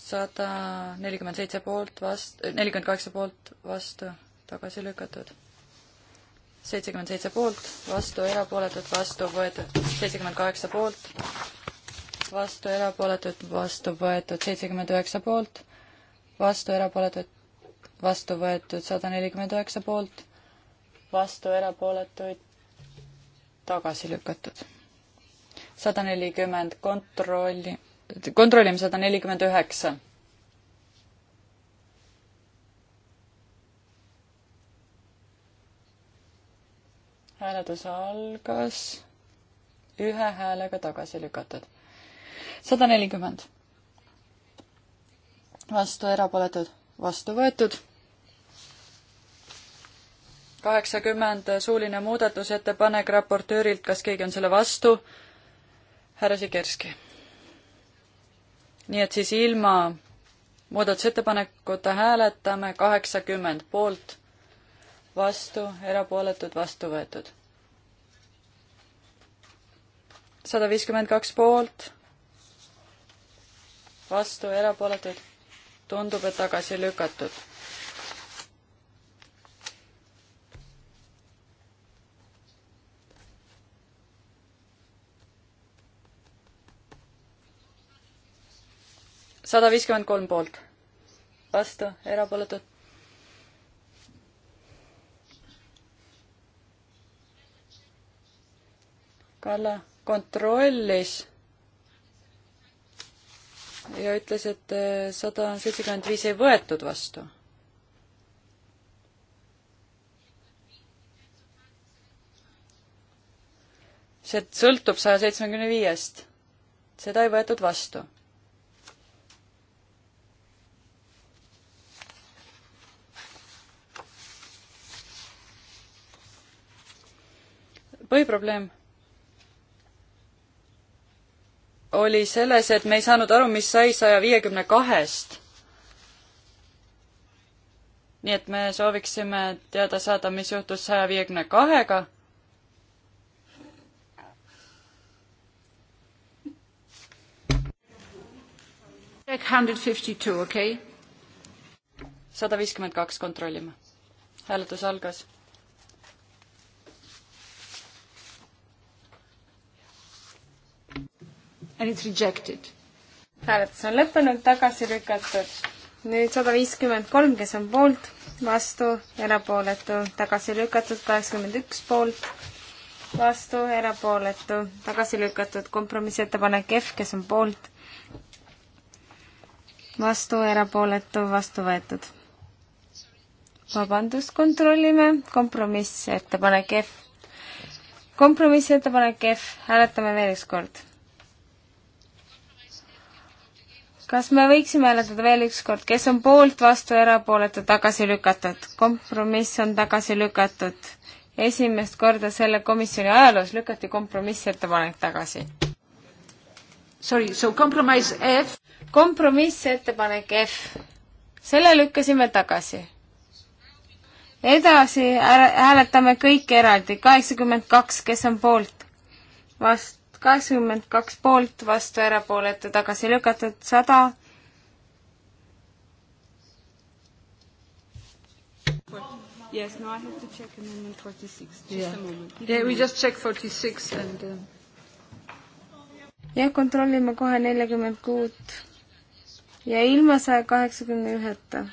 sada nelikümmend seitse poolt, vastu, nelikümmend kaheksa poolt, vastu, tagasi lükatud. seitsekümmend seitse poolt, vastu, erapooletud, vastu võetud, seitsekümmend kaheksa poolt, vastu, erapooletud, vastu võetud, seitsekümmend üheksa poolt, vastu, erapooletud, vastu võetud sada nelikümmend üheksa poolt, vastu erapooletuid tagasi lükatud. sada nelikümmend kontrolli, kontrollime sada nelikümmend üheksa. hääletus algas ühe häälega tagasi lükatud. sada nelikümmend. vastu erapooletud, vastu võetud kaheksakümmend suuline muudatusettepanek raportöörilt, kas keegi on selle vastu? härra Sikerski. nii et siis ilma muudatusettepanekuta hääletame kaheksakümmend poolt, vastu, erapooletud, vastu võetud. sada viiskümmend kaks poolt, vastu, erapooletud, tundub, et tagasi lükatud sada viiskümmend kolm poolt, vastu, erapooletud. Kalle kontrollis ja ütles, et äh, sada seitsekümmend viis ei võetud vastu. see sõltub saja seitsmekümne viiest. seda ei võetud vastu põhiprobleem oli selles, et me ei saanud aru, mis sai saja viiekümne kahest. nii et me sooviksime teada saada, mis juhtus saja viiekümne kahega. sada viiskümmend kaks kontrollime. hääletus algas
and it's rejected. hääletus on lõppenud, tagasi lükatud. nüüd sada viiskümmend kolm, kes on poolt, vastu, erapooletu, tagasi lükatud, kaheksakümmend üks poolt, vastu, erapooletu, tagasi lükatud, kompromissettepanek F, kes on poolt, vastu, erapooletu, vastu võetud. vabandust, kontrollime, kompromissettepanek F kompromissettepanek F, hääletame veel üks kord. kas me võiksime hääletada veel ükskord, kes on poolt, vastu, erapooletu, tagasi lükatud? kompromiss on tagasi lükatud. esimest korda selle komisjoni ajaloos lükati kompromissettepanek tagasi. Sorry, so compromise F? kompromissettepanek F. selle lükkasime tagasi. edasi hääletame kõik eraldi, kaheksakümmend kaks, kes on poolt? vast-, kaheksakümmend kaks poolt, vastu erapooletu, tagasi lükatud sada. Yes, no, I have to check amendment 46. Just yeah. a moment. Yeah, we just check 46 and... Uh... jah, kontrollime kohe neljakümmend kuut ja ilma saja kaheksakümne üheta.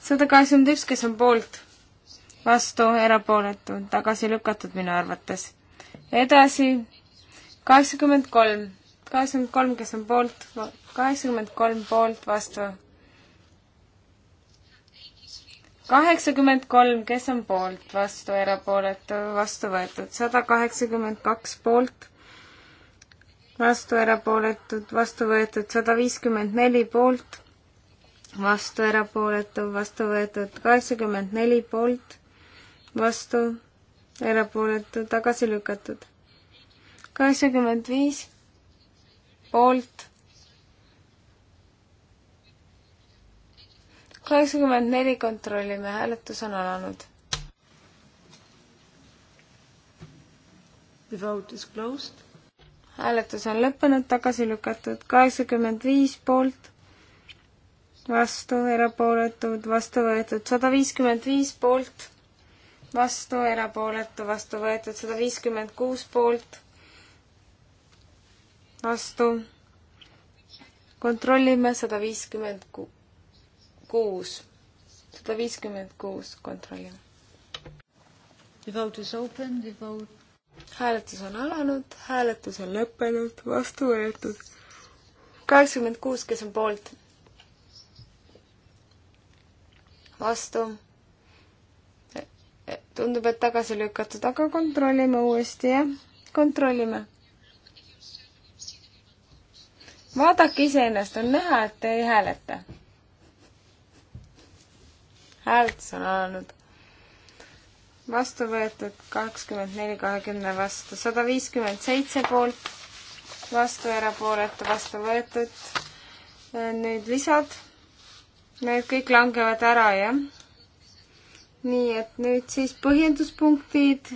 sada kaheksakümmend üks, kes on poolt, vastu, erapooletu, tagasi lükatud minu arvates edasi kaheksakümmend kolm, kaheksakümmend kolm, kes on poolt, kaheksakümmend kolm poolt, vastu. kaheksakümmend kolm, kes on poolt, vastu, erapooletu, vastu võetud, sada kaheksakümmend kaks poolt, vastu, erapooletud, vastu võetud, sada viiskümmend neli poolt, vastu, erapooletu, vastu võetud, kaheksakümmend neli poolt, vastu, erapooletu, tagasi lükatud kaheksakümmend viis poolt, kaheksakümmend neli kontrollime, hääletus on alanud. The vote is closed. hääletus on lõppenud, tagasi lükatud, kaheksakümmend viis poolt, vastu, erapooletud, vastu võetud, sada viiskümmend viis poolt, vastu, erapooletu, vastu võetud, sada viiskümmend kuus poolt vastu. kontrollime sada viiskümmend kuus, sada viiskümmend kuus kontrollime. The vote is open, the vote. hääletus on alanud, hääletus on lõppenud, vastu võetud. kaheksakümmend kuus, kes on poolt? vastu tundub, et tagasi lükatud, aga kontrollime uuesti, jah. kontrollime vaadake iseennast, on näha, et te ei hääleta. hääletus on alanud. vastu võetud kakskümmend neli, kahekümne vastu, sada viiskümmend seitse poolt, vastu erapooletu, vastu võetud. Äh, nüüd lisad. Need kõik langevad ära, jah. nii et nüüd siis põhjenduspunktid,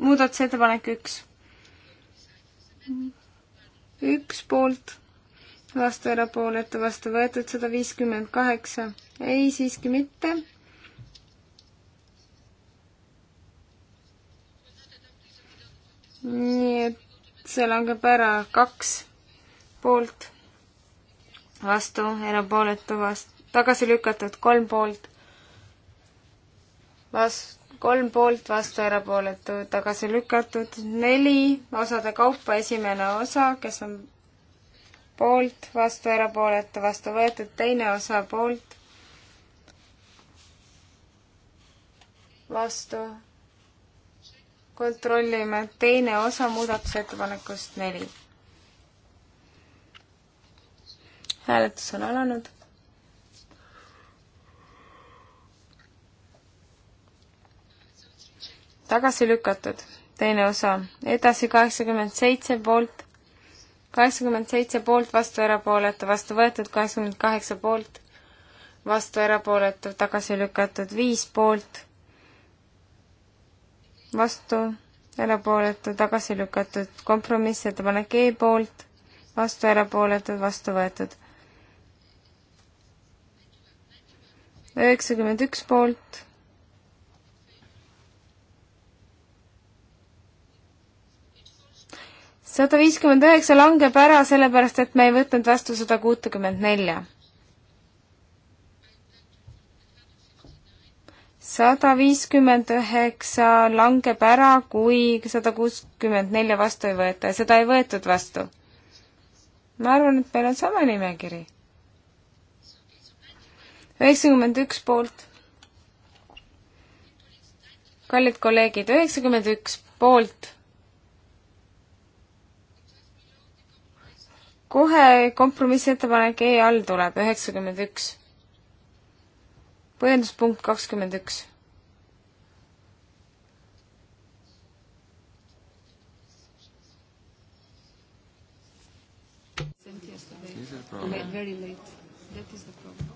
muudatusettepanek üks üks poolt, vastu erapooletu, vastu võetud sada viiskümmend kaheksa. ei, siiski mitte. nii et see langeb ära, kaks poolt, vastu erapooletu, vastu, tagasi lükatud kolm poolt, vastu kolm poolt, vastu, erapooletu, tagasi lükatud, neli osade kaupa, esimene osa, kes on poolt, vastu, erapooletu, vastu võetud, teine osa poolt, vastu, kontrollime, teine osa muudatusettepanekust neli. hääletus on alanud tagasi lükatud. teine osa, edasi kaheksakümmend seitse poolt, kaheksakümmend seitse poolt, vastu erapooletu, vastu võetud, kaheksakümmend kaheksa poolt, vastu erapooletu, tagasi lükatud, viis poolt, vastu erapooletu, tagasi lükatud, kompromissettepanek E poolt, vastu erapooletud, vastu võetud. üheksakümmend üks poolt sada viiskümmend üheksa langeb ära, sellepärast et me ei võtnud vastu sada kuutekümmet nelja. sada viiskümmend üheksa langeb ära, kui sada kuuskümmend nelja vastu ei võeta ja seda ei võetud vastu. ma arvan, et meil on sama nimekiri. üheksakümmend üks poolt. kallid kolleegid, üheksakümmend üks poolt kohe kompromissettepanek E all tuleb, üheksakümmend üks. põhjenduspunkt kakskümmend üks. Very late. That is the problem.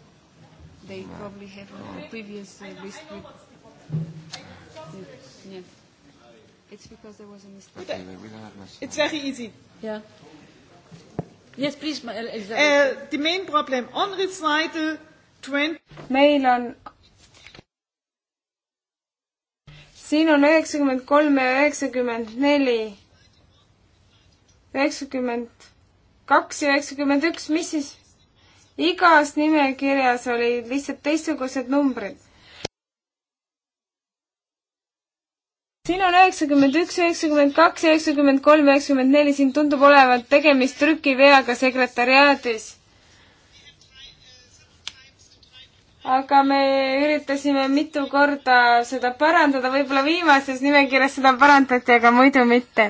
They probably have a previous uh, list. With, yeah.
It's because there was a
mistake. It's very easy.
Yeah. Yes, please, Elizabeth. Uh, the main problem on recital 20.
meil on siin on üheksakümmend kolm ja üheksakümmend neli, üheksakümmend kaks ja üheksakümmend üks, mis siis? igas nimekirjas olid lihtsalt teistsugused numbrid siin on üheksakümmend üks, üheksakümmend kaks, üheksakümmend kolm, üheksakümmend neli, siin tundub olevat tegemist trükiveaga sekretäriaadis. aga me üritasime mitu korda seda parandada, võib-olla viimases nimekirjas seda parandati, aga muidu mitte.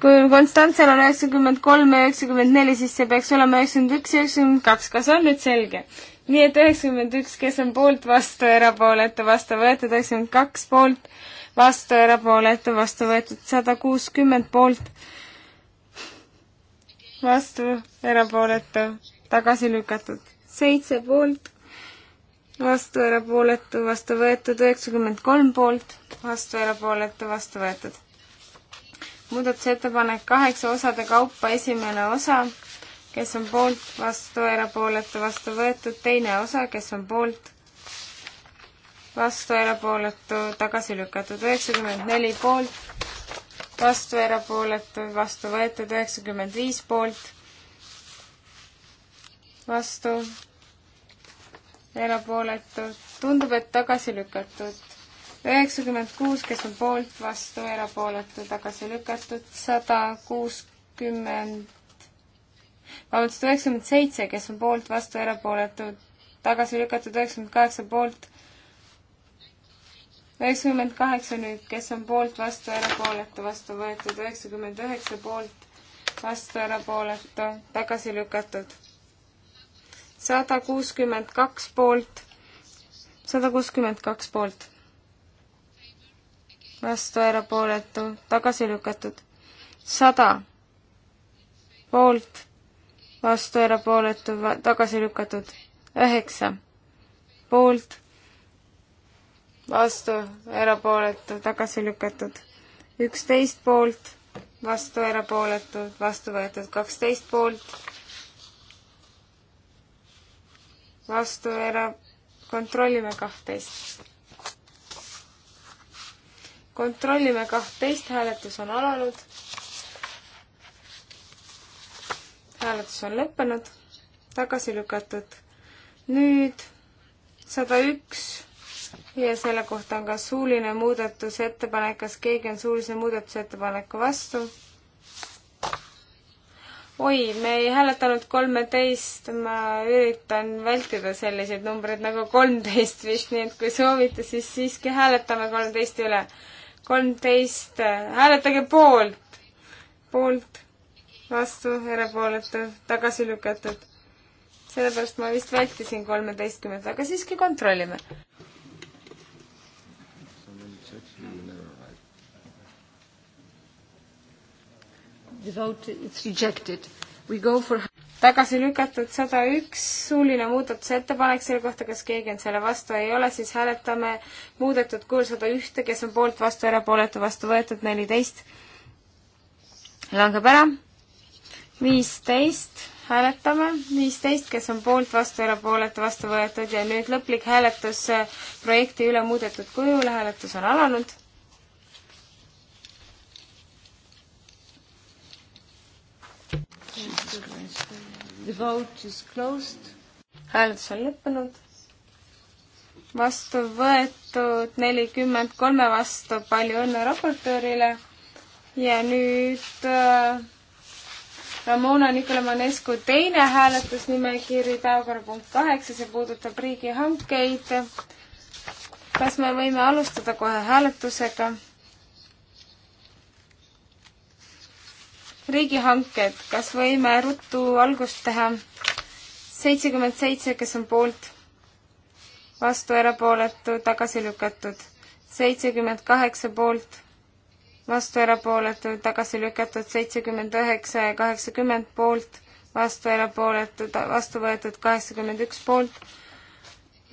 kui Konstantsel on üheksakümmend kolm ja üheksakümmend neli, siis see peaks olema üheksakümmend üks ja üheksakümmend kaks, kas on nüüd selge? nii et üheksakümmend üks, kes on poolt, vastu, erapooletu, vastu võetud, üheksakümmend kaks poolt vastu, erapooletu, vastu võetud sada kuuskümmend poolt, vastu, erapooletu, tagasi lükatud seitse poolt, vastu, erapooletu, vastu võetud üheksakümmend kolm poolt, vastu, erapooletu, vastu võetud. muudatusettepanek kaheksa osade kaupa, esimene osa, kes on poolt, vastu, erapooletu, vastu võetud, teine osa, kes on poolt, vastu, erapooletu, tagasi lükatud. üheksakümmend neli poolt, vastu, erapooletu, vastu võetud. üheksakümmend viis poolt, vastu, erapooletu. tundub, et tagasi lükatud üheksakümmend kuus, kes on poolt, vastu, erapooletu, tagasi lükatud, sada kuuskümmend, vabandust, üheksakümmend seitse, kes on poolt, vastu, erapooletu, tagasi lükatud, üheksakümmend kaheksa poolt, üheksakümmend kaheksa nüüd, kes on poolt, vastu, erapooletu, vastu võetud, üheksakümmend üheksa poolt, vastu, erapooletu, tagasi lükatud. sada kuuskümmend kaks poolt, sada kuuskümmend kaks poolt, vastu, erapooletu, tagasi lükatud. sada poolt, vastu, erapooletu, tagasi lükatud. üheksa poolt vastu, erapooletud, tagasi lükatud. üksteist poolt, vastu, erapooletud, vastu võetud. kaksteist poolt, vastu, era-, kontrollime kahtteist. kontrollime kahtteist, hääletus on alanud. hääletus on lõppenud, tagasi lükatud. nüüd sada üks ja selle kohta on ka suuline muudatusettepanek, kas keegi on suulise muudatusettepaneku vastu? oi, me ei hääletanud kolmeteist, ma üritan vältida selliseid numbreid nagu kolmteist vist, nii et kui soovite, siis siiski hääletame kolmteist üle. kolmteist, hääletage poolt, poolt, vastu, erapooletu, tagasi lükatud. sellepärast ma vist vältisin kolmeteistkümnendat, aga siiski kontrollime The vote is rejected. We go for tagasi lükatud sada üks, suuline muudatusettepanek selle kohta, kas keegi on selle vastu, ei ole, siis hääletame muudetud kujul sada ühte, kes on poolt, vastu, erapooletu, vastu võetud, neliteist langeb ära. viisteist, hääletame, viisteist, kes on poolt, vastu, erapooletu, vastu võetud ja nüüd lõplik hääletus äh, projekti üle muudetud kujul, hääletus on alanud The vote is closed. hääletus on lõppenud. vastu võetud nelikümmend kolme vastu, palju õnne raportöörile. ja nüüd äh, Ramona Nikolamanescu teine hääletusnimekiri, päevakorrapunkt kaheksa, see puudutab riigihankeid. kas me võime alustada kohe hääletusega? riigihanked, kas võime ruttu algust teha? seitsekümmend seitse, kes on poolt, vastu, erapooletu, tagasi lükatud. seitsekümmend kaheksa poolt, vastu, erapooletu, tagasi lükatud. seitsekümmend üheksa ja kaheksakümmend poolt, vastu, erapooletu, vastu võetud. kaheksakümmend üks poolt,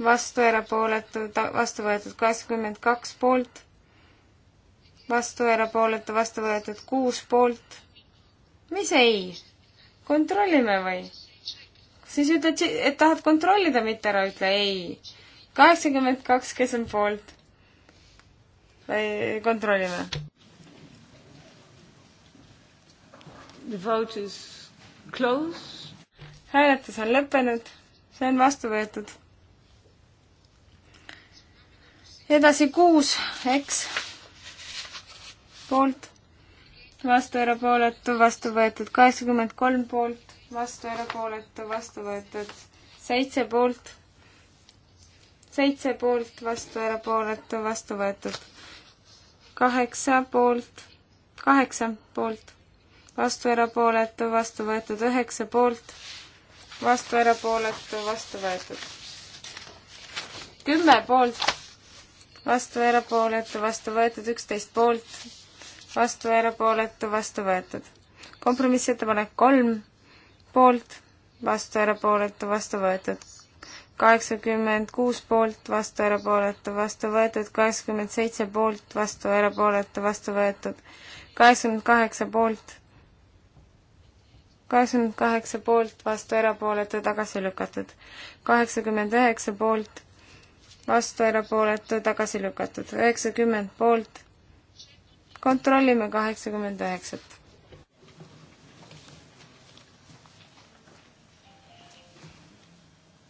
vastu, erapooletu, vastu võetud. kaheksakümmend kaks poolt, vastu, erapooletu, vastu võetud. kuus poolt mis ei? kontrollime või? siis ütled, et tahad kontrollida, mitte ära ütle ei. kaheksakümmend kaks, kes on poolt? kontrollime. The vote is closed. hääletus on lõppenud, see on vastu võetud. edasi kuus, eks, poolt, vastu erapooletu, vastu võetud kaheksakümmend kolm poolt, vastu erapooletu, vastu võetud seitse poolt, seitse poolt, vastu erapooletu, vastu võetud kaheksa poolt, kaheksa poolt, vastu erapooletu, vastu võetud üheksa poolt, vastu erapooletu, vastu võetud kümme poolt, vastu erapooletu, vastu võetud üksteist poolt vastu, erapooletu, vastu võetud. kompromissettepanek kolm, poolt, vastu, erapooletu, vastu võetud. kaheksakümmend kuus poolt, vastu, erapooletu, vastu võetud, kaheksakümmend seitse poolt, vastu, erapooletu, vastu võetud, kaheksakümmend kaheksa poolt, kaheksakümmend kaheksa poolt, vastu, erapooletu, tagasi lükatud. kaheksakümmend üheksa poolt, vastu, erapooletu, tagasi lükatud. üheksakümmend poolt kontrollime kaheksakümmend üheksat.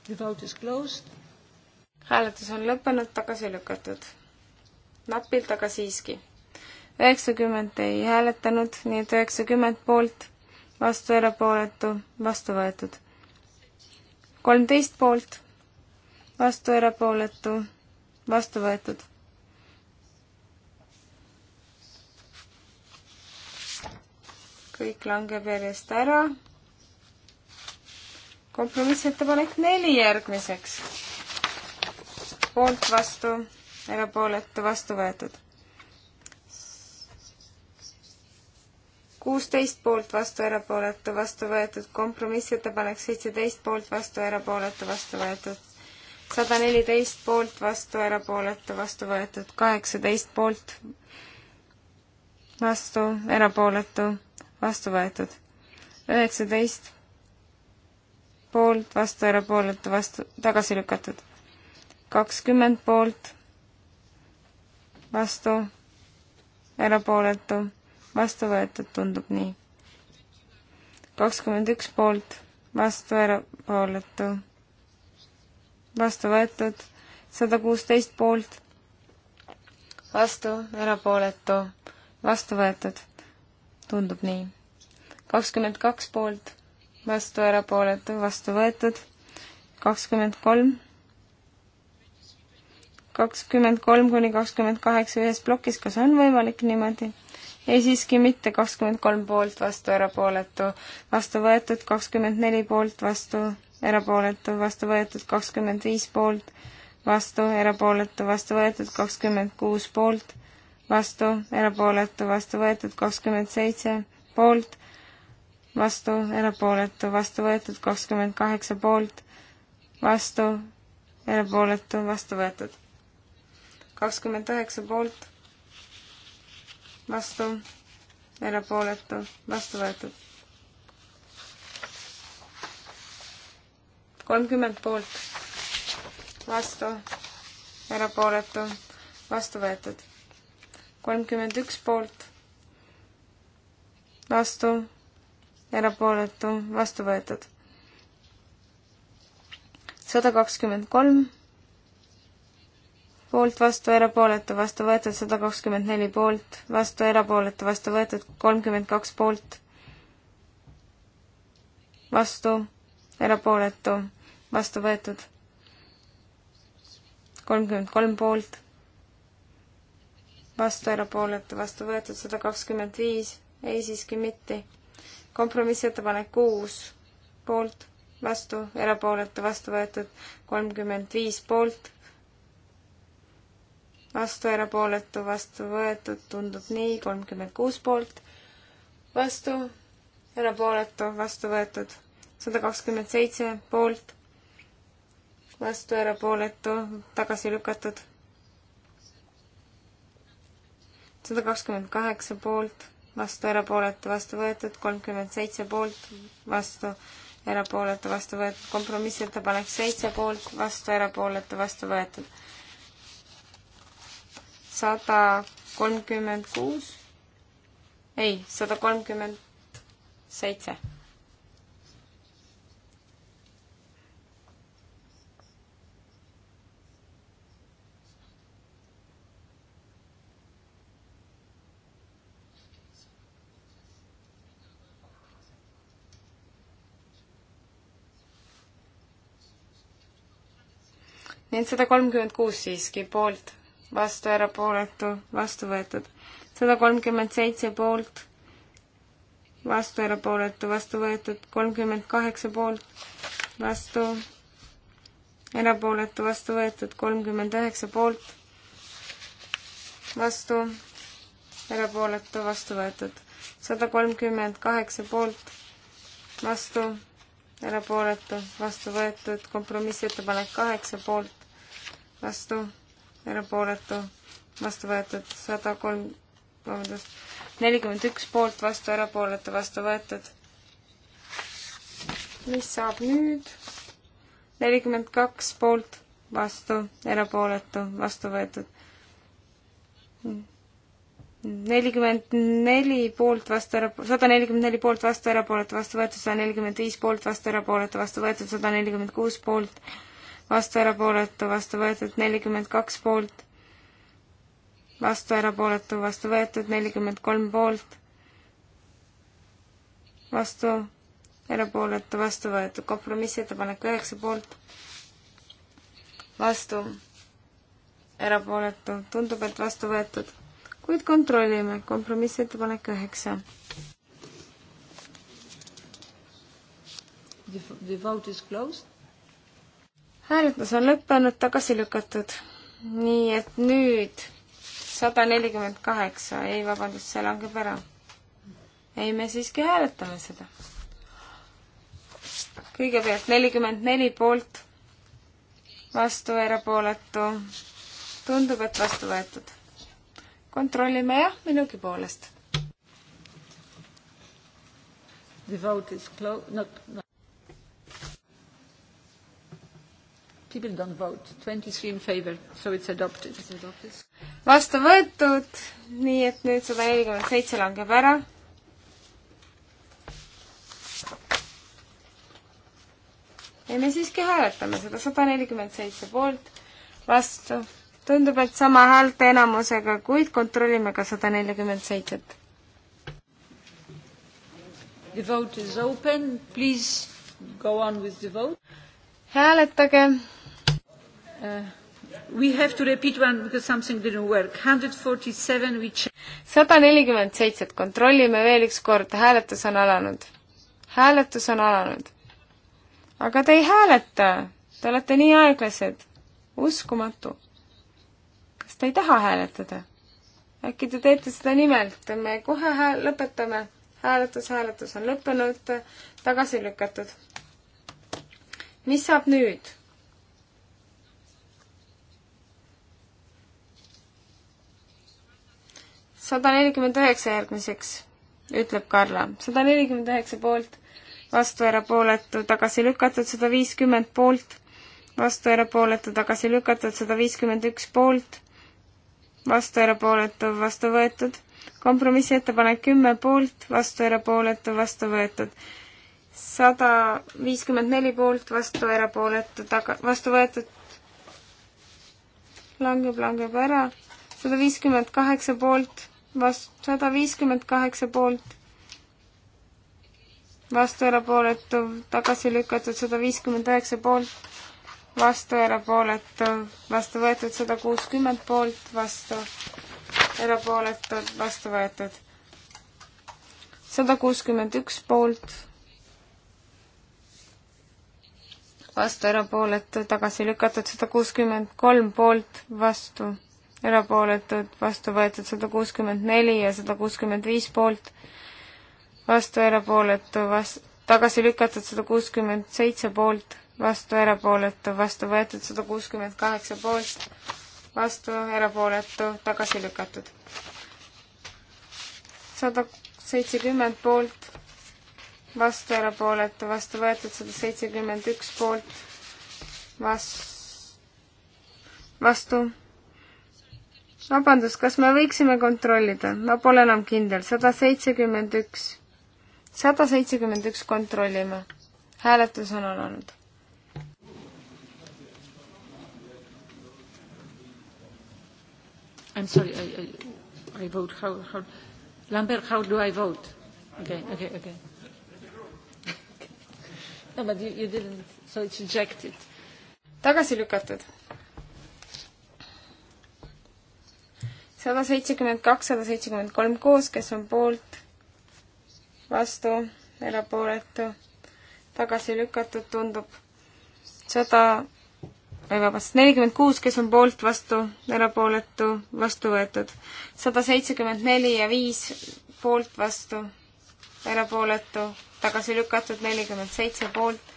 The vote is closed. hääletus on lõppenud, tagasi lükatud. napilt, aga siiski. üheksakümmend ei hääletanud, nii et üheksakümmend poolt, vastu erapooletu, vastu võetud. kolmteist poolt, vastu erapooletu, vastu võetud kõik langeb järjest ära. kompromissettepanek neli järgmiseks. poolt, vastu, erapooletu, vastu võetud. kuusteist poolt, vastu, erapooletu, vastu võetud. kompromissettepanek seitseteist poolt, vastu, erapooletu, vastu võetud sada neliteist poolt, vastu, erapooletu, vastu võetud kaheksateist poolt, vastu, erapooletu vastu võetud. üheksateist poolt, vastu, erapooletu, vastu, tagasi lükatud. kakskümmend poolt, vastu, erapooletu, vastu võetud, tundub nii. kakskümmend üks poolt, vastu, erapooletu, vastu võetud, sada kuusteist poolt, vastu, erapooletu, vastu võetud tundub nii. kakskümmend kaks poolt, vastu erapooletu, vastu võetud, kakskümmend kolm, kakskümmend kolm kuni kakskümmend kaheksa ühes plokis, kas on võimalik niimoodi? ei siiski mitte, kakskümmend kolm poolt, vastu erapooletu, vastu võetud, kakskümmend neli poolt, vastu erapooletu, vastu võetud, kakskümmend viis poolt, vastu erapooletu, vastu võetud, kakskümmend kuus poolt vastu, erapooletu, vastu võetud kakskümmend seitse poolt, vastu, erapooletu, vastu võetud kakskümmend kaheksa poolt, vastu, erapooletu, vastu võetud kakskümmend üheksa poolt, vastu, erapooletu, vastu võetud kolmkümmend poolt, vastu, erapooletu, vastu võetud kolmkümmend üks poolt, vastu, erapooletu, vastu võetud. sada kakskümmend kolm poolt, vastu, erapooletu, vastu võetud sada kakskümmend neli poolt, vastu, erapooletu, vastu võetud kolmkümmend kaks poolt, vastu, erapooletu, vastu võetud kolmkümmend kolm poolt vastu, erapooletu, vastu võetud sada kakskümmend viis, ei siiski mitte. kompromissettepanek kuus, poolt, vastu, erapooletu, vastu võetud kolmkümmend viis poolt, vastu, erapooletu, vastu võetud, tundub nii, kolmkümmend kuus poolt, vastu, erapooletu, vastu võetud sada kakskümmend seitse poolt, vastu, erapooletu, tagasi lükatud sada kakskümmend kaheksa poolt, vastu, erapooletu, vastu võetud, kolmkümmend seitse poolt, vastu, erapooletu, vastu võetud, kompromissettepanek seitse poolt, vastu, erapooletu, vastu võetud. sada kolmkümmend kuus, ei, sada kolmkümmend seitse nii et sada kolmkümmend kuus siiski poolt, vastu, erapooletu, vastu võetud. sada kolmkümmend seitse poolt, vastu, erapooletu, vastu võetud. kolmkümmend kaheksa poolt, vastu, erapooletu, vastu võetud. kolmkümmend üheksa poolt, vastu, erapooletu, vastu võetud. sada kolmkümmend kaheksa poolt, vastu, erapooletu, vastu võetud, kompromissettepanek kaheksa poolt, vastu, erapooletu, vastu võetud sada kolm, vabandust, nelikümmend üks poolt, vastu, erapooletu, vastu võetud. mis saab nüüd? nelikümmend kaks poolt, vastu, erapooletu, vastu võetud. nelikümmend neli poolt, vastu, erapooletu, sada nelikümmend neli poolt, vastu, erapooletu, vastu võetud, sada nelikümmend viis poolt, vastu, erapooletu, vastu võetud, sada nelikümmend kuus poolt vastu erapooletu, vastu võetud nelikümmend kaks poolt, vastu erapooletu, vastu võetud nelikümmend kolm poolt, vastu erapooletu, vastu võetud kompromissettepanek üheksa poolt, vastu erapooletu, tundub, et vastu võetud, kuid kontrollime, kompromissettepanek üheksa. The vote is closed hääletus on lõppenud, tagasi lükatud. nii et nüüd sada nelikümmend kaheksa, ei vabandust, see langeb ära. ei, me siiski hääletame seda. kõigepealt nelikümmend neli poolt, vastu erapooletu. tundub, et vastu võetud. kontrollime jah, minugi poolest.
The vote is closed, not, not. people don't vote. 23 in favor, so
it's adopted. It's adopted. vastu võetud, nii et nüüd sada nelikümmend seitse langeb ära. ja me siiski hääletame seda sada nelikümmend seitse poolt, vastu. tundub, et sama häälte enamusega, kuid kontrollime ka sada nelikümmend seitset.
The vote is open, please go on with the vote
hääletage. Uh,
we have to repeat one because something didn't work. 147 which
sada nelikümmend seitse, et kontrollime veel üks kord, hääletus on alanud. hääletus on alanud. aga te ei hääleta, te olete nii aeglased, uskumatu. kas te ei taha hääletada? äkki te teete seda nimelt, me kohe hääl-, lõpetame. hääletus, hääletus on lõppenud, tagasi lükatud. mis saab nüüd? sada nelikümmend üheksa järgmiseks, ütleb Karla. sada nelikümmend üheksa poolt, vastu erapooletu, tagasi lükatud, sada viiskümmend poolt, vastu erapooletu, tagasi lükatud, sada viiskümmend üks poolt, vastu erapooletu, vastu võetud. kompromissettepanek kümme poolt, vastu erapooletu, vastu võetud sada viiskümmend neli poolt, vastu erapooletu, taga, vastu võetud. langeb, langeb ära. sada viiskümmend kaheksa poolt, vastu, sada viiskümmend kaheksa poolt, vastu erapooletu, tagasi lükatud sada viiskümmend üheksa poolt, vastu erapooletu, vastu võetud sada kuuskümmend poolt, vastu erapooletud, vastu võetud sada kuuskümmend üks poolt, vastu erapooletu, tagasi lükatud sada kuuskümmend kolm poolt, vastu erapooletud, vastu võetud sada kuuskümmend neli ja sada kuuskümmend viis poolt, vastu erapooletu, vas-, tagasi lükatud sada kuuskümmend seitse poolt, vastu erapooletu, vastu võetud sada kuuskümmend kaheksa poolt, vastu erapooletu, tagasi lükatud. sada seitsekümmend poolt, vastu erapooletu, vastu võetud sada seitsekümmend üks poolt, vas-, vastu vabandust, kas me võiksime kontrollida, ma pole enam kindel, sada seitsekümmend üks, sada seitsekümmend üks kontrollime. hääletus on alanud. I am sorry, I, I, I vote how, how, Lambert, how do I vote? Okay, okay, okay. no but you, you didn't, so it's rejected. tagasi lükatud sada seitsekümmend kaks, sada seitsekümmend kolm koos, kes on poolt, vastu, erapooletu, tagasi lükatud, tundub. sada, ei vabandust, nelikümmend kuus, kes on poolt, vastu, erapooletu, vastu võetud. sada seitsekümmend neli ja viis poolt, vastu, erapooletu, tagasi lükatud, nelikümmend seitse poolt,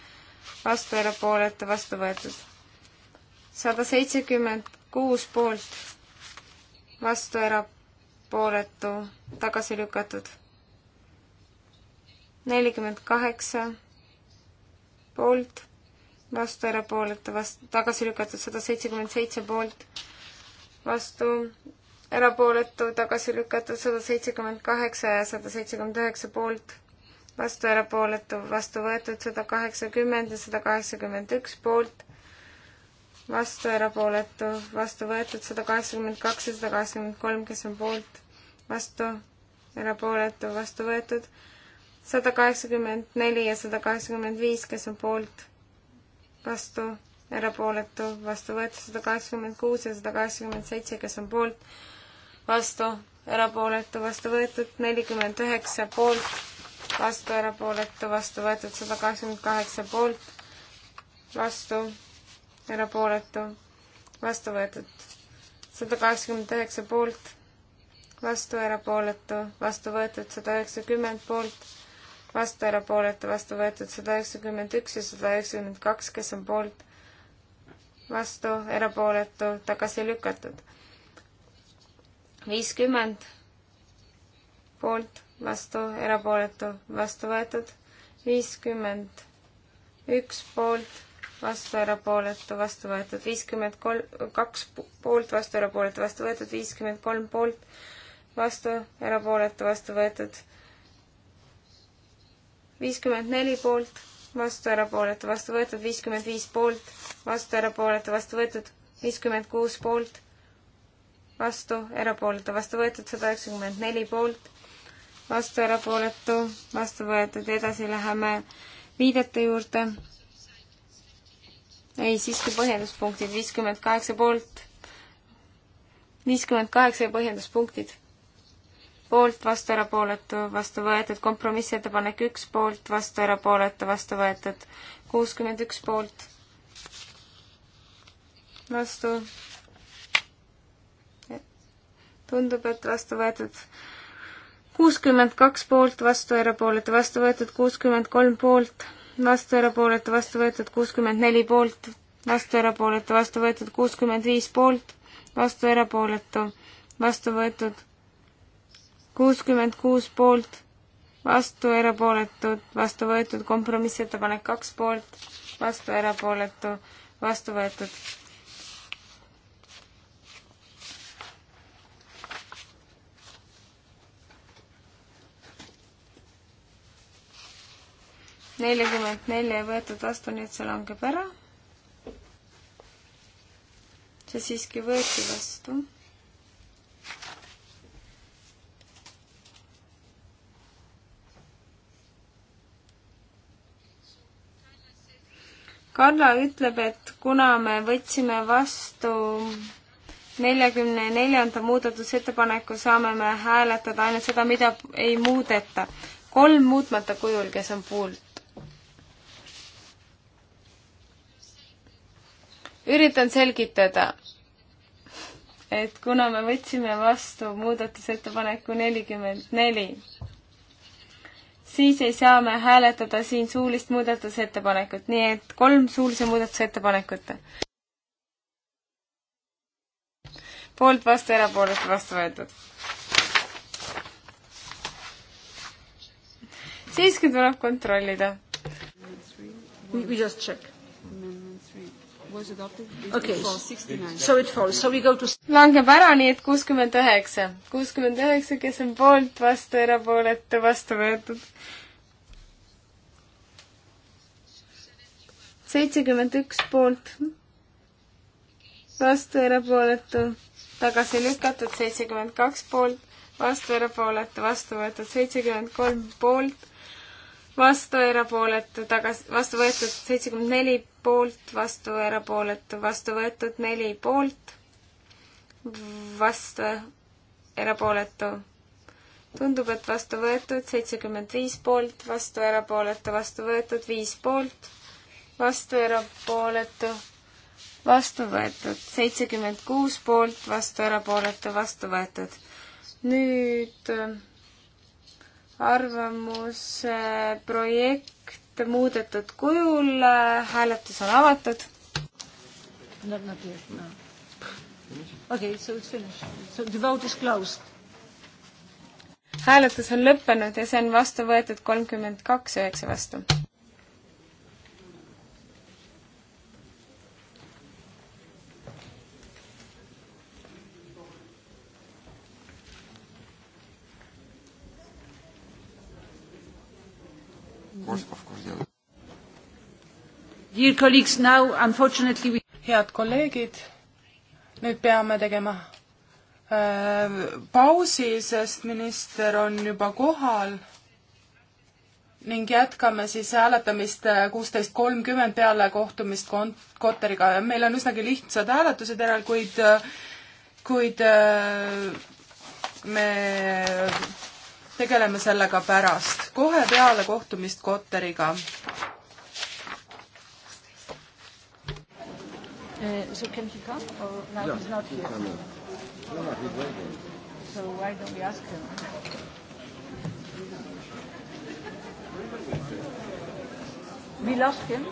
vastu, erapooletu, vastu võetud. sada seitsekümmend kuus poolt vastu erapooletu, tagasi lükatud. nelikümmend kaheksa poolt, vastu erapooletu, vastu, tagasi lükatud sada seitsekümmend seitse poolt, vastu erapooletu, tagasi lükatud sada seitsekümmend kaheksa ja sada seitsekümmend üheksa poolt, vastu erapooletu, vastu võetud sada kaheksakümmend ja sada kaheksakümmend üks poolt vastu, erapooletu, vastu võetud sada kaheksakümmend kaks ja sada kaheksakümmend kolm, kes on poolt, vastu, erapooletu, vastu võetud, sada kaheksakümmend neli ja sada kaheksakümmend viis, kes on poolt, vastu, erapooletu, vastu võetud, sada kaheksakümmend kuus ja sada kaheksakümmend seitse, kes on poolt, vastu, erapooletu, vastu võetud, nelikümmend üheksa poolt, vastu, erapooletu, vastu võetud, sada kaheksakümmend kaheksa poolt, vastu, erapooletu, vastu võetud. sada kaheksakümmend üheksa poolt, vastu erapooletu, vastu võetud sada üheksakümmend poolt, vastu erapooletu, vastu võetud sada üheksakümmend üks ja sada üheksakümmend kaks, kes on poolt, vastu erapooletu, tagasi lükatud. viiskümmend poolt, vastu erapooletu, vastu võetud, viiskümmend üks poolt vastu, erapooletu, vastu võetud viiskümmend kolm, kaks poolt, vastu, erapooletu, vastu võetud viiskümmend kolm poolt, vastu, erapooletu, vastu võetud viiskümmend neli poolt, vastu, erapooletu, vastu võetud viiskümmend viis poolt, vastu, erapooletu, vastu võetud viiskümmend kuus poolt, vastu, erapooletu, vastu võetud sada üheksakümmend neli poolt, vastu, erapooletu, vastu võetud ja edasi läheme viidete juurde ei, siiski põhjenduspunktid, viiskümmend kaheksa poolt, viiskümmend kaheksa ja põhjenduspunktid. poolt, vastu, erapooletu, vastu võetud, kompromissettepanek üks poolt, vastu, erapooletu, vastu võetud, kuuskümmend üks poolt, vastu. tundub, et vastu võetud kuuskümmend kaks poolt, vastu, erapooletu, vastu võetud kuuskümmend kolm poolt vastu, erapooletu, vastu võetud kuuskümmend neli poolt, vastu, erapooletu, vastu võetud kuuskümmend viis poolt, vastu, erapooletu, vastu võetud kuuskümmend kuus poolt, vastu, erapooletud, vastu võetud kompromissettepanek kaks poolt, vastu, erapooletu, vastu võetud nelikümmend neli ei võetud vastu, nii et see langeb ära. see siiski võeti vastu. Karla ütleb, et kuna me võtsime vastu neljakümne neljanda muudatusettepaneku, saame me hääletada ainult seda, mida ei muudeta. kolm muutmata kujul, kes on poolt, üritan selgitada, et kuna me võtsime vastu muudatusettepaneku nelikümmend neli, siis ei saa me hääletada siin suulist muudatusettepanekut, nii et kolm suulise muudatusettepanekut. poolt, vastu, erapooletu, vastu võetud. siiski tuleb kontrollida. We just check. Amendment three okay. so it falls, so we go to langeb ära, nii et kuuskümmend üheksa. kuuskümmend üheksa, kes on poolt, vastu, erapooletu, vastu võetud. seitsekümmend üks poolt, vastu, erapooletu, tagasi lükatud, seitsekümmend kaks poolt, vastu, erapooletu, vastu võetud, seitsekümmend kolm poolt, vastu, erapooletu, tagasi, vastu võetud, seitsekümmend neli poolt, vastu, erapooletu, vastu võetud neli poolt, vastu, erapooletu. tundub, et vastu võetud seitsekümmend viis poolt, vastu, erapooletu, vastu võetud viis poolt, vastu, erapooletu, vastu võetud seitsekümmend kuus poolt, vastu, erapooletu, vastu võetud. nüüd äh, arvamusprojekt muudetud kujul, äh, hääletus on avatud. Not not yet, no. Okay, so it's finished. So the vote is closed. hääletus on lõppenud ja see on vastu võetud kolmkümmend kaks üheksa vastu
course, of course the other. Dear colleagues, now unfortunately we... head kolleegid, nüüd peame tegema äh, pausi, sest minister on juba kohal ning jätkame siis hääletamist äh, kuusteist kolmkümmend peale kohtumist kont-, Kotteriga. meil on üsnagi lihtsad hääletused järel, kuid, äh, kuid äh, me tegeleme sellega pärast, kohe peale kohtumist Kotteriga.
Uh, so can he come or oh, now yeah, he's not here? He
no, no, he's waiting.
So why don't we ask him? We lost him.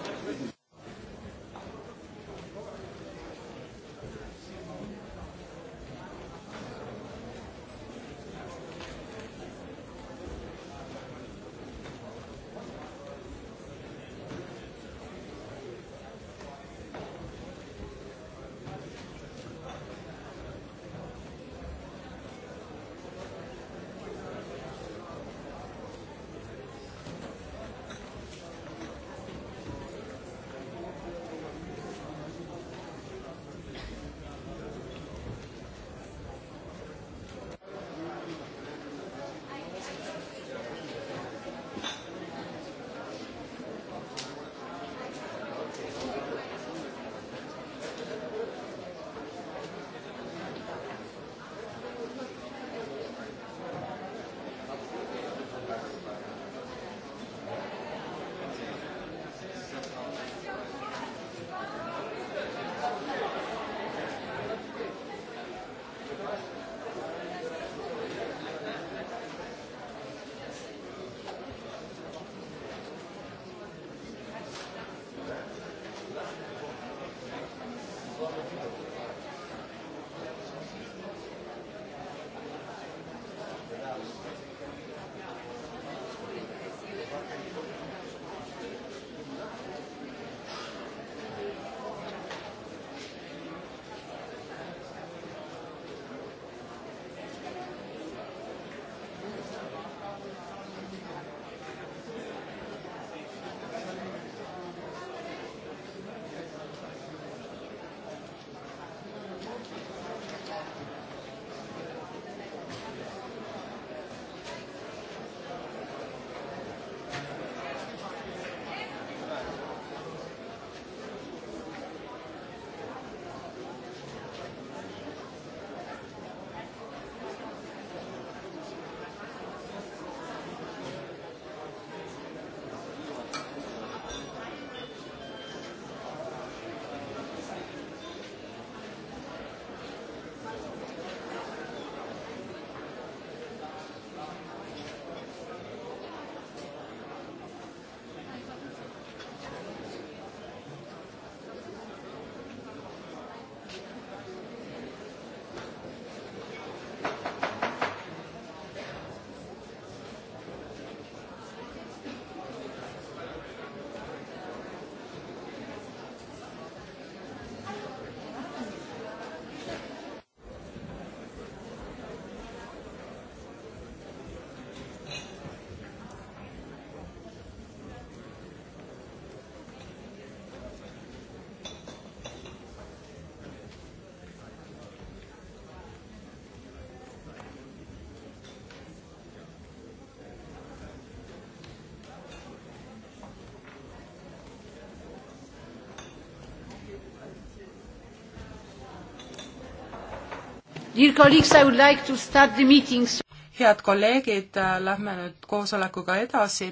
head kolleegid, lähme nüüd koosolekuga edasi.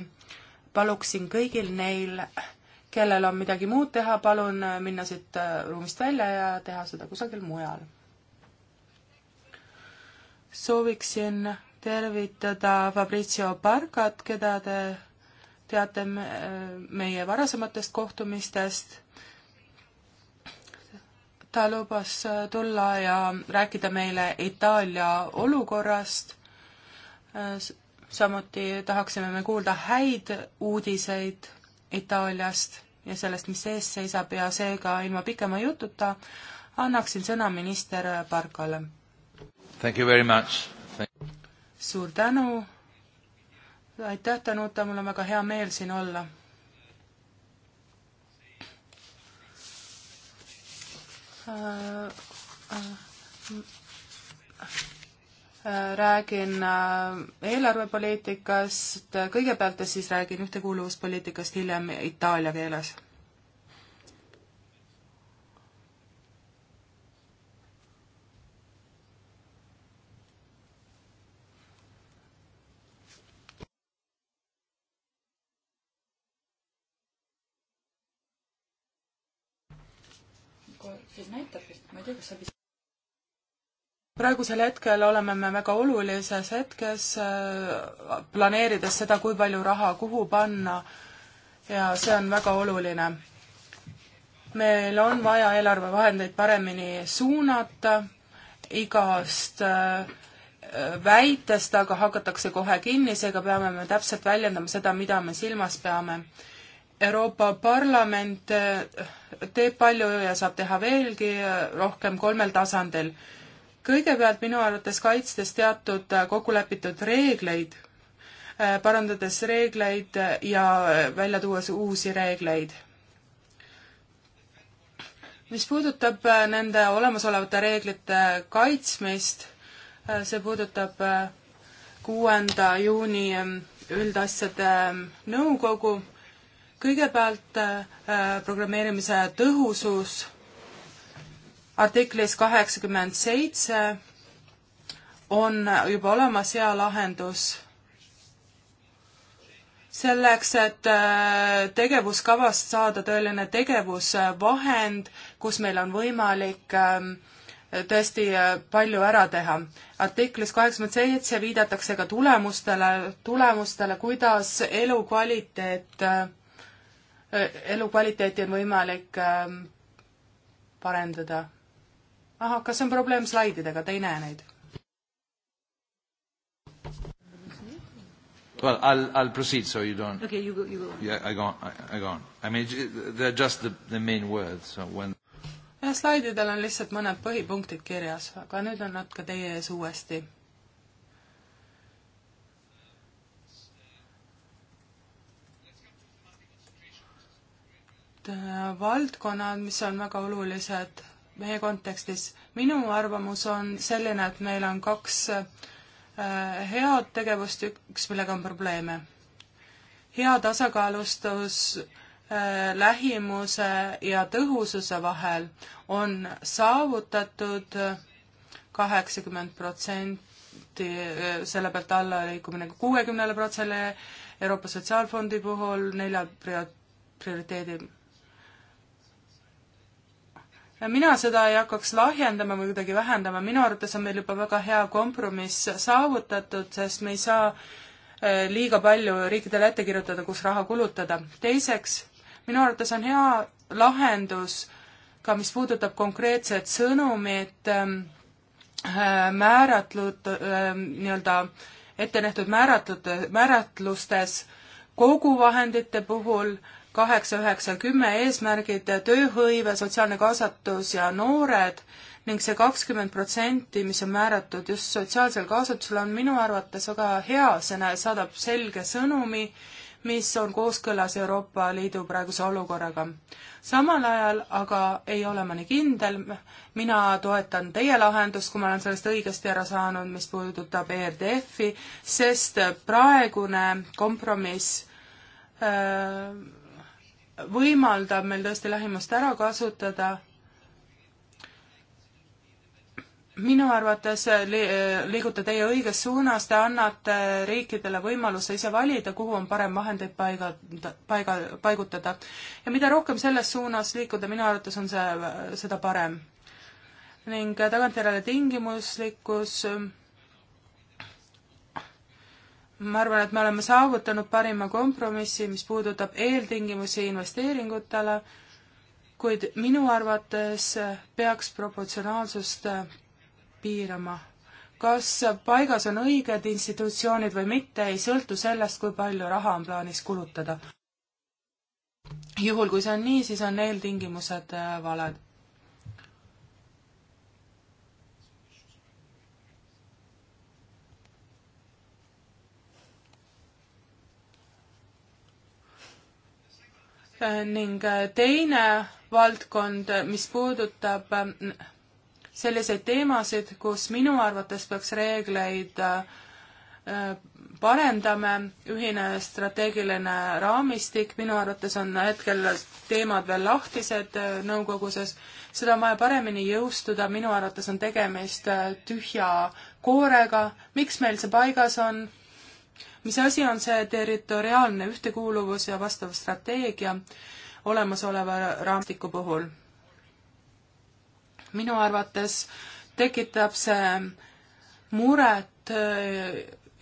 paluksin kõigil neil, kellel on midagi muud teha, palun minna siit äh, ruumist välja ja teha seda kusagil mujal. sooviksin tervitada Fabrizio Barkat, keda te teate meie varasematest kohtumistest ta lubas äh, tulla ja rääkida meile Itaalia olukorrast. Äh, samuti tahaksime me kuulda häid uudiseid Itaaliast ja sellest, mis ees seisab ja seega ilma pikema jututa annaksin sõna minister Parkale. suur tänu. aitäh, Danuta, mul on väga hea meel siin olla Äh, äh, räägin äh, eelarvepoliitikast, kõigepealt ja siis räägin ühtekuuluvuspoliitikast hiljem itaalia keeles
siis näitab vist, ma ei tea, kas see vist
praegusel hetkel oleme me väga olulises hetkes, äh, planeerides seda, kui palju raha kuhu panna ja see on väga oluline. meil on vaja eelarvevahendeid paremini suunata, igast äh, väitest aga hakatakse kohe kinni, seega peame me täpselt väljendama seda, mida me silmas peame. Euroopa Parlament eh, teeb palju ja saab teha veelgi eh, rohkem kolmel tasandil. kõigepealt minu arvates kaitstes teatud eh, kokkulepitud reegleid, parandades reegleid ja välja tuues uusi reegleid. mis puudutab nende olemasolevate reeglite kaitsmist, see puudutab kuuenda juuni üldasjade nõukogu kõigepealt äh, äh, programmeerimise tõhusus artiklis kaheksakümmend seitse on juba olemas hea lahendus selleks, et äh, tegevuskavast saada tõeline tegevusvahend, kus meil on võimalik ähm, tõesti palju ära teha. artiklis kaheksakümmend seitse viidatakse ka tulemustele, tulemustele, kuidas elukvaliteet Äh, elukvaliteeti on võimalik ähm, parendada. ahah, kas on probleem slaididega, te ei näe neid?
Well, I'll, I'll proceed so you don't.
Okay, you go. You go.
Yeah, I go. On, I, I go on. I mean, they're just the, the main words. So when.
jah, slaididel on lihtsalt mõned põhipunktid kirjas, aga nüüd on nad ka teie ees uuesti Äh, valdkonnad, mis on väga olulised meie kontekstis. minu arvamus on selline, et meil on kaks äh, head tegevust, üks, millega on probleeme. hea tasakaalustus äh, lähimuse ja tõhususe vahel on saavutatud kaheksakümmend protsenti, selle pealt alla liikumine kuuekümnele protsendile, Euroopa Sotsiaalfondi puhul nelja prioriteedi mina seda ei hakkaks lahjendama või kuidagi vähendama, minu arvates on meil juba väga hea kompromiss saavutatud, sest me ei saa eh, liiga palju riikidele ette kirjutada, kus raha kulutada. teiseks, minu arvates on hea lahendus ka, mis puudutab konkreetset sõnumit ähm,, eh, määratlud ähm,, nii-öelda ette nähtud määratlud, määratlustes koguvahendite puhul äh, kaheksa, üheksa, kümme eesmärgid, tööhõive, sotsiaalne kaasatus ja noored ning see kakskümmend protsenti, mis on määratud just sotsiaalsel kaasatusel, on minu arvates väga hea, see näe-, saadab selge sõnumi, mis on kooskõlas Euroopa Liidu praeguse olukorraga. samal ajal aga ei ole ma nii kindel, mina toetan teie lahendust, kui ma olen sellest õigesti ära saanud, mis puudutab ERDF-i, sest praegune kompromiss öö, äh, võimaldab meil tõesti lähimust ära kasutada. minu arvates li liigute teie õiges suunas, te annate riikidele võimaluse ise valida, kuhu on parem vahendeid paiga, paiga, paigutada. ja mida rohkem selles suunas liikuda, minu arvates on see, seda parem. ning tagantjärele tingimuslikkus ma arvan, et me oleme saavutanud parima kompromissi, mis puudutab eeltingimusi investeeringutele, kuid minu arvates peaks proportsionaalsust piirama. kas paigas on õiged institutsioonid või mitte, ei sõltu sellest, kui palju raha on plaanis kulutada. juhul, kui see on nii, siis on eeltingimused valed ning äh, teine valdkond, äh, mis puudutab äh, selliseid teemasid, kus minu arvates peaks reegleid parendame, ühine strateegiline raamistik, minu arvates on hetkel teemad veel lahtised nõukoguses, seda on vaja paremini jõustuda, minu arvates on tegemist tühja koorega, miks meil see paigas on, mis asi on see territoriaalne ühtekuuluvus ja vastav strateegia olemasoleva raamistiku puhul? minu arvates tekitab see muret äh,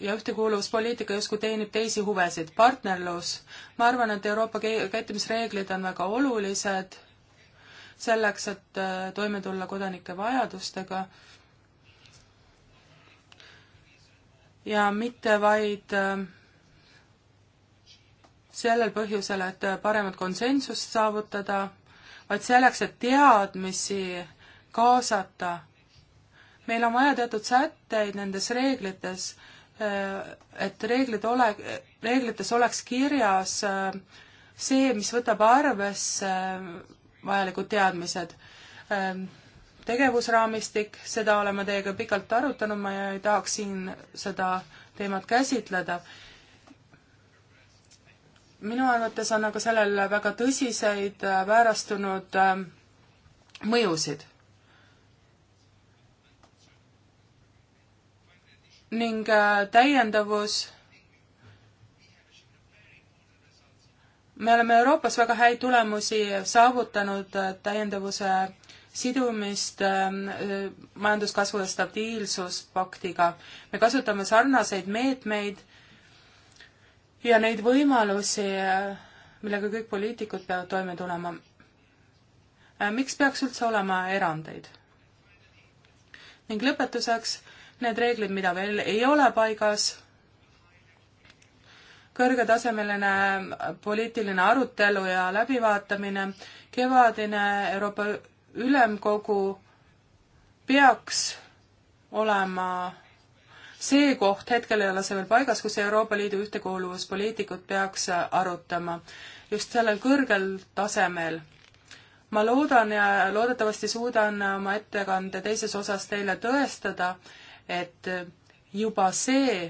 ja ühtekuuluvuspoliitika justkui teenib teisi huvesid, partnerlus. ma arvan, et Euroopa käitumisreeglid on väga olulised selleks, et äh, toime tulla kodanike vajadustega ja mitte vaid äh, sellel põhjusel, et äh, paremat konsensust saavutada, vaid selleks, et teadmisi kaasata. meil on vaja teatud sätteid nendes reeglites, äh, et reeglid ole, reeglites oleks kirjas see, mis võtab arvesse vajalikud teadmised ähm, tegevusraamistik, seda oleme teiega pikalt arutanud, ma ei tahaks siin seda teemat käsitleda. minu arvates on aga sellel väga tõsiseid äh, väärastunud ähm, mõjusid. ning äh, täiendavus me oleme Euroopas väga häid tulemusi saavutanud äh, täiendavuse sidumist ähm, äh, majanduskasvu ja stabiilsuspaktiga. me kasutame sarnaseid meetmeid ja neid võimalusi, äh, millega kõik poliitikud peavad toime tulema. Äh, miks peaks üldse olema erandeid? ning lõpetuseks need reeglid, mida veel ei ole paigas kõrgetasemeline poliitiline arutelu ja läbivaatamine, kevadine Euroopa ülemkogu peaks olema see koht, hetkel ei ole see veel paigas, kus Euroopa Liidu ühtekuuluvuspoliitikud peaks arutama just sellel kõrgel tasemel. ma loodan ja loodetavasti suudan oma ettekande teises osas teile tõestada, et juba see,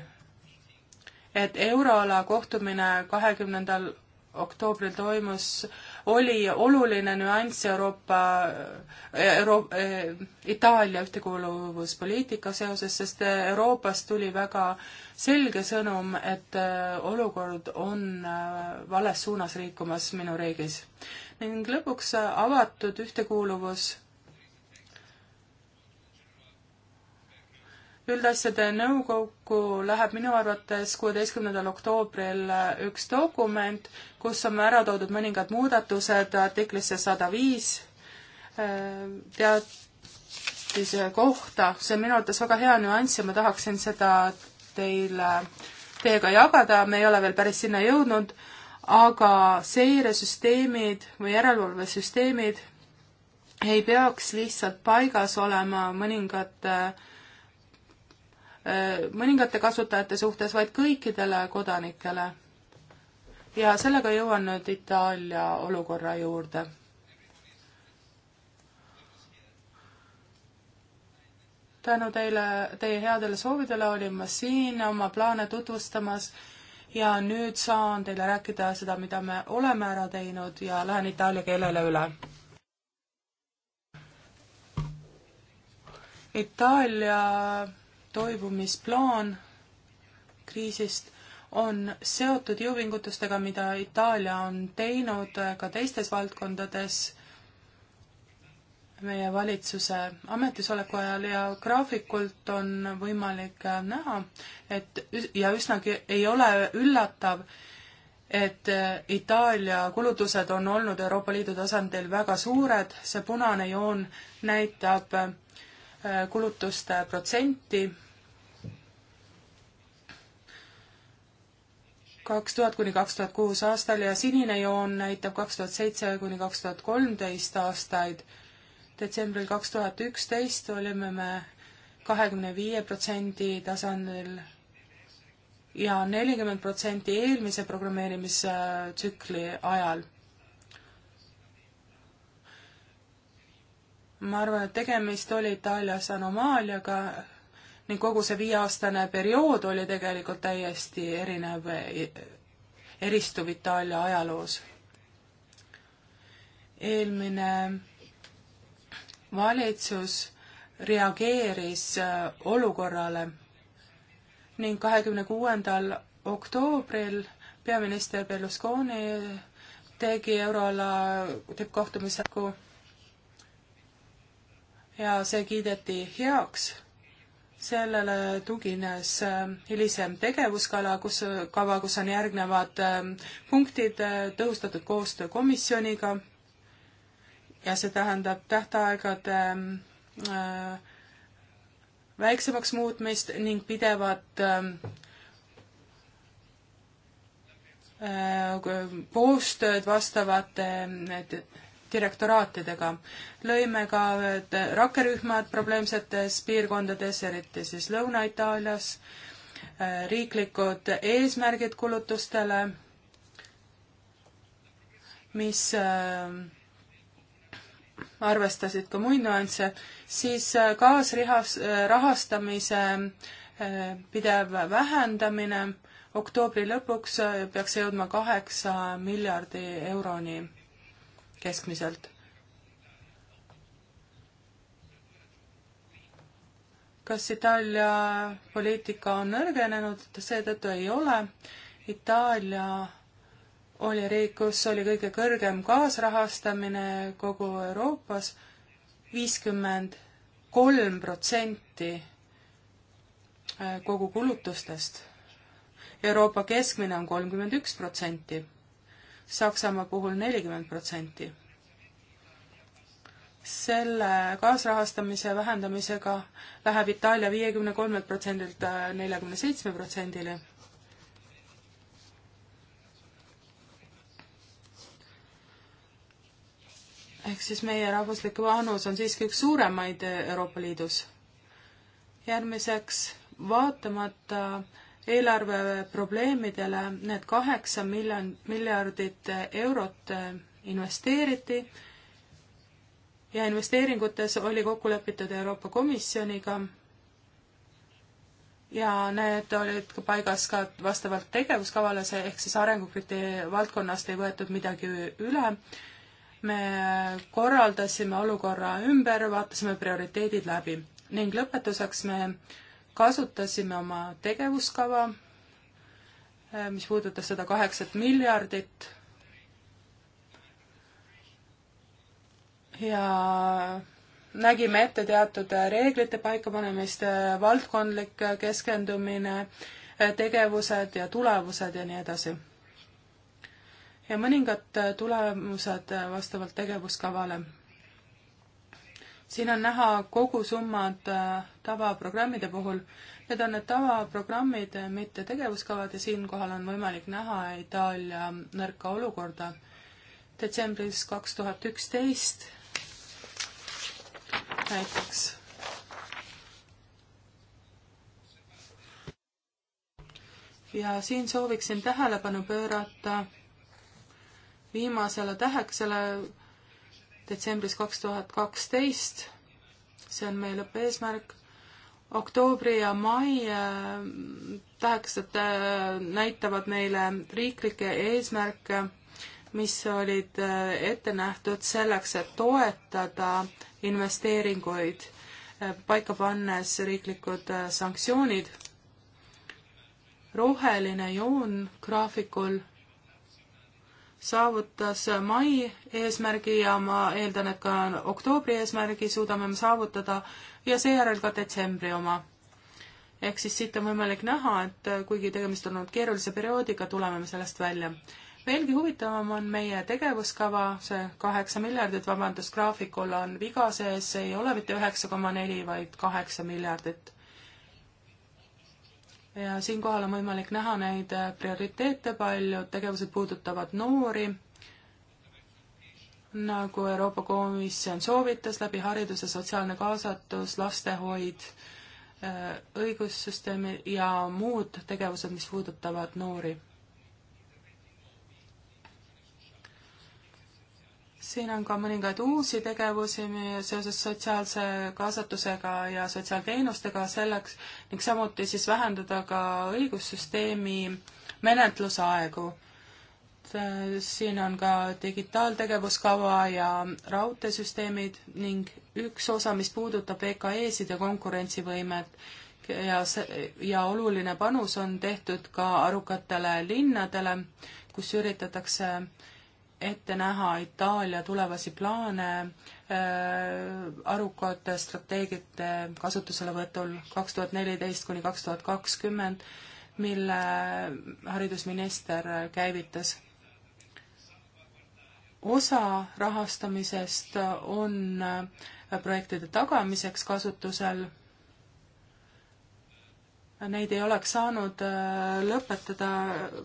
et euroala kohtumine kahekümnendal oktoobril toimus, oli oluline nüanss Euroopa, Euro-, e, Itaalia ühtekuuluvuspoliitika seoses, sest Euroopast tuli väga selge sõnum, et e, olukord on e, vales suunas liikumas minu riigis. ning lõpuks avatud ühtekuuluvus üldasjade nõukokku läheb minu arvates kuueteistkümnendal oktoobril üks dokument, kus on ära toodud mõningad muudatused artiklisse sada viis äh, teatise kohta. see on minu arvates väga hea nüanss ja ma tahaksin seda teile, teiega jagada, me ei ole veel päris sinna jõudnud, aga seiresüsteemid või järelevalvesüsteemid ei peaks lihtsalt paigas olema mõningate äh, Äh, mõningate kasutajate suhtes, vaid kõikidele kodanikele. ja sellega jõuan nüüd Itaalia olukorra juurde. tänu teile, teie headele soovidele olin ma siin oma plaane tutvustamas ja nüüd saan teile rääkida seda, mida me oleme ära teinud ja lähen itaalia keelele üle. Itaalia toibumisplaan kriisist on seotud jõupingutustega, mida Itaalia on teinud ka teistes valdkondades meie valitsuse ametisoleku ajal ja graafikult on võimalik näha, et ja üsnagi ei ole üllatav, et Itaalia kulutused on olnud Euroopa Liidu tasandil väga suured, see punane joon näitab äh, kulutuste protsenti kaks tuhat kuni kaks tuhat kuus aastal ja sinine joon näitab kaks tuhat seitse kuni kaks tuhat kolmteist aastaid. detsembril kaks tuhat üksteist olime me kahekümne viie protsendi tasandil ja nelikümmend protsenti eelmise programmeerimistsükli ajal. ma arvan, et tegemist oli Itaalias anomaaliaga, ning kogu see viieaastane periood oli tegelikult täiesti erinev, eristuv Itaalia ajaloos. eelmine valitsus reageeris äh, olukorrale ning kahekümne kuuendal oktoobril peaminister Berlusconi tegi euroala tippkohtumise ja see kiideti heaks sellele tugines ähm, hilisem tegevuskala, kus, kava, kus on järgnevad ähm, punktid äh, tõhustatud koostöö komisjoniga ja see tähendab tähtaegade ähm, äh, väiksemaks muutmist ning pidevat äh, koostööd vastavate direktoraatidega. lõime ka rakkerühmad probleemsetes piirkondades, eriti siis Lõuna-Itaalias, riiklikud eesmärgid kulutustele, mis äh, arvestasid ka muid nüansse, siis äh, kaasrihas, rahastamise äh, pidev vähendamine oktoobri lõpuks peaks jõudma kaheksa miljardi euroni keskmiselt. kas Itaalia poliitika on nõrgenenud? seetõttu ei ole. Itaalia oli riik, kus oli kõige kõrgem kaasrahastamine kogu Euroopas, viiskümmend kolm protsenti äh, kogu kulutustest. Euroopa keskmine on kolmkümmend üks protsenti Saksamaa puhul nelikümmend protsenti. selle kaasrahastamise vähendamisega läheb Itaalia viiekümne kolmelt protsendilt äh, neljakümne seitsme protsendile. ehk siis meie rahvuslik vanus on siiski üks suuremaid Euroopa Liidus. järgmiseks, vaatamata äh, eelarveprobleemidele need kaheksa miljon, miljardit eurot investeeriti ja investeeringutes oli kokku lepitud Euroopa Komisjoniga ja need olid ka paigas ka vastavalt tegevuskavale, see ehk siis arengukriteeriumi valdkonnast ei võetud midagi üle. me korraldasime olukorra ümber, vaatasime prioriteedid läbi ning lõpetuseks me äh, kasutasime oma tegevuskava, äh, mis puudutas seda kaheksat miljardit ja nägime ette teatud reeglite paikapanemist, valdkondlik keskendumine, äh, tegevused ja tulemused ja nii edasi. ja mõningad äh, tulemused vastavalt tegevuskavale siin on näha kogusummad äh, tavaprogrammide puhul. Need on need tavaprogrammid, äh, mitte tegevuskavad ja siinkohal on võimalik näha Itaalia nõrka olukorda. detsembris kaks tuhat üksteist näiteks ja siin sooviksin tähelepanu pöörata viimasele täheksele detsembris kaks tuhat kaksteist, see on meie lõppeesmärk, oktoobri ja mai äh, tähekesed äh, näitavad meile riiklikke eesmärke, mis olid äh, ette nähtud selleks, et toetada investeeringuid, paika pannes riiklikud sanktsioonid. roheline joon graafikul saavutas mai eesmärgi ja ma eeldan, et ka oktoobri eesmärgi suudame me saavutada ja seejärel ka detsembri oma. ehk siis siit on võimalik näha, et kuigi tegemist on olnud keerulise perioodiga, tuleme me sellest välja. veelgi huvitavam on meie tegevuskava, see kaheksa miljardit, vabandust, graafikul on viga sees, ei ole mitte üheksa koma neli, vaid kaheksa miljardit ja siinkohal on võimalik näha neid äh, prioriteete, paljud tegevused puudutavad noori, nagu Euroopa Komisjon soovitas, läbi hariduse sotsiaalne kaasatus, lastehoid, äh, õigussüsteemi ja muud tegevused, mis puudutavad noori siin on ka mõningaid uusi tegevusi seoses sotsiaalse kaasatusega ja sotsiaalteenustega selleks ning samuti siis vähendada ka õigussüsteemi menetlusaegu siin on ka digitaaltegevuskava ja raudteesüsteemid ning üks osa, mis puudutab EKE-sid ja konkurentsivõimet ja see, ja oluline panus on tehtud ka arukatele linnadele, kus üritatakse ette näha Itaalia tulevasi plaane äh, arukate strateegiate kasutuselevõtul kaks tuhat neliteist kuni kaks tuhat kakskümmend, mille haridusminister käivitas. osa rahastamisest on äh, projektide tagamiseks kasutusel neid ei oleks saanud äh, lõpetada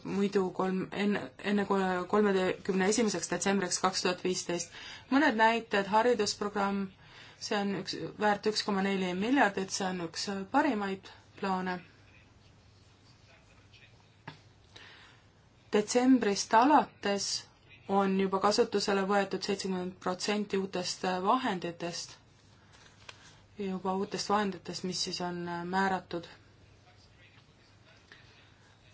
muidu kolm, enne, enne kolmekümne esimeseks detsembriks kaks tuhat viisteist. mõned näited, haridusprogramm, see on üks, väärt üks koma neli miljardit, see on üks parimaid plaane. detsembrist alates on juba kasutusele võetud seitsekümmend protsenti uutest äh, vahenditest, juba uutest vahenditest, mis siis on äh, määratud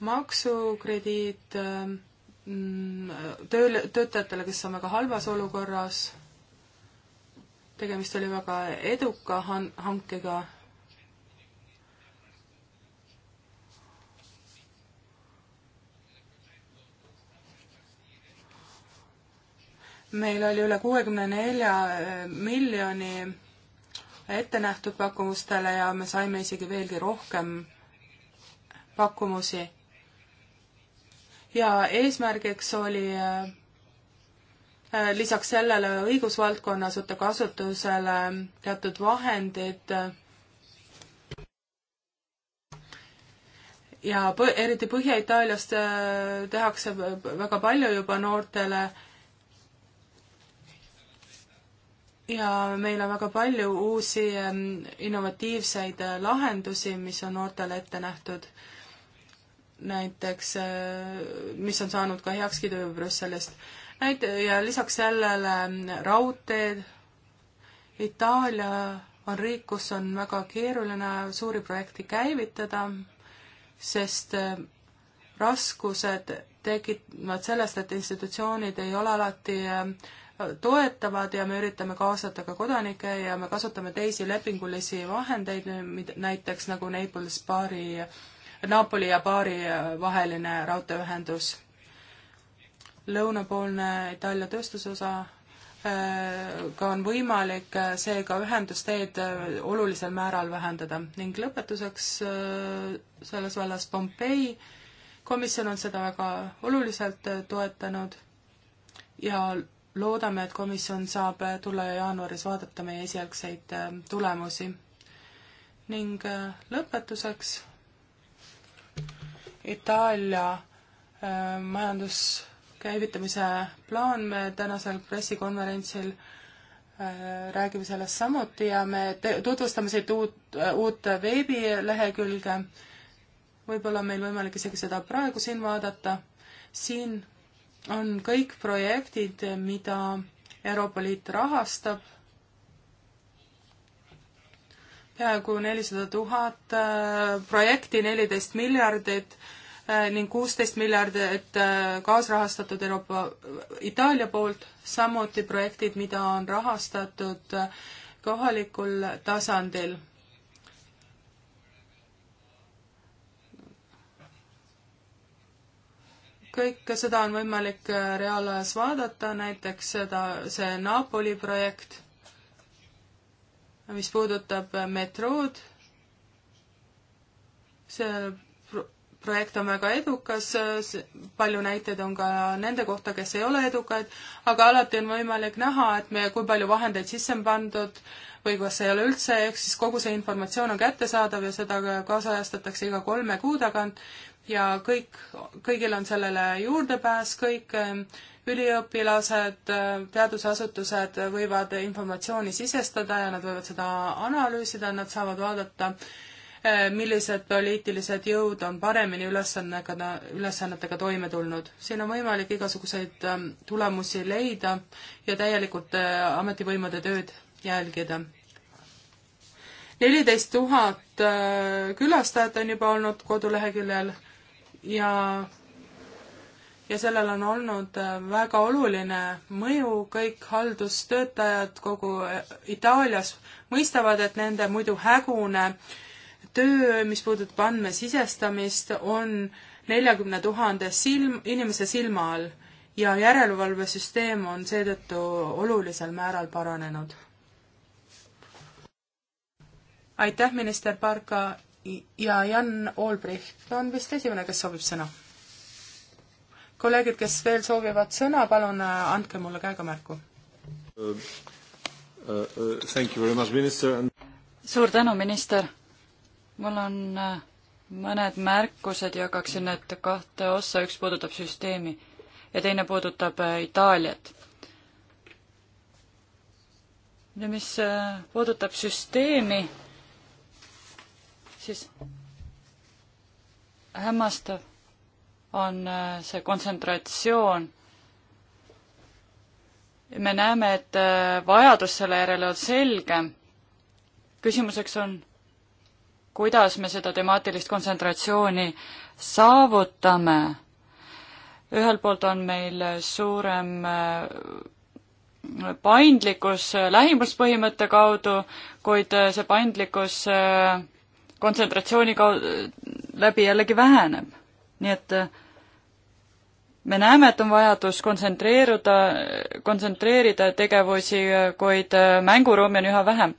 maksukrediit ähm, mm, tööl, töötajatele, kes on väga halvas olukorras, tegemist oli väga eduka han-, hankega, meil oli üle kuuekümne nelja äh, miljoni ette nähtud pakkumustele ja me saime isegi veelgi rohkem pakkumusi ja eesmärgiks oli äh, lisaks sellele õigusvaldkonnas võtta kasutusele teatud vahendid ja põ-, eriti Põhja-Itaalias äh, tehakse väga palju juba noortele ja meil on väga palju uusi ähm, innovatiivseid äh, lahendusi, mis on noortele ette nähtud näiteks, äh, mis on saanud ka heakskiidu Brüsselist. näit-, ja lisaks sellele mm, raudteed, Itaalia on riik, kus on väga keeruline suuri projekte käivitada, sest äh, raskused tekivad sellest, et institutsioonid ei ole alati äh, toetavad ja me üritame kaasata ka kodanikke ja me kasutame teisi lepingulisi vahendeid, näiteks nagu Naples baari Napoli ja Bari äh, vaheline raudteeühendus. lõunapoolne Itaalia tööstusosa äh, ka on võimalik äh, seega ühendusteed olulisel määral vähendada ning lõpetuseks selles vallas Pompei komisjon on seda väga oluliselt toetanud ja loodame, et komisjon saab tulla jaanuaris vaadata meie esialgseid tulemusi. ning lõpetuseks Itaalia äh, majanduskäivitamise plaan, me tänasel pressikonverentsil äh, räägime sellest samuti ja me tutvustame siit uut, äh, uut veebilehekülge. võib-olla on meil võimalik isegi seda praegu siin vaadata. siin on kõik projektid, mida Euroopa Liit rahastab. peaaegu nelisada tuhat projekti, neliteist miljardit Äh, ning kuusteist miljardit äh, kaasrahastatud Euroopa, Itaalia poolt, samuti projektid, mida on rahastatud äh, kohalikul tasandil kõike seda on võimalik reaalajas vaadata, näiteks seda, see Napoli projekt, mis puudutab metrood, see projekt on väga edukas, palju näiteid on ka nende kohta, kes ei ole edukad, aga alati on võimalik näha, et me, kui palju vahendeid sisse on pandud või kas ei ole üldse, ehk siis kogu see informatsioon on kättesaadav ja seda kaasajastatakse iga kolme kuu tagant ja kõik, kõigil on sellele juurdepääs, kõik ähm, üliõpilased, äh, teadusasutused võivad informatsiooni sisestada ja nad võivad seda analüüsida, nad saavad vaadata, Äh, millised poliitilised jõud on paremini ülesannega, ülesannetega toime tulnud. siin on võimalik igasuguseid ähm, tulemusi leida ja täielikult äh, ametivõimude tööd jälgida. neliteist tuhat äh, külastajat on juba olnud koduleheküljel ja ja sellel on olnud väga oluline mõju, kõik haldustöötajad kogu Itaalias mõistavad, et nende muidu hägune äh, töö, mis puudutab andmesisestamist, on neljakümne tuhande silm, inimese silma all ja järelevalvesüsteem on seetõttu olulisel määral paranenud. aitäh, minister Parka ja Jan Olbricht on vist esimene, kes soovib sõna. kolleegid, kes veel soovivad sõna, palun äh, andke mulle käega märku
uh,. Uh, uh, thank you very much, minister and....
suur tänu, minister
mul on äh, mõned märkused, jagaksin need kahte ossa, üks puudutab süsteemi ja teine puudutab äh, Itaaliat. ja mis äh, puudutab süsteemi, siis hämmastav on see kontsentratsioon me näeme, et vajadus selle järele on selgem. küsimuseks on, kuidas me seda temaatilist kontsentratsiooni saavutame. ühelt poolt on meil suurem äh, paindlikkus äh, lähimuspõhimõtte kaudu, kuid äh, see paindlikkus kontsentratsiooni kaudu läbi jällegi väheneb. nii et me näeme, et on vajadus kontsentreeruda, kontsentreerida tegevusi, kuid mänguruumi on üha vähem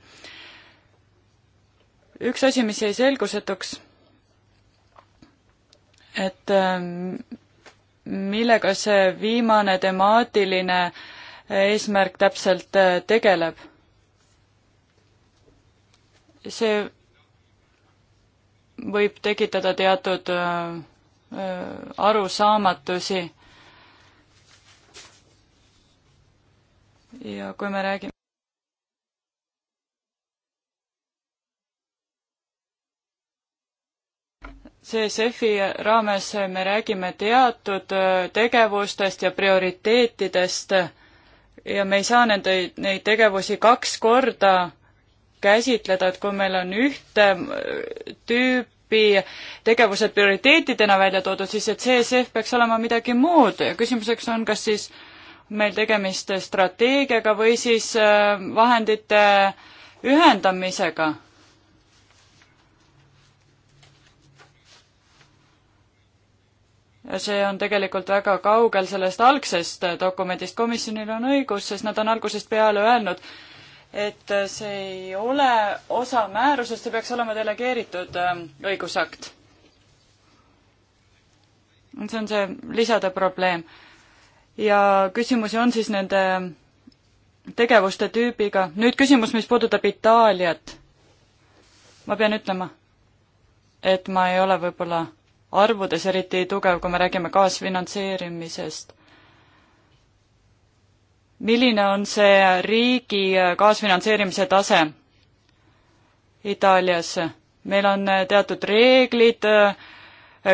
üks asi, mis jäi selgusetuks, et ähm, millega see viimane temaatiline eesmärk täpselt äh, tegeleb. see võib tekitada teatud äh, äh, arusaamatusi. ja kui me räägime CSF-i raames me räägime teatud äh, tegevustest ja prioriteetidest ja me ei saa nende, neid tegevusi kaks korda käsitleda, et kui meil on ühte äh, tüüpi tegevused prioriteetidena välja toodud, siis et CSF peaks olema midagi muud ja küsimuseks on, kas siis meil tegemist strateegiaga või siis äh, vahendite ühendamisega see on tegelikult väga kaugel sellest algsest dokumendist. komisjonil on õigus, sest nad on algusest peale öelnud, et see ei ole osa määrusest, see peaks olema delegeeritud ähm, õigusakt. see on see lisade probleem. ja küsimusi on siis nende tegevuste tüübiga. nüüd küsimus, mis puudutab Itaaliat. ma pean ütlema, et ma ei ole võib-olla arvudes eriti tugev, kui me räägime kaasfinantseerimisest. milline on see riigi kaasfinantseerimise tase Itaalias? meil on teatud reeglid,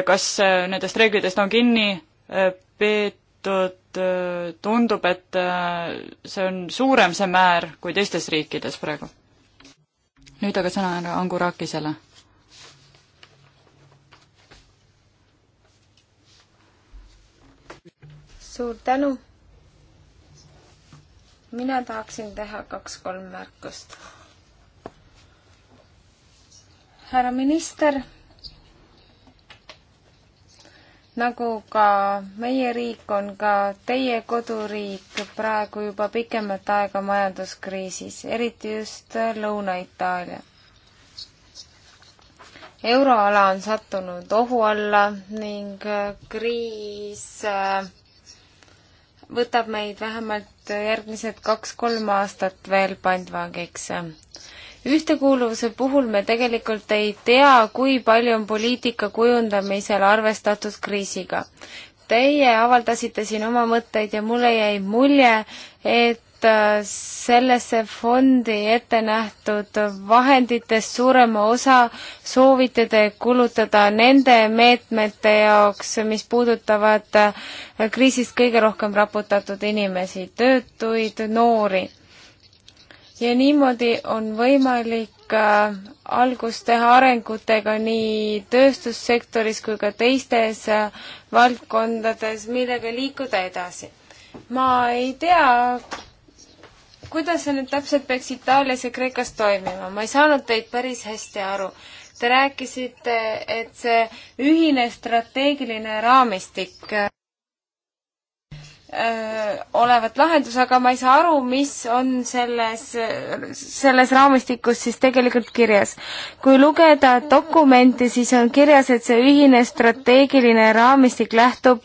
kas nendest reeglitest on kinni peetud, tundub, et see on suurem, see määr, kui teistes riikides praegu. nüüd aga sõna härra Angurakisele
suur tänu. mina tahaksin teha kaks-kolm märkust. härra minister, nagu ka meie riik, on ka teie koduriik praegu juba pikemat aega majanduskriisis, eriti just Lõuna-Itaalia euroala on sattunud ohu alla ning kriis äh, võtab meid vähemalt järgmised kaks-kolm aastat veel pantvangiks. ühtekuuluvuse puhul me tegelikult ei tea, kui palju on poliitika kujundamisel arvestatud kriisiga. Teie avaldasite siin oma mõtteid ja mulle jäi mulje, et et äh, sellesse fondi ette nähtud vahenditest suurema osa soovite te kulutada nende meetmete jaoks, mis puudutavad äh, kriisist kõige rohkem raputatud inimesi, töötuid, noori. ja niimoodi on võimalik võimalik äh, algust teha arengutega nii tööstussektoris kui ka teistes valdkondades, millega liikuda edasi. ma ei tea, kuidas see nüüd täpselt peaks Itaalias ja Kreekas toimima? ma ei saanud teid päris hästi aru. Te rääkisite, et see ühine strateegiline raamistik öö, äh, olevat lahendus, aga ma ei saa aru, mis on selles, selles raamistikus siis tegelikult kirjas. kui lugeda dokumenti, siis on kirjas, et see ühine strateegiline raamistik lähtub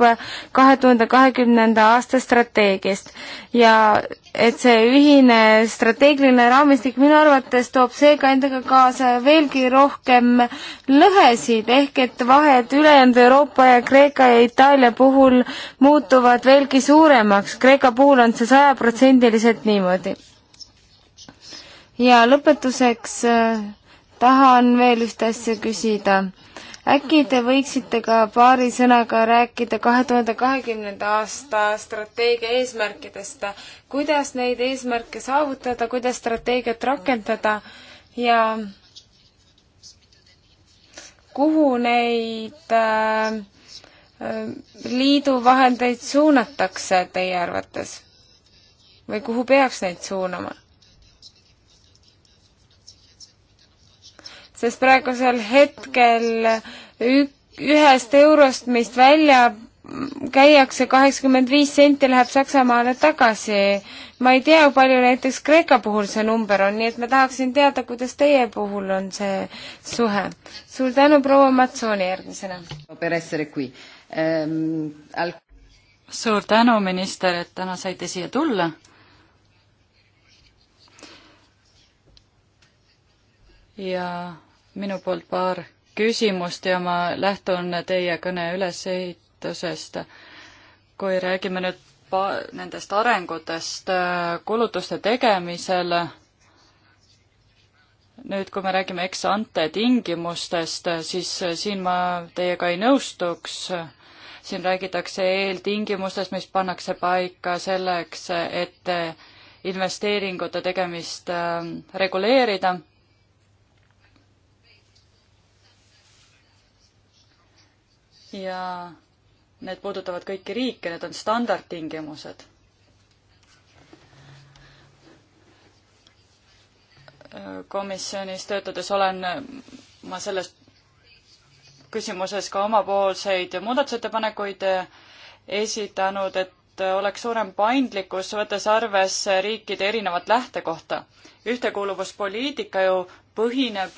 kahe tuhande kahekümnenda aasta strateegiast ja et see ühine strateegiline raamistik minu arvates toob seega endaga kaasa veelgi rohkem lõhesid, ehk et vahed ülejäänud Euroopa ja Kreeka ja Itaalia puhul muutuvad veelgi suuremaks, Kreeka puhul on see sajaprotsendiliselt niimoodi. ja lõpetuseks äh, tahan veel ühte asja küsida äkki te võiksite ka paari sõnaga rääkida kahe tuhande kahekümnenda aasta strateegia eesmärkidest, kuidas neid eesmärke saavutada, kuidas strateegiat rakendada ja kuhu neid äh, liidu vahendeid suunatakse teie arvates või kuhu peaks neid suunama? sest praegusel hetkel ühest eurost, mis välja käiakse, kaheksakümmend viis senti läheb Saksamaale tagasi. ma ei tea, palju näiteks Kreeka puhul see number on, nii et ma tahaksin teada, kuidas teie puhul on see suhe. suur tänu, proua Matsooni järgmisena. Ehm,
suur tänu, minister, et täna saite siia tulla ja minu poolt paar küsimust ja ma lähtun teie kõne ülesehitusest. kui räägime nüüd pa-, nendest arengutest äh, kulutuste tegemisel, nüüd, kui me räägime ex-ante tingimustest, siis äh, siin ma teiega ei nõustuks, siin räägitakse eeltingimustest, mis pannakse paika selleks, et investeeringute tegemist äh, reguleerida ja need puudutavad kõiki riike, need on standardtingimused. komisjonis töötades olen ma selles küsimuses ka omapoolseid muudatusettepanekuid esitanud, et oleks suurem paindlikkus, võttes arvesse riikide erinevat lähtekohta. ühtekuuluvuspoliitika ju põhineb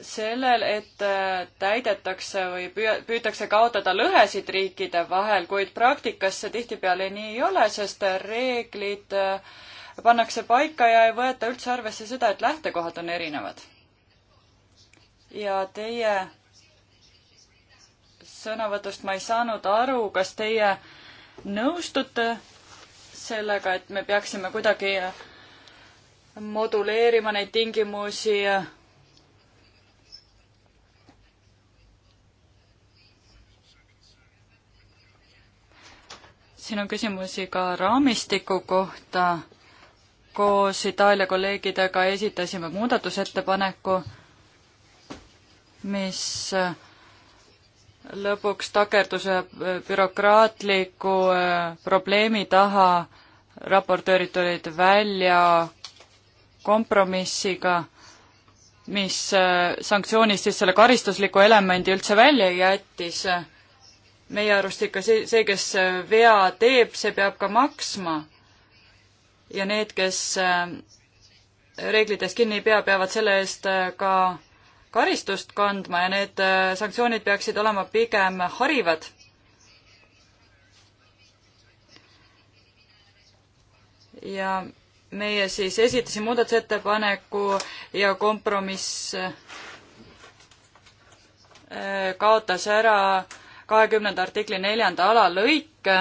sellel, et äh, täidetakse või püütakse kaotada lõhesid riikide vahel, kuid praktikas see tihtipeale nii ei ole, sest reeglid äh, pannakse paika ja ei võeta üldse arvesse seda, et lähtekohad on erinevad. ja teie sõnavõtust ma ei saanud aru, kas teie nõustute sellega, et me peaksime kuidagi äh, moduleerima neid tingimusi siin on küsimusi ka raamistiku kohta. koos Itaalia kolleegidega esitasime muudatusettepaneku, mis lõpuks takerdus bürokraatliku äh, probleemi taha, raportöörid tulid välja kompromissiga, mis äh, sanktsioonist siis selle karistusliku elemendi üldse välja jättis meie arust ikka see, see, kes äh, vea teeb, see peab ka maksma. ja need, kes äh, reeglitest kinni ei pea, peavad selle eest äh, ka karistust kandma ja need sanktsioonid peaksid olema pigem harivad. ja meie siis esitasime muudatusettepaneku ja kompromiss kaotas ära äh, kahekümnenda artikli neljanda alalõike,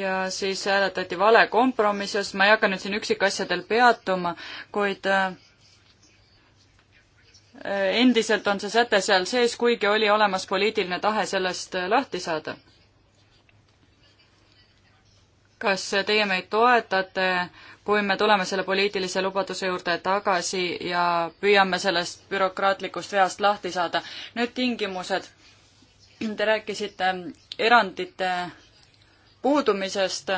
ja siis hääletati vale kompromissis, ma ei hakka nüüd siin üksikasjadel peatuma, kuid äh, endiselt on see säte seal sees, kuigi oli olemas poliitiline tahe sellest lahti saada kas teie meid toetate, kui me tuleme selle poliitilise lubaduse juurde tagasi ja püüame sellest bürokraatlikust veast lahti saada? nüüd tingimused. Te rääkisite erandite puudumisest,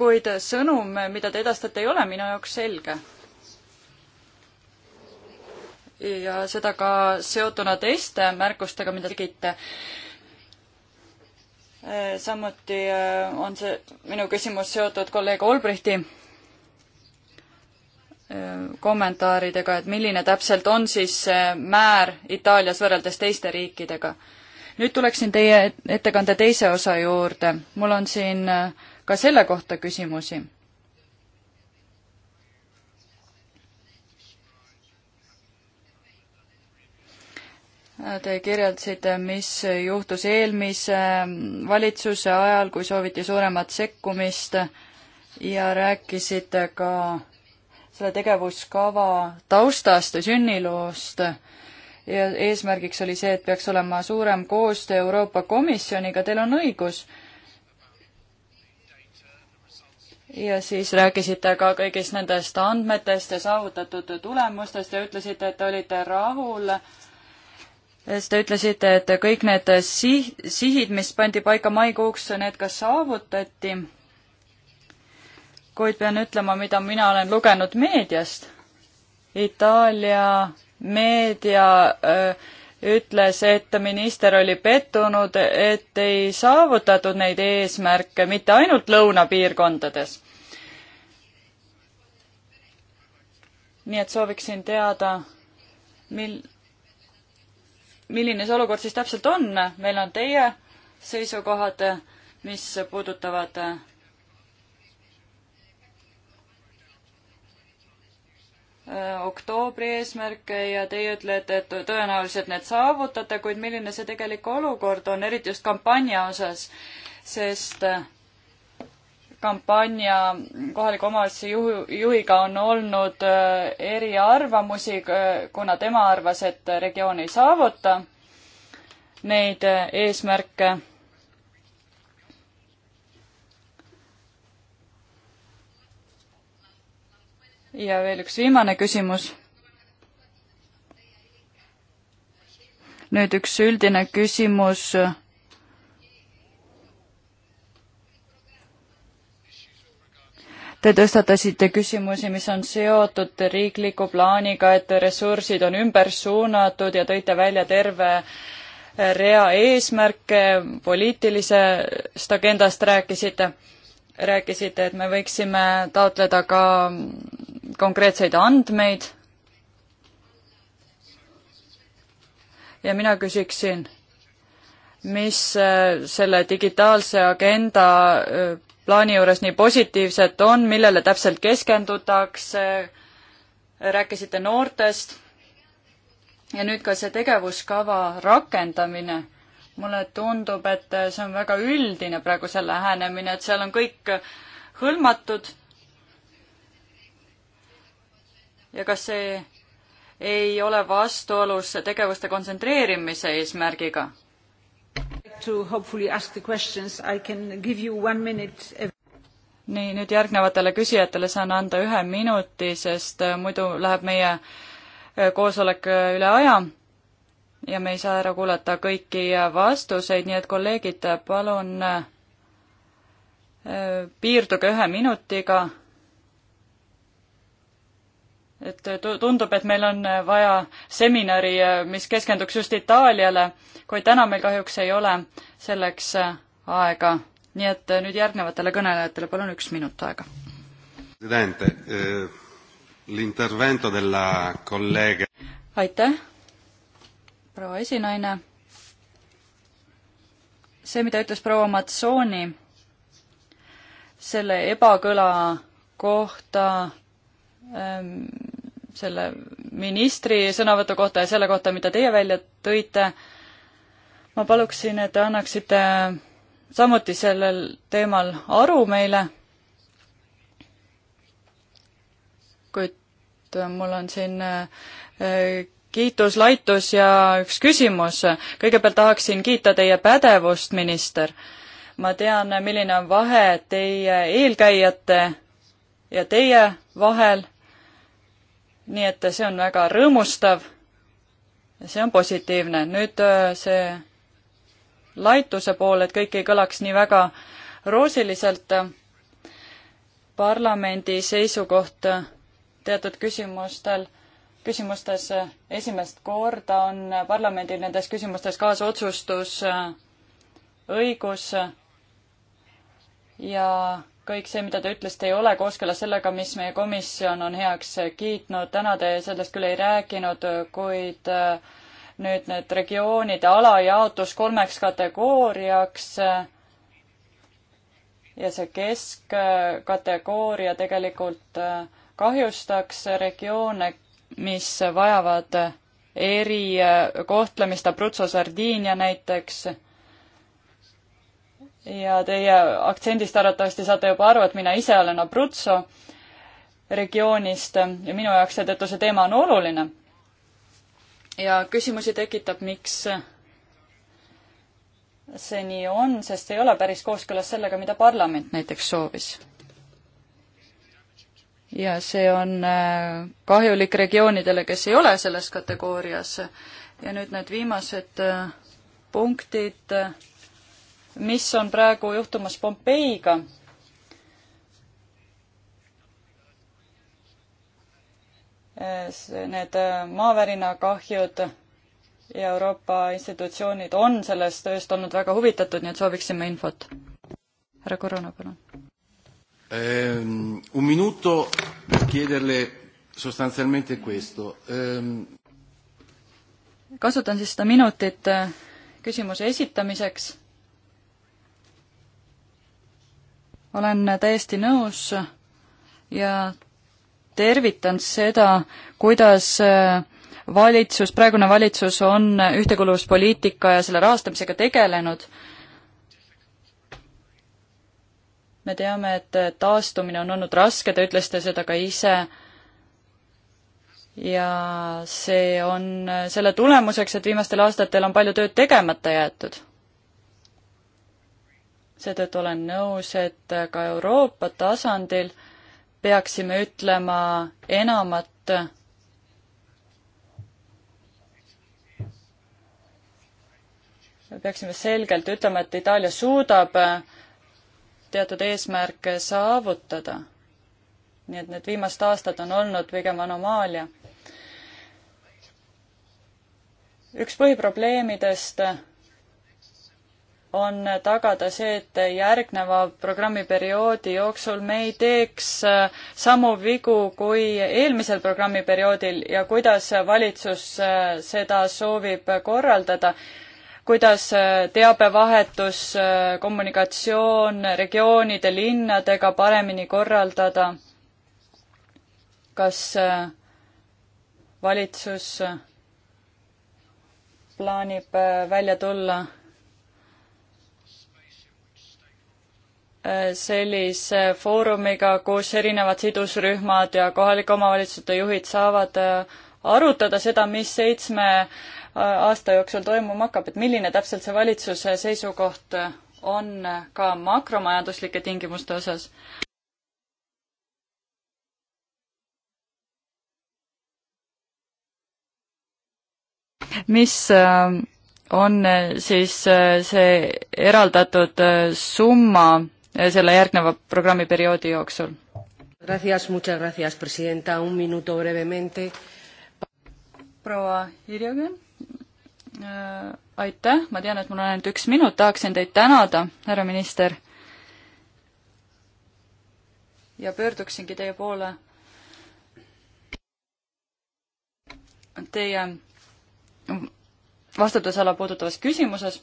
kuid sõnum, mida te edastate, ei ole minu jaoks selge ja seda ka seotuna teiste märkustega, mida tegite samuti äh, on see minu küsimus seotud kolleeg Olbrichti äh, kommentaaridega, et milline täpselt on siis see määr Itaalias võrreldes teiste riikidega. nüüd tuleksin teie ettekande teise osa juurde. mul on siin äh, ka selle kohta küsimusi Te kirjeldasite, mis juhtus eelmise ähm, valitsuse ajal, kui sooviti suuremat sekkumist ja rääkisite ka selle tegevuskava taustast ja sünniloost. ja eesmärgiks oli see, et peaks olema suurem koostöö Euroopa Komisjoniga, teil on õigus. ja siis rääkisite ka kõigist nendest andmetest ja saavutatud tulemustest ja ütlesite, et olite rahul äh, siis te ütlesite, et kõik need siht, sihid, mis pandi paika maikuuks, need ka saavutati. kuid pean ütlema, mida mina olen lugenud meediast. Itaalia meedia öö, äh, ütles, et minister oli pettunud, et ei saavutatud neid eesmärke mitte ainult lõunapiirkondades. nii et sooviksin teada, mil-, milline see olukord siis täpselt on, meil on teie seisukohad, mis puudutavad äh, oktoobri eesmärke ja teie ütlete, et tõenäoliselt need saavutate, kuid milline see tegelik olukord on, eriti just kampaania osas, sest äh, kampaania kohaliku omavalitsuse juhu, juhiga on olnud äh, eriarvamusi, äh, kuna tema arvas, et regioon ei saavuta neid äh, eesmärke. ja veel üks viimane küsimus. nüüd üks üldine küsimus Te tõstatasite küsimusi, mis on seotud riikliku plaaniga, et ressursid on ümber suunatud ja tõite välja terve rea eesmärke, poliitilisest agendast rääkisite, rääkisite, et me võiksime taotleda ka konkreetseid andmeid. ja mina küsiksin, mis selle digitaalse agenda plaani juures nii positiivset on, millele täpselt keskendutakse, rääkisite noortest ja nüüd ka see tegevuskava rakendamine. mulle tundub, et see on väga üldine praegu see lähenemine, et seal on kõik hõlmatud. ja kas see ei ole vastuolus tegevuste kontsentreerimise eesmärgiga?
like to hopefully ask the questions, I can give you one minute. nii,
nüüd järgnevatele küsijatele saan anda ühe minuti, sest äh, muidu läheb meie äh, koosolek äh, üle aja ja me ei saa ära kuulata kõiki vastuseid, nii et kolleegid, palun piirduge ühe minutiga et tundub, et meil on vaja seminari, mis keskenduks just Itaaliale, kuid täna meil kahjuks ei ole selleks aega. nii et nüüd järgnevatele kõnelejatele palun üks minut aega.
Eh,
aitäh, proua esinaine. see, mida ütles proua Matsooni selle ebakõla kohta Ehm, selle ministri sõnavõtu kohta ja selle kohta, mida teie välja tõite. ma paluksin, et te annaksite samuti sellel teemal aru meile. kuid mul on siin eh, kiitus, laitus ja üks küsimus. kõigepealt tahaksin kiita teie pädevust, minister. ma tean, milline on vahe teie eelkäijate ja teie vahel nii et see on väga rõõmustav ja see on positiivne. nüüd äh, see laituse pool, et kõik ei kõlaks nii väga roosiliselt, parlamendi seisukoht äh, teatud küsimustel, küsimustes äh, esimest korda on parlamendil nendes küsimustes kaasotsustus õigus ja kõik see, mida te ütlesite, ei ole kooskõlas sellega, mis meie komisjon on heaks kiitnud. täna te sellest küll ei rääkinud, kuid äh, nüüd need regioonide alajaotus kolmeks kategooriaks äh, ja see keskkategooria tegelikult äh, kahjustaks regioone, mis vajavad erikohtlemist, Abruzzo, Sardiinia näiteks ja teie aktsendist arvatavasti saate juba aru, et mina ise olen Abruzzo regioonist ja minu jaoks seetõttu see teema on oluline. ja küsimusi tekitab, miks see nii on, sest ei ole päris kooskõlas sellega, mida parlament näiteks soovis. ja see on äh, kahjulik regioonidele, kes ei ole selles kategoorias. ja nüüd need viimased äh, punktid äh, mis on praegu juhtumas Pompeiga. Need äh, maavärinakahjud ja Euroopa institutsioonid on sellest tööst olnud väga huvitatud, nii et sooviksime infot. härra Korona, palun
um,. Un minuto per chiederle sostanzialmente questo um....
kasutan siis seda minutit äh, küsimuse esitamiseks olen täiesti nõus ja tervitan seda, kuidas äh, valitsus, praegune valitsus on ühtekuuluvuspoliitika ja selle rahastamisega tegelenud. me teame, et taastumine on olnud raske, te ütlesite seda ka ise. ja see on äh, selle tulemuseks, et viimastel aastatel on palju tööd tegemata jäetud seetõttu olen nõus, et ka Euroopa tasandil peaksime ütlema enamat me peaksime selgelt ütlema, et Itaalia suudab teatud eesmärke saavutada. nii et need viimased aastad on olnud pigem anomaalia. üks põhiprobleemidest on tagada see, et järgneva programmiperioodi jooksul me ei teeks äh, samu vigu kui eelmisel programmiperioodil ja kuidas valitsus äh, seda soovib korraldada, kuidas äh, teabevahetus, kommunikatsioon regioonide, linnadega paremini korraldada. kas valitsus plaanib välja tulla sellise foorumiga, kus erinevad sidusrühmad ja kohalike omavalitsuste juhid saavad äh, arutada seda, mis seitsme äh, aasta jooksul toimuma hakkab, et milline täpselt see valitsuse seisukoht on äh, ka makromajanduslike tingimuste osas. mis on siis see eraldatud summa selle järgneva programmiperioodi jooksul. Gracias, muchas gracias, presidenta, un minuto brevemente. proua Irjogen äh,, aitäh, ma tean, et mul on ainult üks minut, tahaksin teid tänada, härra minister. ja pöörduksingi teie poole. Teie vastutusala puudutavas küsimuses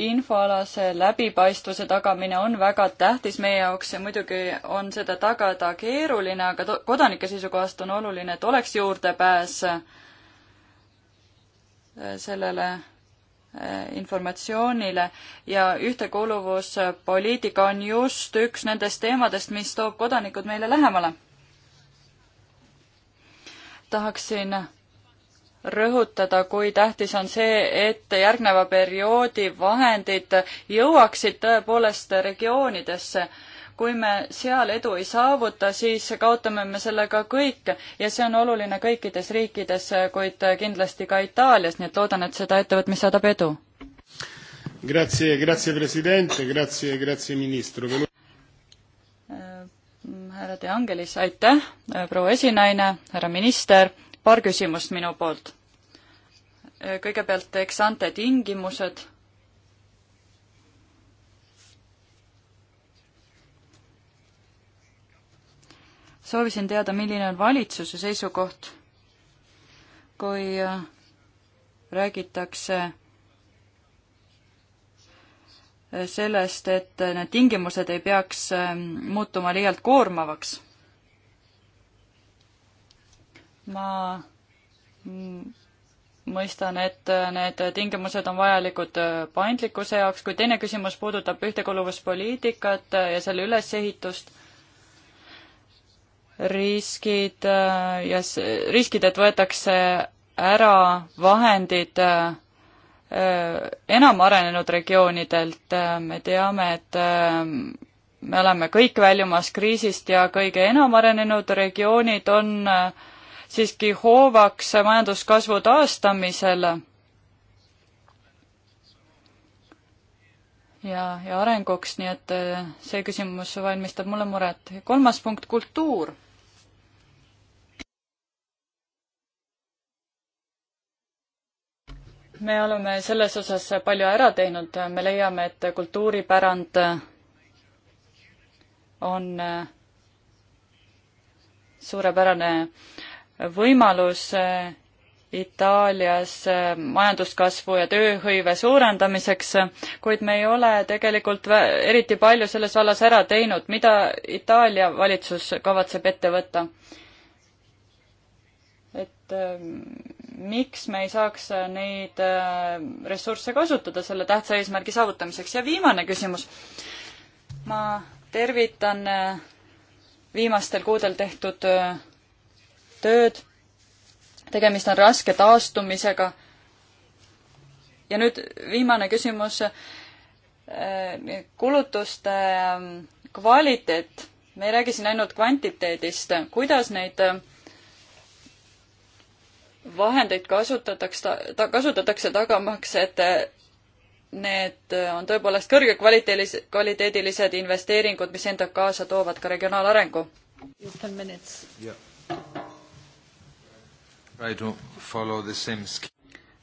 infoalase läbipaistvuse tagamine on väga tähtis meie jaoks ja muidugi on seda tagada keeruline, aga kodanike seisukohast on oluline, et oleks juurdepääs äh, sellele äh, informatsioonile ja ühtekuuluvuspoliitika on just üks nendest teemadest, mis toob kodanikud meile lähemale. tahaksin rõhutada, kui tähtis on see, et järgneva perioodi vahendid jõuaksid tõepoolest regioonidesse. kui me seal edu ei saavuta, siis kaotame me sellega kõik ja see on oluline kõikides riikides, kuid kindlasti ka Itaalias, nii et loodan, et seda ettevõtmist saadab edu.
Grazie, grazie presidente, grazie, grazie ministro.
Äh, härra De Angelis, aitäh, proua esinaine, härra minister paar küsimust minu poolt. kõigepealt eksante tingimused. soovisin teada, milline on valitsuse seisukoht, kui äh, räägitakse äh, sellest, et äh, need tingimused ei peaks muutuma liialt koormavaks ma mõistan, et need tingimused on vajalikud paindlikkuse jaoks, kui teine küsimus puudutab ühtekuluvuspoliitikat ja selle ülesehitust, riskid ja riskid, et võetakse ära vahendid enam arenenud regioonidelt, me teame, et me oleme kõik väljumas kriisist ja kõige enam arenenud regioonid on äh, siiski hoovaks majanduskasvu taastamisel. ja, ja arenguks, nii et eh, see küsimus valmistab mulle muret. kolmas punkt, kultuur me oleme selles osas palju ära teinud, me leiame, et kultuuripärand on eh, suurepärane võimalus äh, Itaalias äh, majanduskasvu ja tööhõive suurendamiseks, kuid me ei ole tegelikult eriti palju selles vallas ära teinud. mida Itaalia valitsus kavatseb ette võtta? et ähm, miks me ei saaks äh, neid ressursse kasutada selle tähtsa eesmärgi saavutamiseks ja viimane küsimus. ma tervitan viimastel kuudel tehtud tööd. tegemist on raske taastumisega. ja nüüd viimane küsimus. Äh, kulutuste ähm, kvaliteet, me ei räägi siin ainult kvantiteedist, kuidas neid äh, vahendeid kasutatakse, ta kasutatakse tagamaks, et äh, need on tõepoolest kõrgekvaliteedilis-, kvaliteedilised investeeringud, mis endaga kaasa toovad ka regionaalarengu. Yeah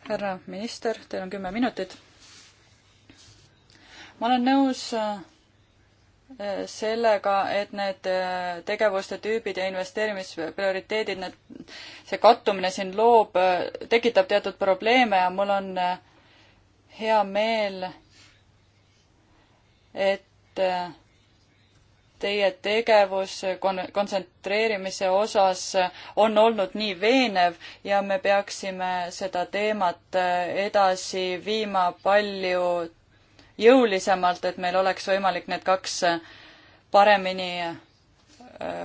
härra minister, teil on kümme minutit. ma olen nõus äh, sellega, et need äh, tegevuste tüübid ja investeerimisprioriteedid, need, see kattumine siin loob, äh, tekitab teatud probleeme ja mul on hea meel, et teie tegevus kon-, kontsentreerimise osas on olnud nii veenev ja me peaksime seda teemat äh, edasi viima palju jõulisemalt, et meil oleks võimalik need kaks äh, paremini äh,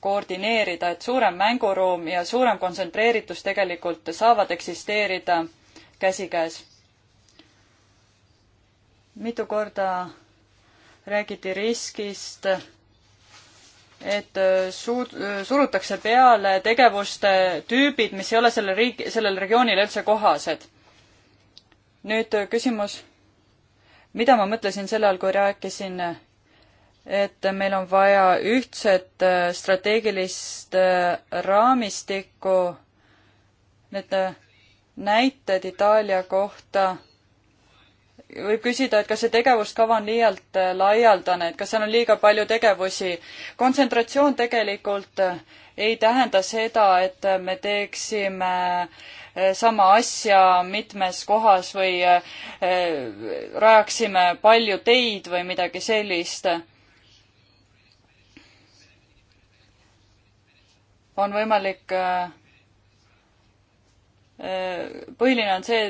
koordineerida, et suurem mänguruum ja suurem kontsentreeritus tegelikult saavad eksisteerida käsikäes. mitu korda räägiti riskist, et äh, suud-, surutakse peale tegevuste tüübid, mis ei ole selle riik, sellele regioonile üldse kohased. nüüd äh, küsimus, mida ma mõtlesin selle all, kui rääkisin, et meil on vaja ühtset äh, strateegilist raamistikku, need näited Itaalia kohta võib küsida, et kas see tegevuskava on liialt äh, laialdane, et kas seal on liiga palju tegevusi. kontsentratsioon tegelikult äh, ei tähenda seda, et äh, me teeksime sama asja mitmes kohas või rajaksime palju teid või midagi sellist. on võimalik põhiline on see,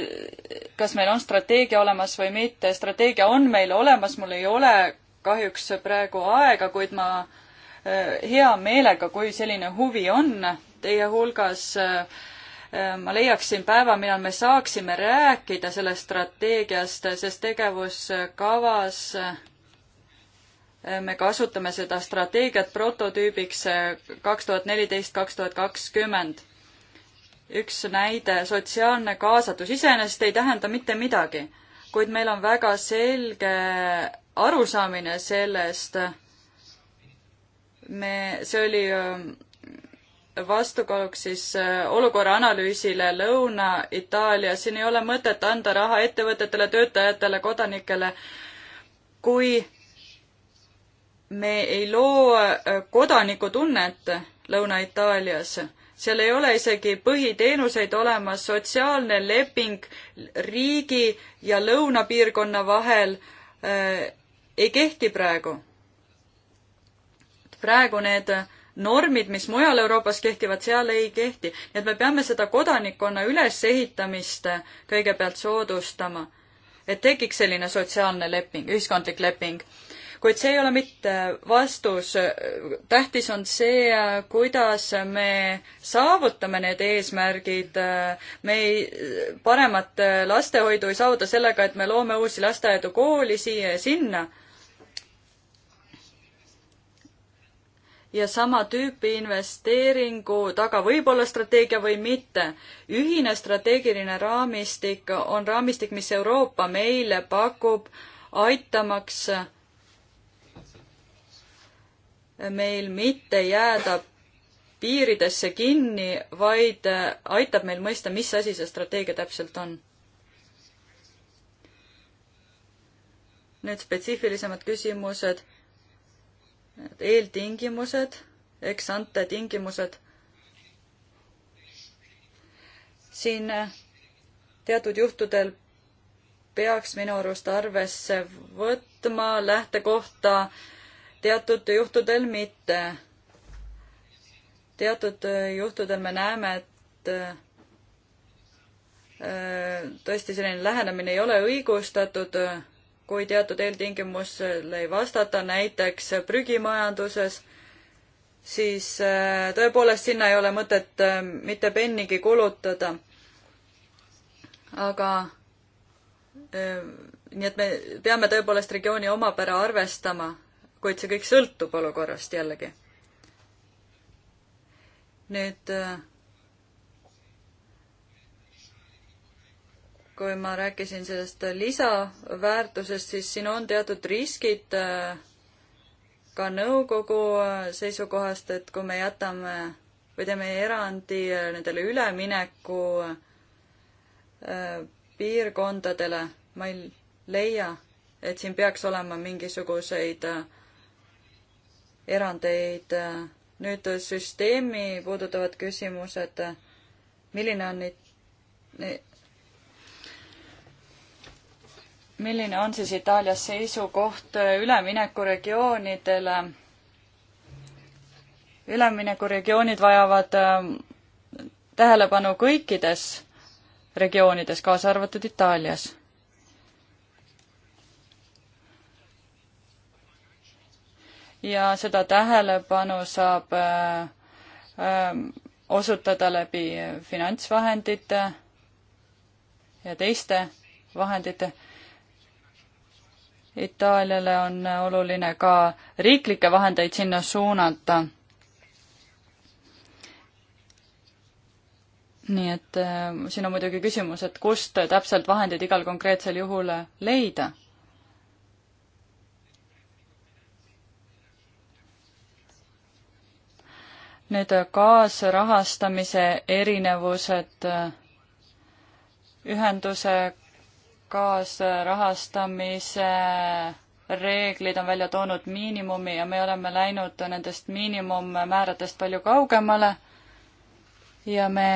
kas meil on strateegia olemas või mitte. strateegia on meil olemas, mul ei ole kahjuks praegu aega, kuid ma eh, hea meelega, kui selline huvi on teie hulgas, eh, ma leiaksin päeva, millal me saaksime rääkida sellest strateegiast, sest tegevuskavas eh, me kasutame seda strateegiat prototüübiks kaks tuhat neliteist, kaks tuhat kakskümmend üks näide, sotsiaalne kaasatus iseenesest ei tähenda mitte midagi, kuid meil on väga selge arusaamine sellest, me, see oli äh, vastukaaluks siis äh, olukorra analüüsile Lõuna-Itaalias, siin ei ole mõtet anda raha ettevõtetele, töötajatele, kodanikele, kui me ei loo äh, kodanikutunnet Lõuna-Itaalias seal ei ole isegi põhiteenuseid olemas, sotsiaalne leping riigi ja lõunapiirkonna vahel äh, ei kehti praegu. praegu need normid, mis mujal Euroopas kehtivad, seal ei kehti. nii et me peame seda kodanikkonna ülesehitamist kõigepealt soodustama, et tekiks selline sotsiaalne leping, ühiskondlik leping kuid see ei ole mitte vastus. tähtis on see, kuidas me saavutame need eesmärgid. me ei, paremat lastehoidu ei saavuta sellega, et me loome uusi lasteaedu, kooli siia ja sinna ja sama tüüpi investeeringu taga võib olla strateegia või mitte. ühine strateegiline raamistik on raamistik, mis Euroopa meile pakub, aitamaks meil mitte jääda piiridesse kinni, vaid äh, aitab meil mõista, mis asi see strateegia täpselt on. nüüd spetsiifilisemad küsimused, eeltingimused, eks ante tingimused. siin äh, teatud juhtudel peaks minu arust arvesse võtma lähtekohta äh, teatud juhtudel mitte. teatud äh, juhtudel me näeme, et äh, tõesti selline lähenemine ei ole õigustatud, kui teatud eeltingimusele ei vastata, näiteks prügimajanduses, siis äh, tõepoolest sinna ei ole mõtet mitte pennigi kulutada. aga nii et me peame tõepoolest regiooni omapära arvestama kuid see kõik sõltub olukorrast jällegi. nüüd kui ma rääkisin sellest lisaväärtusest, siis siin on teatud riskid ka nõukogu seisukohast, et kui me jätame või teeme erandi nendele ülemineku äh, piirkondadele, ma ei leia, et siin peaks olema mingisuguseid äh, erandeid. nüüd süsteemi puudutavad küsimused, milline on nüüd, milline on siis Itaalias seisukoht üleminekuregioonidele? üleminekuregioonid vajavad ähm, tähelepanu kõikides regioonides, kaasa arvatud Itaalias ja seda tähelepanu saab äh, äh, osutada läbi finantsvahendite ja teiste vahendite. Itaaliale on oluline ka riiklikke vahendeid sinna suunata nii et äh, siin on muidugi küsimus, et kust täpselt vahendeid igal konkreetsel juhul leida. Need äh, kaasrahastamise erinevused, äh, ühenduse kaasrahastamise reeglid on välja toonud miinimumi ja me oleme läinud nendest miinimummääradest palju kaugemale ja me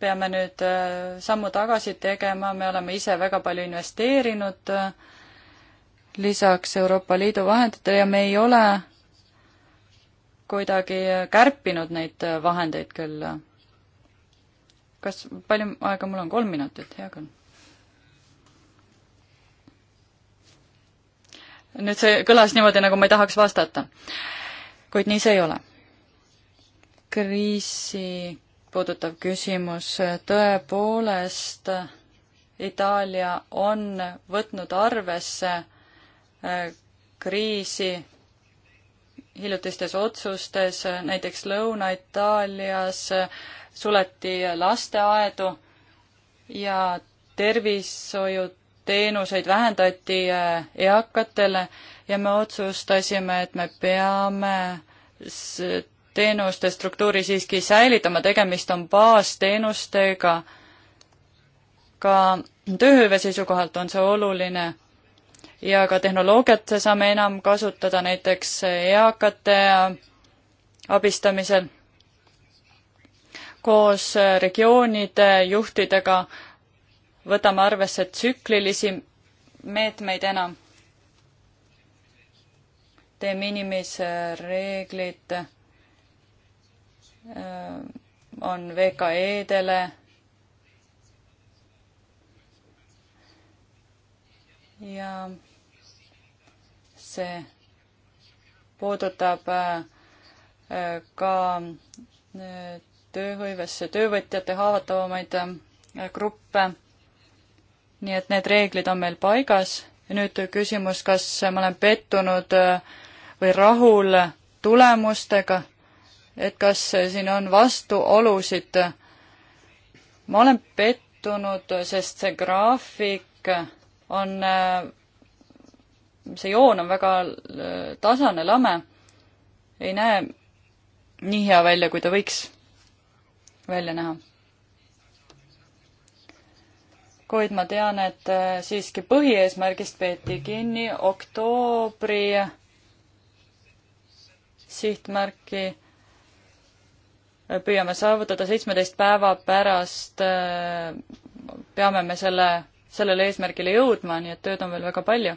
peame nüüd äh, sammu tagasi tegema, me oleme ise väga palju investeerinud äh, lisaks Euroopa Liidu vahenditele ja me ei ole kuidagi kärpinud neid vahendeid küll. kas, palju aega mul on, kolm minutit, hea küll. nüüd see kõlas niimoodi, nagu ma ei tahaks vastata. kuid nii see ei ole. kriisi puudutav küsimus, tõepoolest Itaalia on võtnud arvesse Äh, kriisi hiljutistes otsustes, näiteks Lõuna-Itaalias suleti lasteaedu ja tervishoiuteenuseid vähendati äh, eakatele ja me otsustasime, et me peame teenuste struktuuri siiski säilitama, tegemist on baasteenustega. ka tööhõive seisukohalt on see oluline ja ka tehnoloogiat saame enam kasutada näiteks eakate abistamisel. koos regioonide juhtidega võtame arvesse tsüklilisi meetmeid enam. De minimis reeglid äh, on VKE-dele ja see puudutab äh, ka äh, tööhõivesse töövõtjate haavatavamaid äh, gruppe. nii et need reeglid on meil paigas ja nüüd küsimus, kas ma olen pettunud või rahul tulemustega, et kas siin on vastuolusid. ma olen pettunud, sest see graafik on see joon on väga äh, tasane, lame, ei näe nii hea välja, kui ta võiks välja näha. kuid ma tean, et äh, siiski põhieesmärgist peeti kinni oktoobri sihtmärki püüame saavutada seitsmeteist päeva pärast, äh, peame me selle, sellele eesmärgile jõudma, nii et tööd on veel väga palju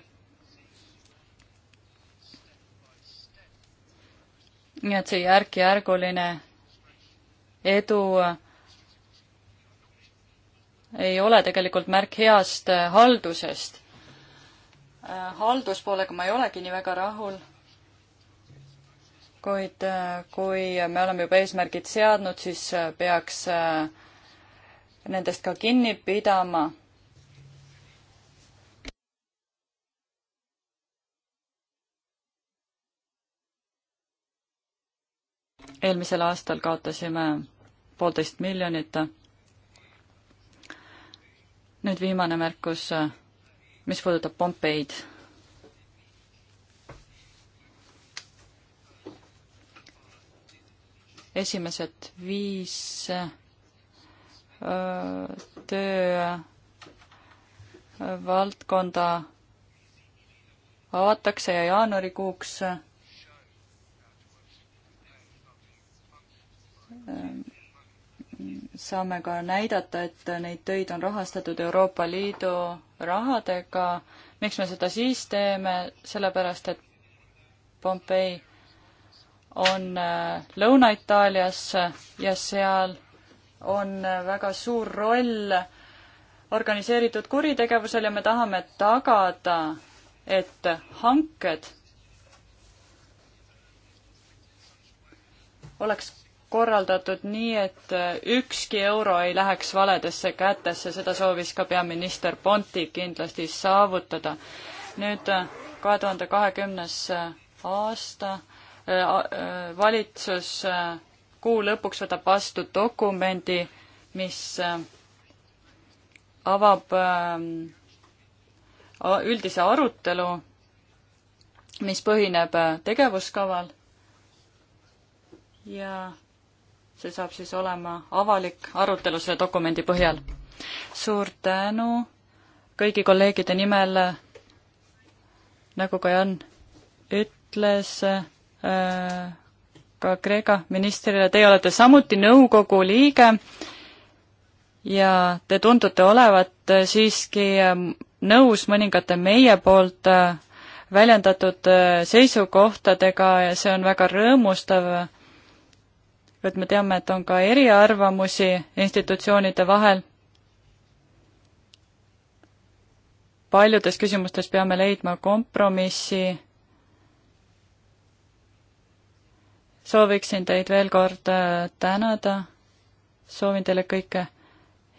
nii et see järk-järguline edu ei ole tegelikult märk heast äh, haldusest. Äh, halduspoolega ma ei olegi nii väga rahul, kuid äh, kui me oleme juba eesmärgid seadnud, siis peaks nendest ka kinni pidama eelmisel aastal kaotasime poolteist miljonit. nüüd viimane märkus, mis puudutab Pompeid. esimesed viis töövaldkonda avatakse ja jaanuarikuuks saame ka näidata, et neid töid on rahastatud Euroopa Liidu rahadega. miks me seda siis teeme, sellepärast et Pompei on äh, Lõuna-Itaalias ja seal on äh, väga suur roll organiseeritud kuritegevusel ja me tahame tagada, et hanked oleks korraldatud nii, et äh, ükski euro ei läheks valedesse kätesse, seda soovis ka peaminister Bonti kindlasti saavutada. nüüd äh, kahe tuhande kahekümnes äh, aasta valitsus kuu lõpuks võtab vastu dokumendi, mis avab ähm, üldise arutelu, mis põhineb tegevuskaval ja see saab siis olema avalik arutelu selle dokumendi põhjal. suur tänu kõigi kolleegide nimel, nagu ka Jan ütles äh,, ka Kreeka ministrile, teie olete samuti nõukogu liige ja te tundute olevat siiski ähm, nõus mõningate meie poolt äh, väljendatud äh, seisukohtadega ja see on väga rõõmustav et me teame, et on ka eriarvamusi institutsioonide vahel. paljudes küsimustes peame leidma kompromissi. sooviksin teid veel kord äh, tänada, soovin teile kõike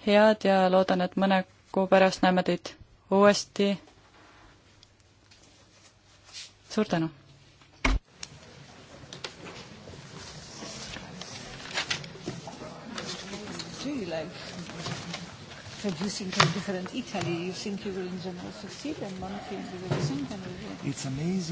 head ja loodan, et mõne kuu pärast näeme teid uuesti. suur tänu!
producing a different Italy. You think you
will in general succeed, and one thing you will think, and you
will... It's amazing.